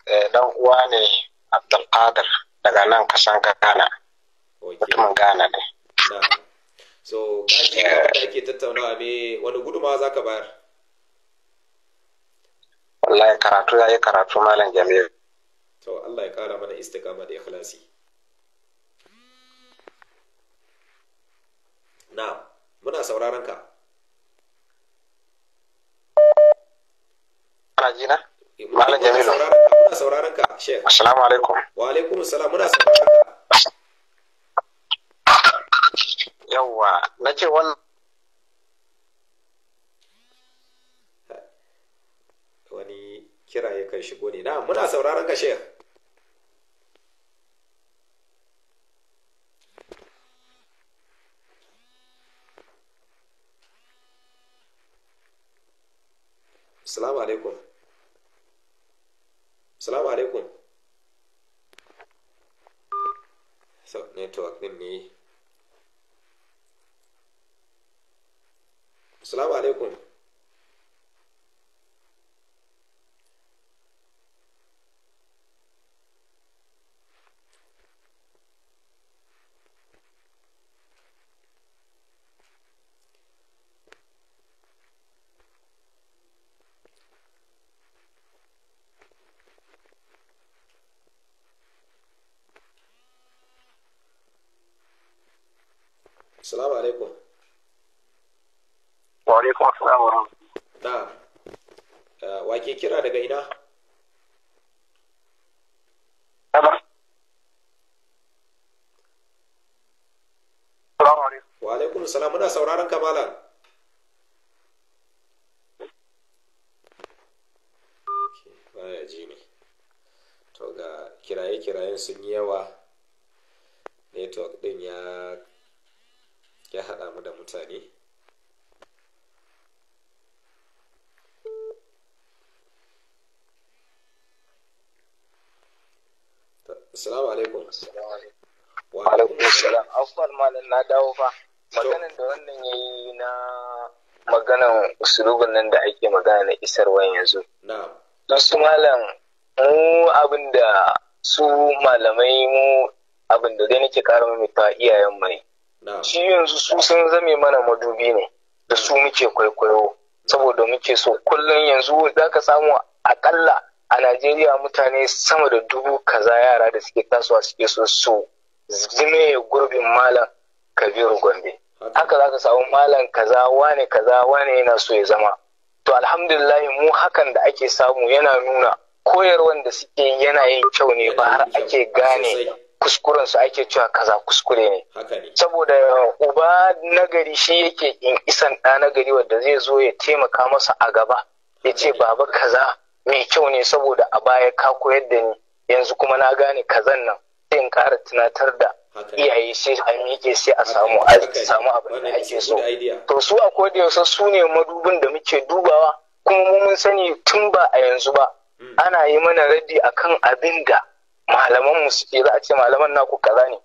eh dan uwa ne abdul qadir daga nan kasan kana Ghana mun gana ne so kashi da ake tattaunawa ne wani guduma zaka bayar wallahi karatu ya yi karatu malam jami'a. to Allah ya kara mana istiqama da ikhlasi na muna sauraron ka kana ji eh, malam jamilu muna sauraron ka sheikh assalamu alaikum wa alaikum assalam muna sauraron ka yawwa nace wannan kira yakan shigo ne na muna sauraron ka shehu Assalamu alaikum. Assalamu alaikum. So, network din ne. alaikum. salam muna sauraron ka malam baya ji ne to ga kiraye-kirayen sun yi yawa network din ya ya hada mu da mutane Assalamu alaikum. Wa alaikum assalam. Afwan malam na dawo fa. maganan da wannan ya yi na maganan usulubin nan da ake magana na isarwa yanzu su malam mu abin da su malamai mu abin da dai nake kara mamita iyayen mai shi yanzu su sun zame mana madubi ne da su muke kwaikwayo saboda muke so kullum yanzu za ka samu akalla a najeriya mutane sama da dubu kaza yara da suke tasowa suke so su zime gurbin malam kabiru gombe haka za ka samu malam kaza wane kaza wane yana so ya zama to alhamdulillah mu hakan da ake samu yana nuna koyarwan da suke yana yin kyau ne ba har ake gane kuskuren su ake cewa kaza kuskure ne saboda uba nagari shi yake isan ɗa nagari wanda zai zo ya taimaka masa a gaba ya ce baba kaza mai kyau ne saboda a baya ka koyar da ni yanzu kuma na gane kazan nan zai kara ƙara tunatar da iyaye sai a miƙe sai a samu a samu abin da ake so to su a koda yaushe su ne madubin da muke dubawa kuma mu mun sani tun ba a yanzu ba hmm. ana yi mana raddi akan abin da malaman mu suke za a ce malaman naku kaza ne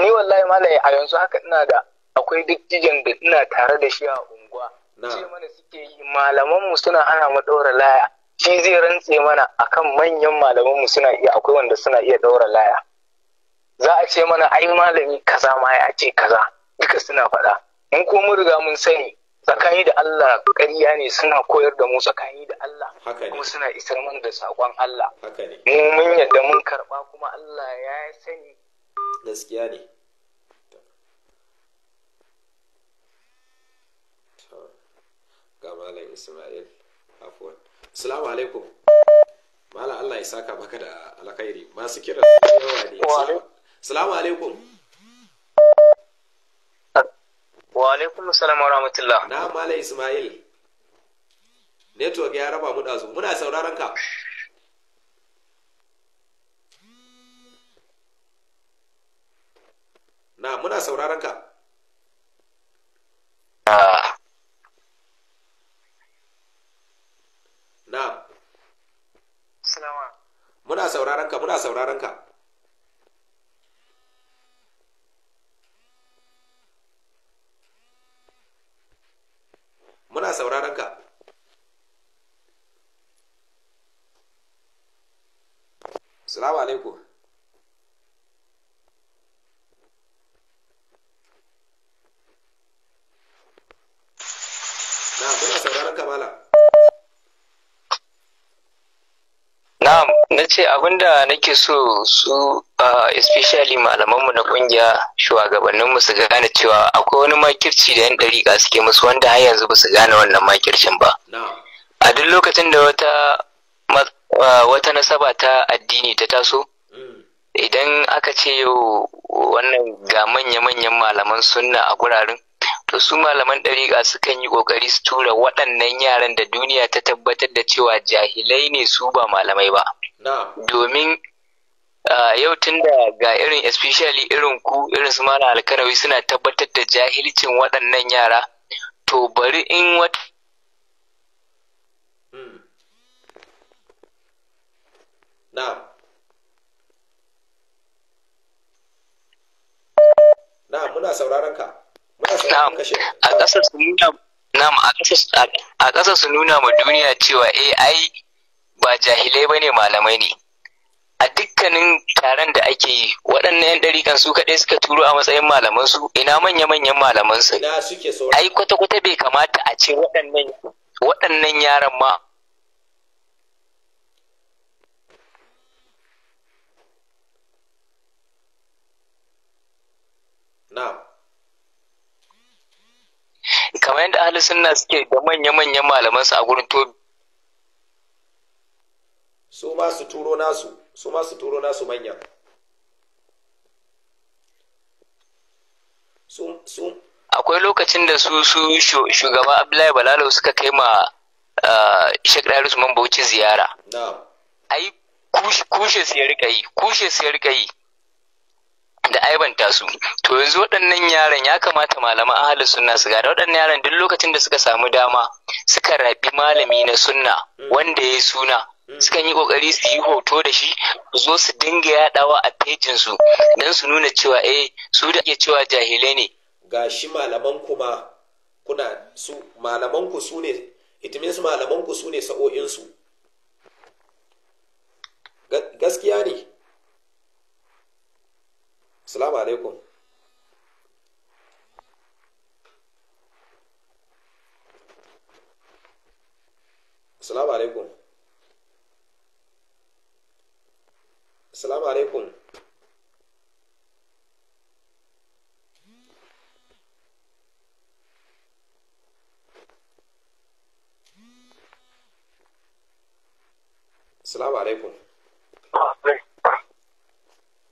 ni wallahi malaye a yanzu haka ina da akwai dattijan da ina tare da shi a unguwa ce mana suke yi malaman mu suna hana mu laya shi zai rantse mana akan manyan malaman mu suna iya akwai wanda suna iya ɗaura laya za a ce mana ai malami kaza ma ya ce kaza duka suna faɗa mun ko mun riga mun sani tsakani da Allah ƙarya ne suna koyar da mu tsakani da Allah kuma suna isar mana da saƙon Allah mu mun yadda mun karɓa kuma Allah ya sani gaskiya ne ga malam Ismail afwan assalamu alaikum malam Allah ya saka baka da alkhairi masu kira yawa ne salamu alaikum wa alaikum salam wa rahmatullah na mala ismail network ya raba mu dazu muna sauraron ka na muna sauraron ka ah. na muna sauraron ka muna sauraron ka muna sauraron ka salamu alaikum nace ce abinda nake so su especially malamanmu na kungiya shugabanninmu su gane cewa akwai wani makirci da yan dariƙa suke musu wanda har yanzu ba su gane wannan makircin ba a duk lokacin da wata wata nasaba ta addini ta taso mm. idan aka ce yau wannan ga manya-manyan malaman sunna a guraren to su malaman ɗariƙa sukan yi ƙoƙari su tura waɗannan yaran da duniya ta tabbatar da cewa jahilai ne su ba malamai ba domin yau tun da ga irin especially irin ku irin su mana alkarawi suna tabbatar da jahilcin waɗannan yara to bari in wata hmm. Na, Na'am muna sauraron ka. a su nuna a ƙasa su nuna ma duniya cewa ai ba jahilai bane malamai ne a dukkanin taron da ake yi waɗannan 'yan kan su kaɗai suka turo a matsayin malamansu ina manya-manyan malamansu ai kwata-kwata bai kamata a ce waɗannan yaran ma na'am kamar yadda ahli sunna suke da manya-manyan malaman su a gurin to su ma su turo nasu su ma su turo nasu manya akwai lokacin da su su shugaba abdullahi balalo suka kai ma shek ɗari usman bauchi ziyara ai kushe su ya rika yi kushe su ya rika yi da aibanta su to yanzu waɗannan yaran ya kamata malaman ahalin sunna su gada waɗannan yaran duk lokacin da suka samu dama suka rabi malami na sunna mm. wanda ya suna mm. sukan yi kokari su yi hoto da shi zo su dinga yaɗawa a pejin su don su nuna cewa eh su da iya cewa jahilai ne ga shi malaman kuma kuna su malaman ku su ne itimin su malaman ku su sa'o'in su gaskiya ne salamu alaikum salamu alaikum salamu alaikum salamu alaikum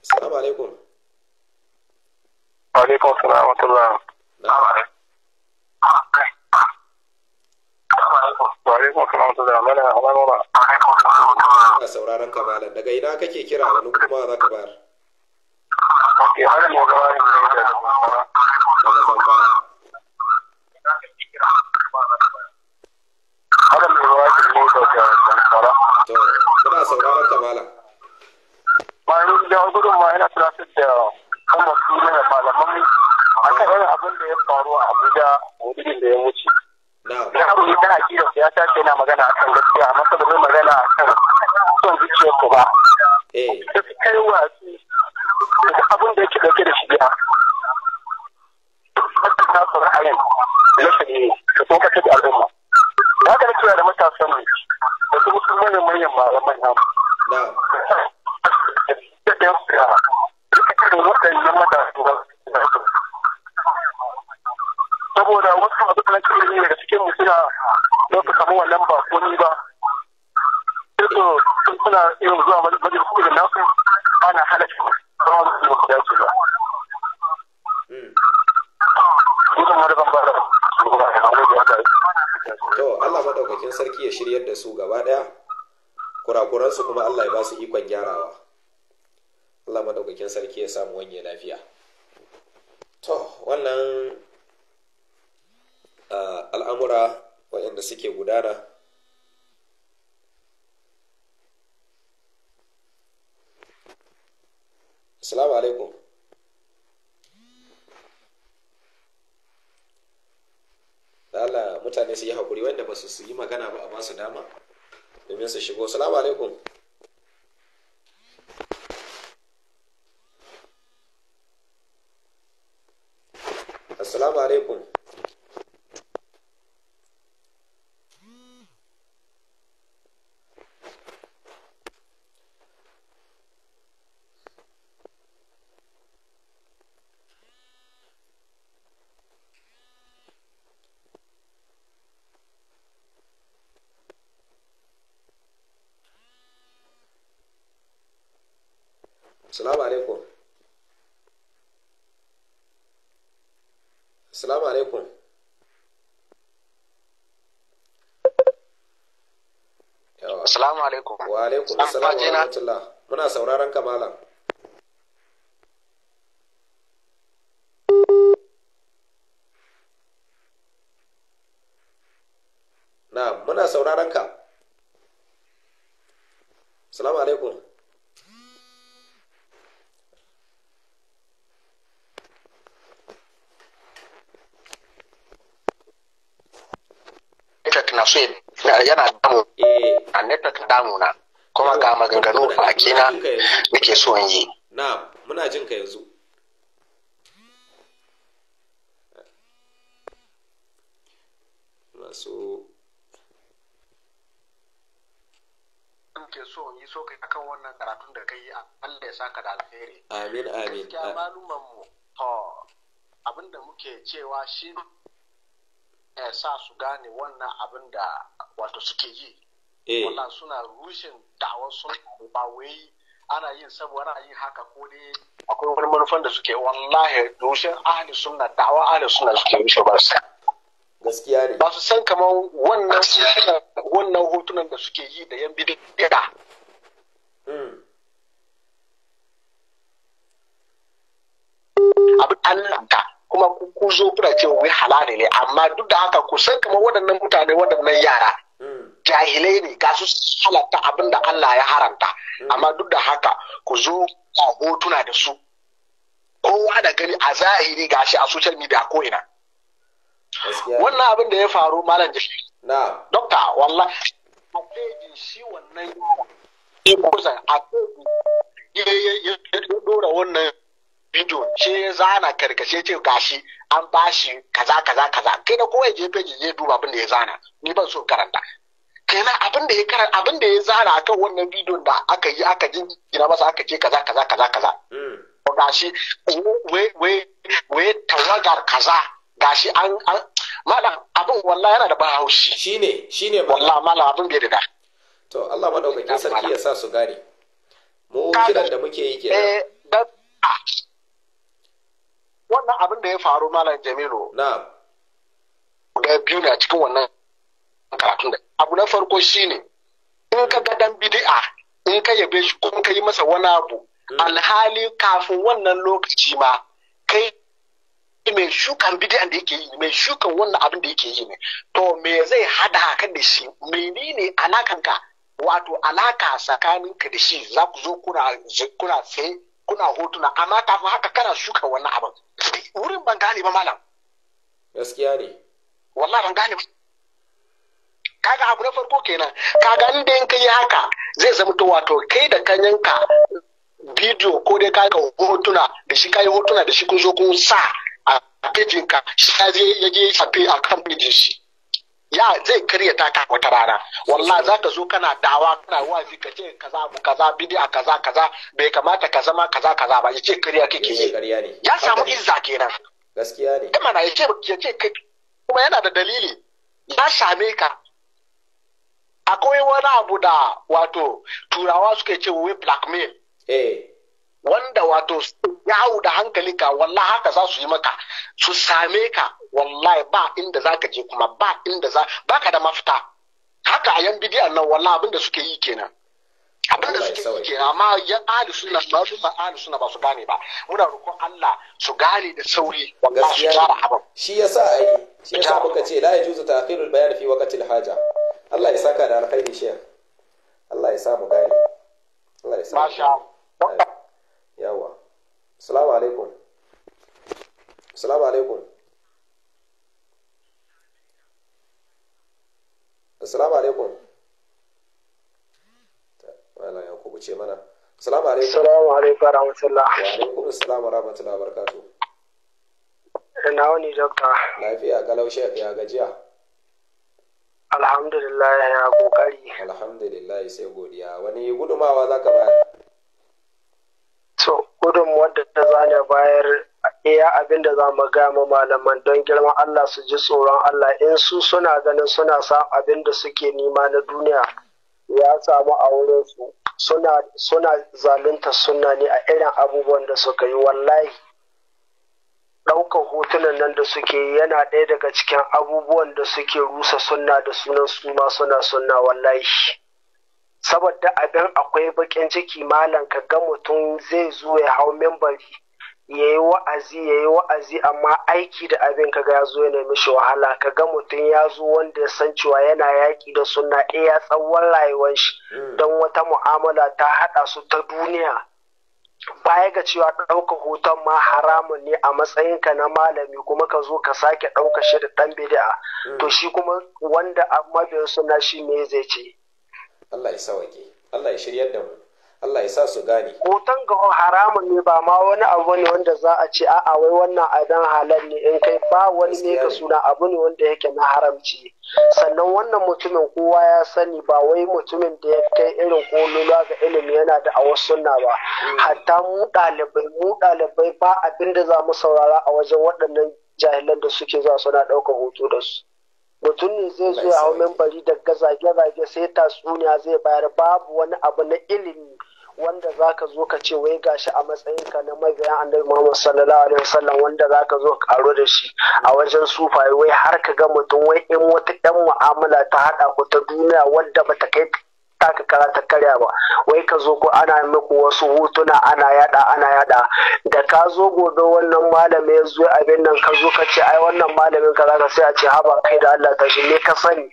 salamu alaikum Alaikum salam wa rahmatullah. Wa alaikum salam wa rahmatullah. Mana halalura. Ina sauraron ka Daga ina kake kira wani kuma za ka bayar? Ke har mu gaba ne da daga Bambara. Har mu gaba ne daga Bambara. To, muna sauraron ka malam. Bayan da gudun ma ina tunatar da tura sunan malaman akan irin abin da ya faru a Abuja wajen da ya wuce. Ya abu ne tana kira siyasa ce na magana a akan gaskiya amma saboda magana a kan son zuciyar ku ba. Da su kai wa abin da yake dauke da shiga. Masu nasu ra'ayin na shiri da sun kashe da al'umma. Ya ga kira da matasan mu da kuma musulmanin manyan malaman namu. Da su suka yi zama saboda wasu abu na cikin ne daga cikin mutuna da su samu wannan ba ko ni ba sai su sun suna irin zuwa majalisar da nasu ana halaka zama da su ba da su ba To Allah madaukakin sarki ya shiryar da su gaba ɗaya, kurakuransu kuma Allah ya ba su ikon gyarawa. maɗaukakin sarki ya samu wanye lafiya to wannan al'amura waɗanda suke gudana assalamu alaikum Allah mutane su yi haƙuri wanda ba su yi magana ba a ba su dama domin su shigo assalamu alaikum salamu alaikum salamu alaikum salamu alaikum wa alaikum salamu alaikum muna sauraron ka malam na kuma ga maganganu kina da ke so yi na muna jin ka yanzu masu ke so yi da kai Allah amin amin gaskiya mu to abinda muke cewa shi eh, sa su gane wannan abin da wato suke yi Eh. wannan suna rushin dawon sun ba wai ana yin saboda ana yin haka ko ne akwai wani manufan da suke wallahi rushin ahli sunna dawa ahli sunna suke rushe ba su gaskiya ne ba su san kamar wannan wannan hotunan da suke yi da yan bidiya hmm. abu Allah kuma ku zo kuna cewa wai halali ne amma duk da haka ku san kamar waɗannan mutane waɗannan yara hmm. jahilai ne ga su halatta abin da Allah ya haramta, amma duk da haka ku zo a hotuna da su kowa da gani a zahiri gashi a social media ko ina wannan abin da ya faru malam jashi dokta wallah a fejin shi wannan ko a fejin ya dora wannan bidiyo ce ya zana karkashe ce gashi an bashi kaza kaza kaza kai da kowai je fejin ya duba abin da ya zana ni ban so karanta kenan abin da ya kara abin da ya zara akan wannan bidiyon da aka yi aka jingina masa aka ce kaza kaza kaza kaza hmm. gashi we we wai tawagar kaza gashi an an malam abin wallahi yana da ban haushi shine shine wallahi malam abin bai da to Allah madaukakin sarki ya sa su gane mu kiran da muke yi kenan eh, wannan abin da ya faru malam Jamilu na ga biyu ne a cikin wannan da abu na farko shine in ka ga dan bid'a in ka yabe shi kuma ka yi masa wani abu mm. alhali kafin wannan lokaci ma kai mai shukan bidi'a da yake yi mai shukan wannan abin da yake yi ne to me zai hada ka da shi menene alakan ka wato alaka tsakanin ka da shi za ku zo kuna kuna sai kuna hotuna amma kafin haka kana shuka wannan abin wurin ban gane ba malam gaskiya ne wallahi ban gane ba kaga abu na farko kenan kaga in yanka yi haka zai zama to wato kai da kanyanka bidiyo ko dai kaga hotuna da shi kai hotuna da shi kun zo kun sa a pejin ka shi ya je ya je safe a kan pejin shi ya zai karya ta ka wata rana wallah za ka zo kana dawa kana wazi ka ce kaza abu kaza bidiya kaza kaza bai kamata ka zama kaza kaza ba ya ce karya kake yi ya samu izza kenan gaskiya ne ya ce ya ce kuma yana da dalili ya same ka akwai wani abu da wato turawa suke ce wai blackmail eh. wanda wato yawo da hankalinka wallahi haka za su yi maka su same ka wallahi ba inda za ka je kuma ba inda za ba ka da mafita haka a yan bidiyar nan wallahi abinda suke yi kenan abinda suke yi kenan amma yan ahli suna ba su ba ahli suna ba su gane ba muna roƙon Allah su gane da sauri wallahi su gyara abin shi yasa ai shi yasa muka ce la yajuzu ta'khirul bayan fi waqtil haja Allah ya saka da alkhairi shehu Allah ya sa mu Allah ya samu masha yawa assalamu alaikum assalamu alaikum assalamu alaikum wala ya ku buce mana assalamu alaikum assalamu alaikum rahmatullah wa alaikum assalamu rahmatullah barakatuh ina wani dokta lafiya galau shek ya gajiya alhamdulillah ya kokari alhamdulillah sai godiya wani gudumawa za ka bayar so da ta zane bayar iya abin da za mu ma malaman don girman Allah su ji tsoron Allah in su suna ganin suna sa abin da suke nima na duniya ya samu a wurinsu suna zalunta suna ne a irin abubuwan da suka yi wallahi ɗaukar hotunan nan da suke yana ɗaya daga cikin abubuwan da suke rusa sunna da sunan suma suna sunna wallahi saboda abin akwai baƙin ciki malam ka ga mutum zai zo ya hau membari ya yi wa'azi ya yi wa'azi amma aiki da abin ka ga ya zo yana mishi wahala ka ga mutum ya zo wanda ya san cewa yana yaƙi da sunna ɗaya eh tsawon rayuwar shi mm. don wata mu'amala ta haɗa su ta duniya baya ga cewa ɗauka hoton ma haramun ne a matsayinka na malami kuma ka zo ka sake ɗauka shi da ɗan bidi'a hmm. to shi kuma wanda a mabiyan suna shi ne zai ce Allah ya sawake Allah ya shiryar da mu Allah ya sa su gane. Hoton gaho haramun ne ba ma wani abu ne wanda za a ce a'a wai wannan adan halal ne in kai ba wani ne ka suna abu ne wanda yake na haramci. Sannan wannan mutumin kowa ya sani ba wai mutumin da ya kai irin lula ga ilimi yana da a suna ba. Hmm. Hatta mu ɗalibai mu ɗalibai ba abin da za mu saurara a wajen waɗannan jahilan da suke za suna ɗaukar hoto da su. mutum ne zai zo ya hau membari da zage-zage sai tatsuniya zai bayar babu wani abu na ilimi wanda zaka zo ka ce wai gashi a matsayinka na mabiyan annabi Muhammad sallallahu alaihi wasallam wanda zaka zo karo da shi a wajen sufaye wai har ka ga mutum wai in wata ɗan mu'amala ta haɗa ku ta duniya ba ta kai taka kara ta karya ba wai ka zo ko ana muku wasu hotuna ana yada ana yada da ka zo gobe wannan malamin ya zo abin nan ka zo ka ce ai wannan malamin ka ka sai a ce haba kai da Allah ta shi ne ka sani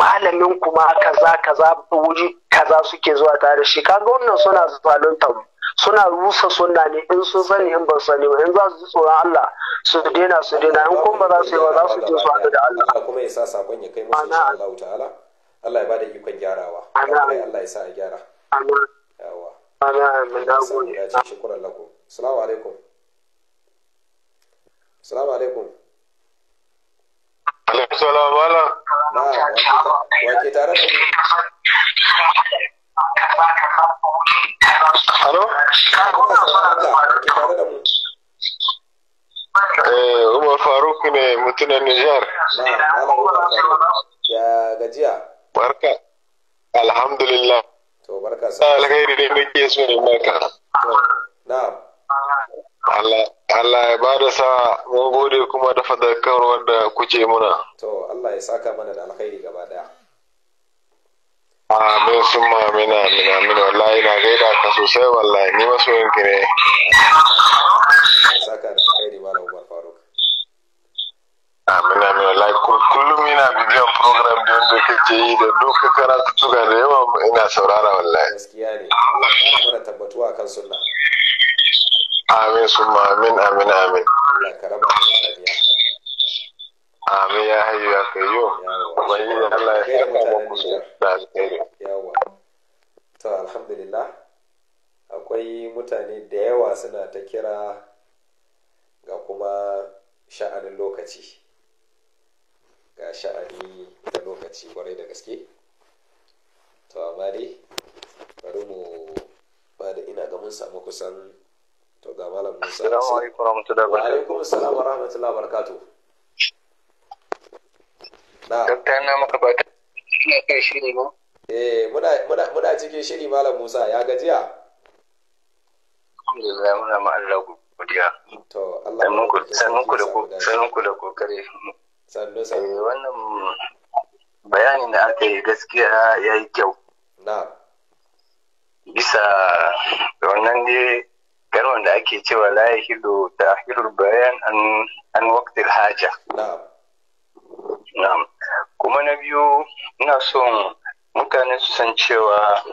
malamin kuma kaza kaza wuri kaza suke zuwa tare shi kaga wannan suna zaluntar mu suna rusa sunna ne in sun sani in ban sani ba in za su ji tsoron Allah su daina su daina in kuma ba za su yi ba za su je su haɗu da Allah kuma ya sa sakon ya kai musu insha Allah ta'ala Allah ya bada ikon gyarawa Allah ya sa a gyara yawa shukuran lakum salamu alaikum salamu alaikum alaikum salam wala na tare da ni Halo? Ke tare da mu? Eh, Umar Faruk ne mutunan Niger. Na, na, na, ya gajiya. barka alhamdulillah to barka sa alkhairi da muke so ne maka na'am Allah Allah ya bada sa mun gode kuma da fadakar wanda kuke muna to Allah ya saka mana da alkhairi gaba daya Amin sun amina amina amina wallahi na gaida ka sosai wallahi ni masoyin ki ne saka da alkhairi malam Umar Faruk amin amina wallahi kullum ina bibiyar program kake yi da duka karatuka da yawa ina saurara wallahi gaskiya ne muna tabbatuwa kan sunna amin summa amin amin amin Allah ka raba mu lafiya amin ya hayyu ya kayyo ubangiji Allah ya saka mu kusa da alheri yawa to alhamdulillah akwai mutane da yawa suna ta kira ga kuma sha'anin lokaci ga sha'ani da lokaci kwarai da gaske to amma dai bari mu ba da ina ga mun samu kusan to ga malam musa assalamu alaikum salam wa alaikum assalam warahmatullahi wabarakatuh na na maka ba ta ina kai shiri ba eh muna cikin shiri malam musa ya gajiya alhamdulillah muna ma Allah godiya to Allah sanunku da sanunku da kokare Eh, wannan bayanin da aka yi gaskiya ya yi kyau. Na. Bisa wannan ne garwan da ake cewa la ya hido ta bayan an waktar haja. Na. Kuma na biyu ina son mutane su san cewa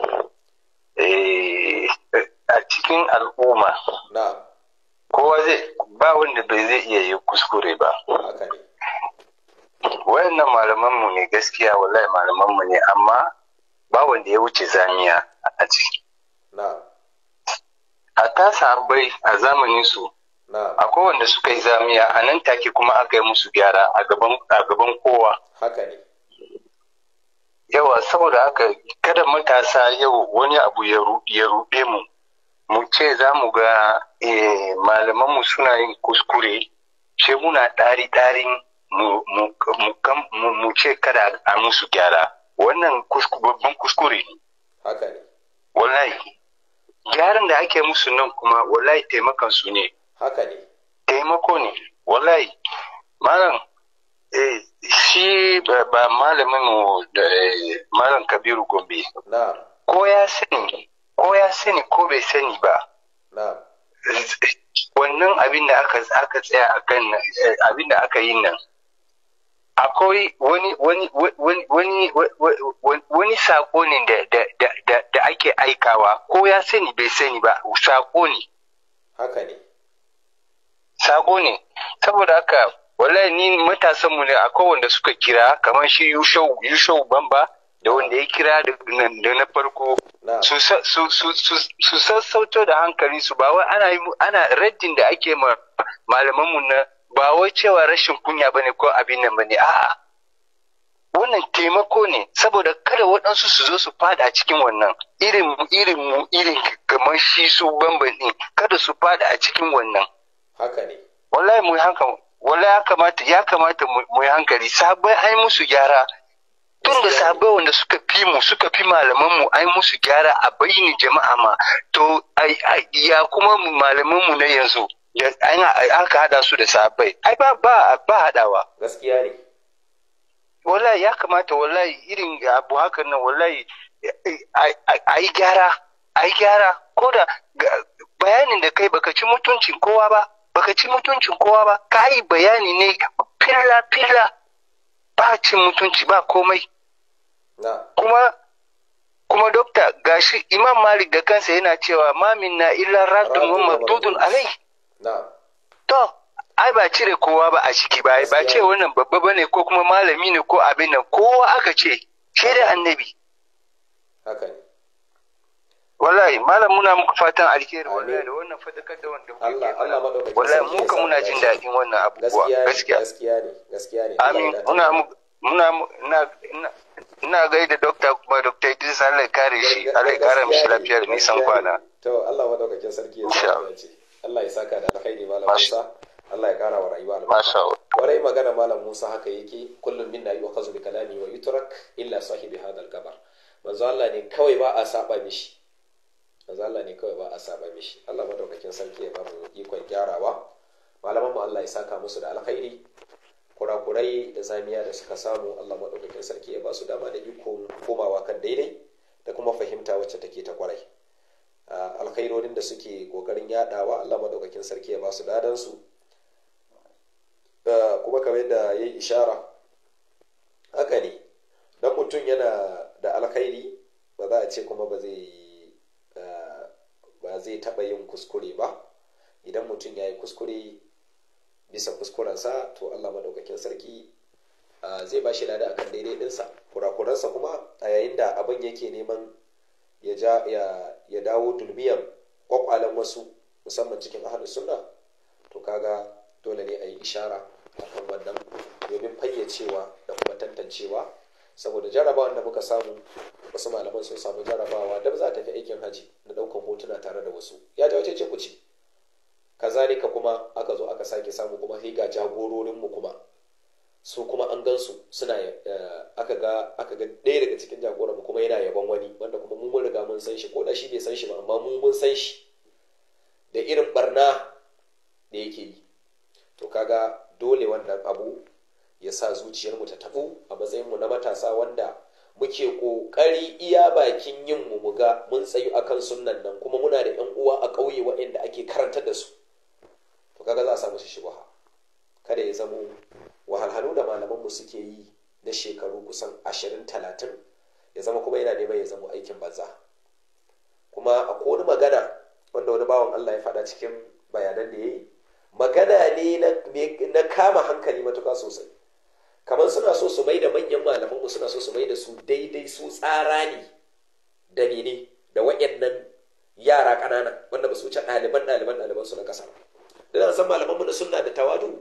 eh, a cikin al'umma kowa zai ba wanda bai zai iya yi kuskure ba wayannan malaman mu ne gaskiya wallahi malaman mu ne amma ba wanda ya wuce zamiya a ciki tasa sahabbai a zamanin su akwai wanda suka yi zamiya a nan take kuma aka yi musu gyara a gaban kowa haka ne yawa saboda haka kada matasa yau wani abu ya ruɗe mu mu ce za mu ga eh, malamanmu suna yin kuskure ce muna ɗari-ɗarin mu ce kada a musu gyara wannan babban kuskure ne wallahi gyaran da ake musu nan kuma wallahi taimakon su ne taimako ne wallahi malam eh shi ba malamin mu eh, malam kabiru gombe ko ya sani ko ya sani ko bai sani ba wannan abin da aka tsaya akan eh, abin da aka yi nan akwai wani wani wani sako ne da da da ake aikawa ko ya sani bai sani ba sako ne haka ne sako ne saboda haka wallahi ni matasan mu ne akwai wanda suka kira kamar shi yushau yushau bamba da wanda ya kira da na farko su sassauto da hankali su ba wai ana ana raddin da ake ma malaman mu na ba wai cewa rashin kunya ba ne ko abin nan ba ne a'a wannan taimako ne saboda kada waɗansu su zo su fada a cikin wannan irin mu irin mu irin kamar shi su bambani kada su fada a cikin wannan haka ne wallahi mu haka wallahi ya kamata ya kamata mu yi hankali sabai ai musu gyara tun da sabai wanda suka fi mu suka fi malaman mu ai musu gyara a bayyana jama'a ma to ai ya kuma malaman mu na yanzu an ka hada su da sahabbai ai ba ba ba hadawa gaskiya ne wallahi ya kamata wallahi irin abu hakan nan wallahi ai gyara ai gyara ko da bayanin da kai baka ci mutuncin kowa ba baka ci mutuncin kowa ba ka yi bayani ne filla filla ba cin mutunci ba komai kuma kuma dokta gashi imam malik da kansa yana cewa mamin na illa radun wa alai To, ai ba cire kowa ba a ciki ba, ba ce wannan babba bane ko kuma malami ne ko abin nan kowa aka ce, ke da annabi. Haka ne. wallahi malam muna muku fatan alheri wallahi da wannan fadakar da wanda muke Allah wallahi mu ka muna jin daɗin wannan abubuwa gaskiya gaskiya ne gaskiya ne amin muna muna na ina gaida dokta kuma dokta Idris Allah ya kare shi Allah ya kare mishi lafiya da nisan kwana to Allah wa daukakin sarki ya ya ce. Allah ya saka da alkhairi malam Musa Allah ya kara wa rayuwa albarka warai magana malam Musa haka yake kullum minna yi wa kazu kalami wa yutrak illa sahibi al-qabr manzo Allah ne kawai ba a saba mishi manzo Allah ne kawai ba a saba mishi Allah madaukakin sarki ya ba mu ikon gyarawa malaman mu Allah ya saka musu da alkhairi kurakurai da zamiya da suka samu Allah madaukakin sarki ya ba su dama da ikon komawa kan daidai da kuma fahimta wacce take ta kwarai Ah, alkhairorin da suke kokarin yadawa Allah madaukakin sarki ya ba su dadan su ah, kuma kamar da yayi ishara haka ne dan mutum yana da alkhairi ba za a ce kuma ba zai ah, ba zai taba yin kuskure ba idan mutum yayi kuskure bisa kuskurensa to Allah madaukakin sarki zai ba shi lada akan daidai dinsa kurakuransa kuma a yayin da abin yake neman ya dawo dulmiyar kwakwalen wasu musamman cikin ahadu sunna to kaga dole ne a yi ishara kan wannan domin fayyacewa da kuma tantancewa saboda jarabawan da muka samu wasu malaman sun samu jarabawa da za ta fi aikin haji na ɗaukar hotuna tare da wasu ya jawo ce ku ce kazalika kuma aka zo aka sake samu kuma higa jagororin mu kuma su kuma an gansu suna eh, aka ga aka ga ɗaya daga cikin jagoran mu kuma yana yaban wani wanda kuma mun riga mun san shi ko da shi bai san shi ba amma mun mun san shi da irin barna da yake yi to kaga dole wannan abu ya sa zuciyarmu ta tabu a matsayin mu na matasa wanda muke ƙoƙari iya bakin yin mu muga mun tsayu akan sunnan nan kuma muna da yan uwa a ƙauye waɗanda ake karantar da su to kaga za a samu shi shubha kada ya zamo wahalhalu da malamanmu suke yi na shekaru kusan ashirin talatin ya zama kuma yana neman ya zama aikin banza kuma a wani magana wanda wani bawan Allah ya faɗa cikin bayanan da ya yi magana ne na kama hankali matuka sosai kamar suna so su mai da manyan malamanmu suna so su mai da su daidai su tsara ne da ne da wa'annan yara ƙanana wanda ba su wuce ɗaliban ɗaliban ɗaliban su na ƙasa da san malamanmu da sunna da tawadu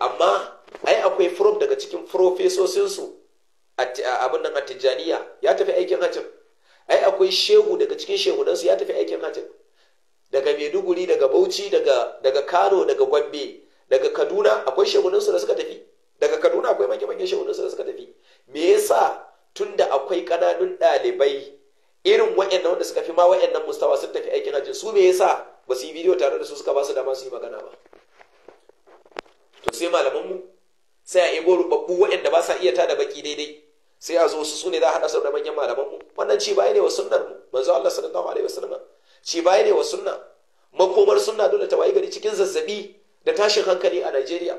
amma ai akwai prof daga cikin profesosinsu abin nan a tijjaniya ya tafi aikin hajjin ai akwai shehu daga cikin shehunansu ya tafi aikin hajjin daga maiduguri daga bauchi daga kano daga gombe daga kaduna akwai shehunansu da suka tafi daga kaduna akwai manya-manyan shehunansu da suka tafi me yasa tunda akwai kananun ɗalibai irin wa'annan wanda suka fi ma wa'annan mustawa sun tafi aikin hajjin su me yasa ba su yi bidiyo tare da su suka ba su dama su yi magana ba to sai malaman mu sai a ebo rubabbu waɗanda ba sa iya ta da baki daidai sai a zo su sune za a haɗa sau da manyan malaman wannan ci baya ne wa sunnar mu manzo Allah sallallahu alaihi wasallam ci baya ne wa sunna makomar sunna dole ta wayi gari cikin zazzabi da tashin hankali a Najeriya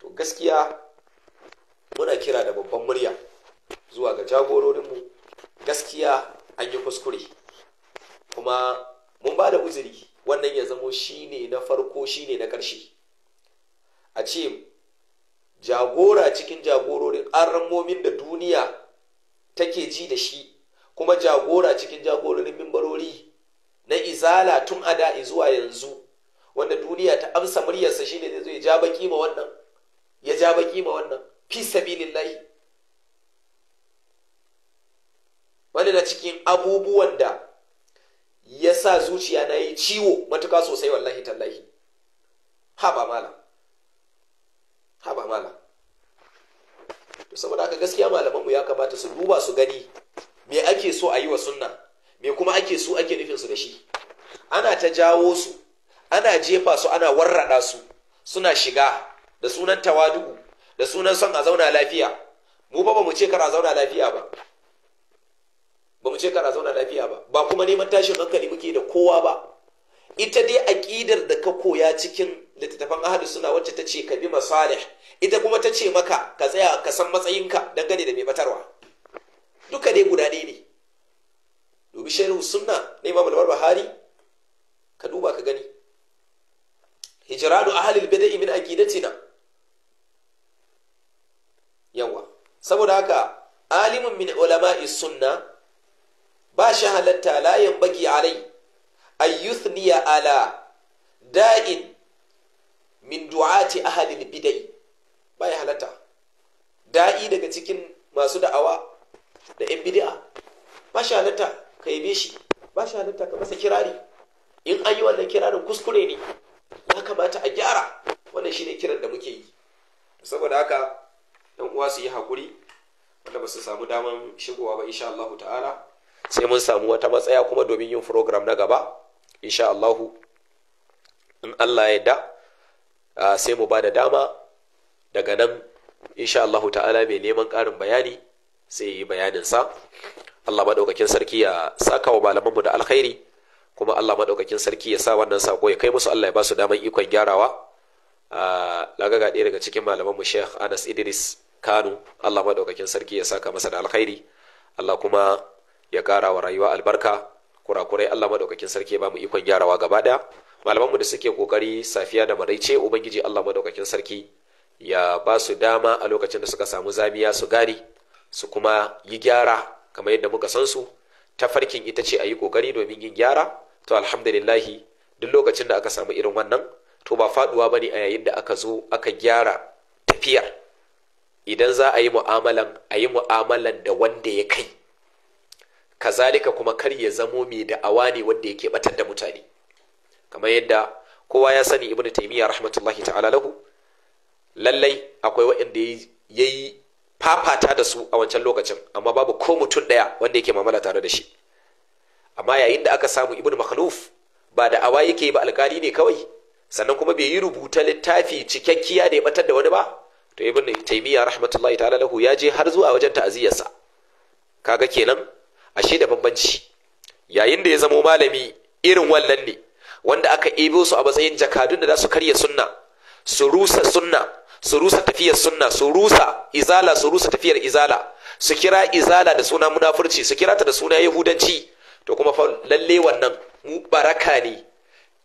to gaskiya muna kira da babban murya zuwa ga jagororinmu gaskiya an yi kuskure kuma mun ba da uzuri wannan ya zamo shine na farko shine na ƙarshe a ce jagora cikin jagororin momin da duniya take ji da shi kuma jagora cikin jagororin mimbarori na izala tun a da'i zuwa yanzu wanda duniya ta amsa muryarsa shine zai ja baki ma wannan ya ja baki ma wannan fi sabilillahi wani da cikin abubuwan da ya sa zuciya na yi ciwo matuka sosai wallahi tallahi ha ba mala ha mala to saboda haka gaskiya malamanmu ya kamata su duba su gani me ake so a yi wa sunna me kuma ake so ake nufin su da shi ana ta jawo su ana jefa su ana warrada su suna shiga da sunan tawadu da sunan son a zauna lafiya mu ba mu ce kar a zauna lafiya ba ba mu ce kana zauna lafiya ba ba kuma neman tashin hankali muke da kowa ba ita dai aƙidar da ka koya cikin littattafan ahadu suna wacce ta ce ka bi masalih ita kuma ta ce maka ka tsaya ka san matsayinka dangane da mai batarwa duka dai guda ɗaya ne dubi sharhu sunna na imam al-barbahari ka duba ka gani hijranu ahlil bid'i min aqidatina yawa saboda haka alimin min ulama'i sunna ba shi halatta layan bagi alai ayyuthniya ala da'in min du'ati ahalil bid'i ba ya halatta da'i daga cikin masu da'awa da yan bid'a ba shi halatta ka yi shi ba shi halatta ka masa kirari in an yi wannan kirarin kuskure ne ya kamata a gyara wannan shine kiran da muke yi saboda haka yan uwa su yi hakuri wanda ba su samu damar shigowa ba insha Allah ta'ala sai mun samu wata matsaya kuma domin yin program na gaba insha Allahu in Allah ya da sai mu ba da dama daga nan insha Allahu ta'ala mai neman ƙarin bayani sai yi bayanin sa Allah madaukakin sarki ya saka wa mu da alkhairi kuma Allah madaukakin sarki ya sa wannan sako ya kai musu Allah ya ba su daman ikon gyarawa lagaga ɗaya daga cikin malaman mu Sheikh Anas Idris Kano Allah madaukakin sarki ya saka masa da alkhairi Allah kuma ya ƙara wa rayuwa albarka kurakurai Allah madaukakin sarki ba mu ikon gyarawa gaba malaman malamanmu da suke kokari safiya da maraice ubangiji Allah madaukakin sarki ya ba su dama a lokacin da suka samu zamiya su gane su kuma yi gyara kamar yadda muka san su tafarkin ita ce a yi kokari domin yin gyara to alhamdulillahi duk lokacin da aka samu irin wannan to ba faduwa bane a yayin da aka zo aka gyara tafiyar idan za a yi mu'amalan a yi mu'amalan da wanda ya kai kazalika kuma kar ya zamo mai da'awa ne wanda yake batar da mutane kamar yadda kowa ya sani ibnu taymiya rahmatullahi ta'ala lahu lallai akwai waɗanda ya yayi fafata da su a wancan lokacin amma babu ko mutum ɗaya wanda yake mamala tare da shi amma yayin da aka samu ibnu makhluf ba da awa yake ba alkali ne kawai sannan kuma bai yi rubuta littafi cikakkiya da ya batar da wani ba to ibnu taymiya rahmatullahi ta'ala lahu ya je har zuwa wajen ta'aziyarsa kaga kenan ashe da bambanci yayin da ya zamo malami irin wannan ne wanda aka ebe su a matsayin jakadun da za su karya sunna su rusa sunna su rusa tafiyar sunna su rusa izala su rusa tafiyar izala su kira izala da suna munafurci su kira ta da suna yahudanci to kuma fa lalle wannan mu baraka ne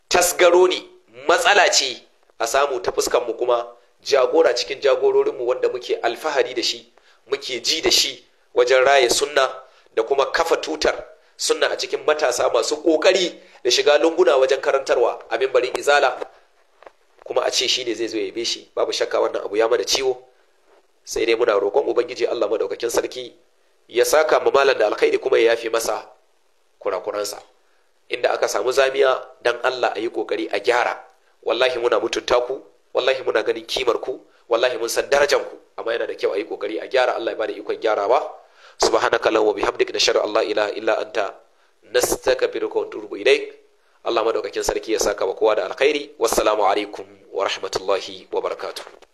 tasgaro ne matsala ce a samu ta fuskan mu kuma jagora cikin jagororinmu wanda muke alfahari da shi muke ji da shi wajen raye sunna da kuma kafa tutar suna a cikin matasa masu kokari da shiga lunguna wajen karantarwa a mimbarin izala kuma a ce shi ne zai zo ya shi babu shakka wannan abu ya mana ciwo sai dai muna roƙon ubangiji Allah madaukakin sarki ya saka mu malam da alkhairi kuma ya yafe masa kurakuransa inda aka samu zamiya dan Allah a yi kokari a gyara wallahi muna mutunta ku wallahi muna ganin kimar ku wallahi mun san darajar ku amma yana da kyau a yi kokari a gyara Allah ya bada ikon gyarawa subhanaka lahu wa bihamdika nashhadu an la ilaha illa anta nastaghfiruka wa natubu ilaik Allah madaukakin sarki ya saka wa kowa da alkhairi wassalamu alaikum wa rahmatullahi wa barakatuh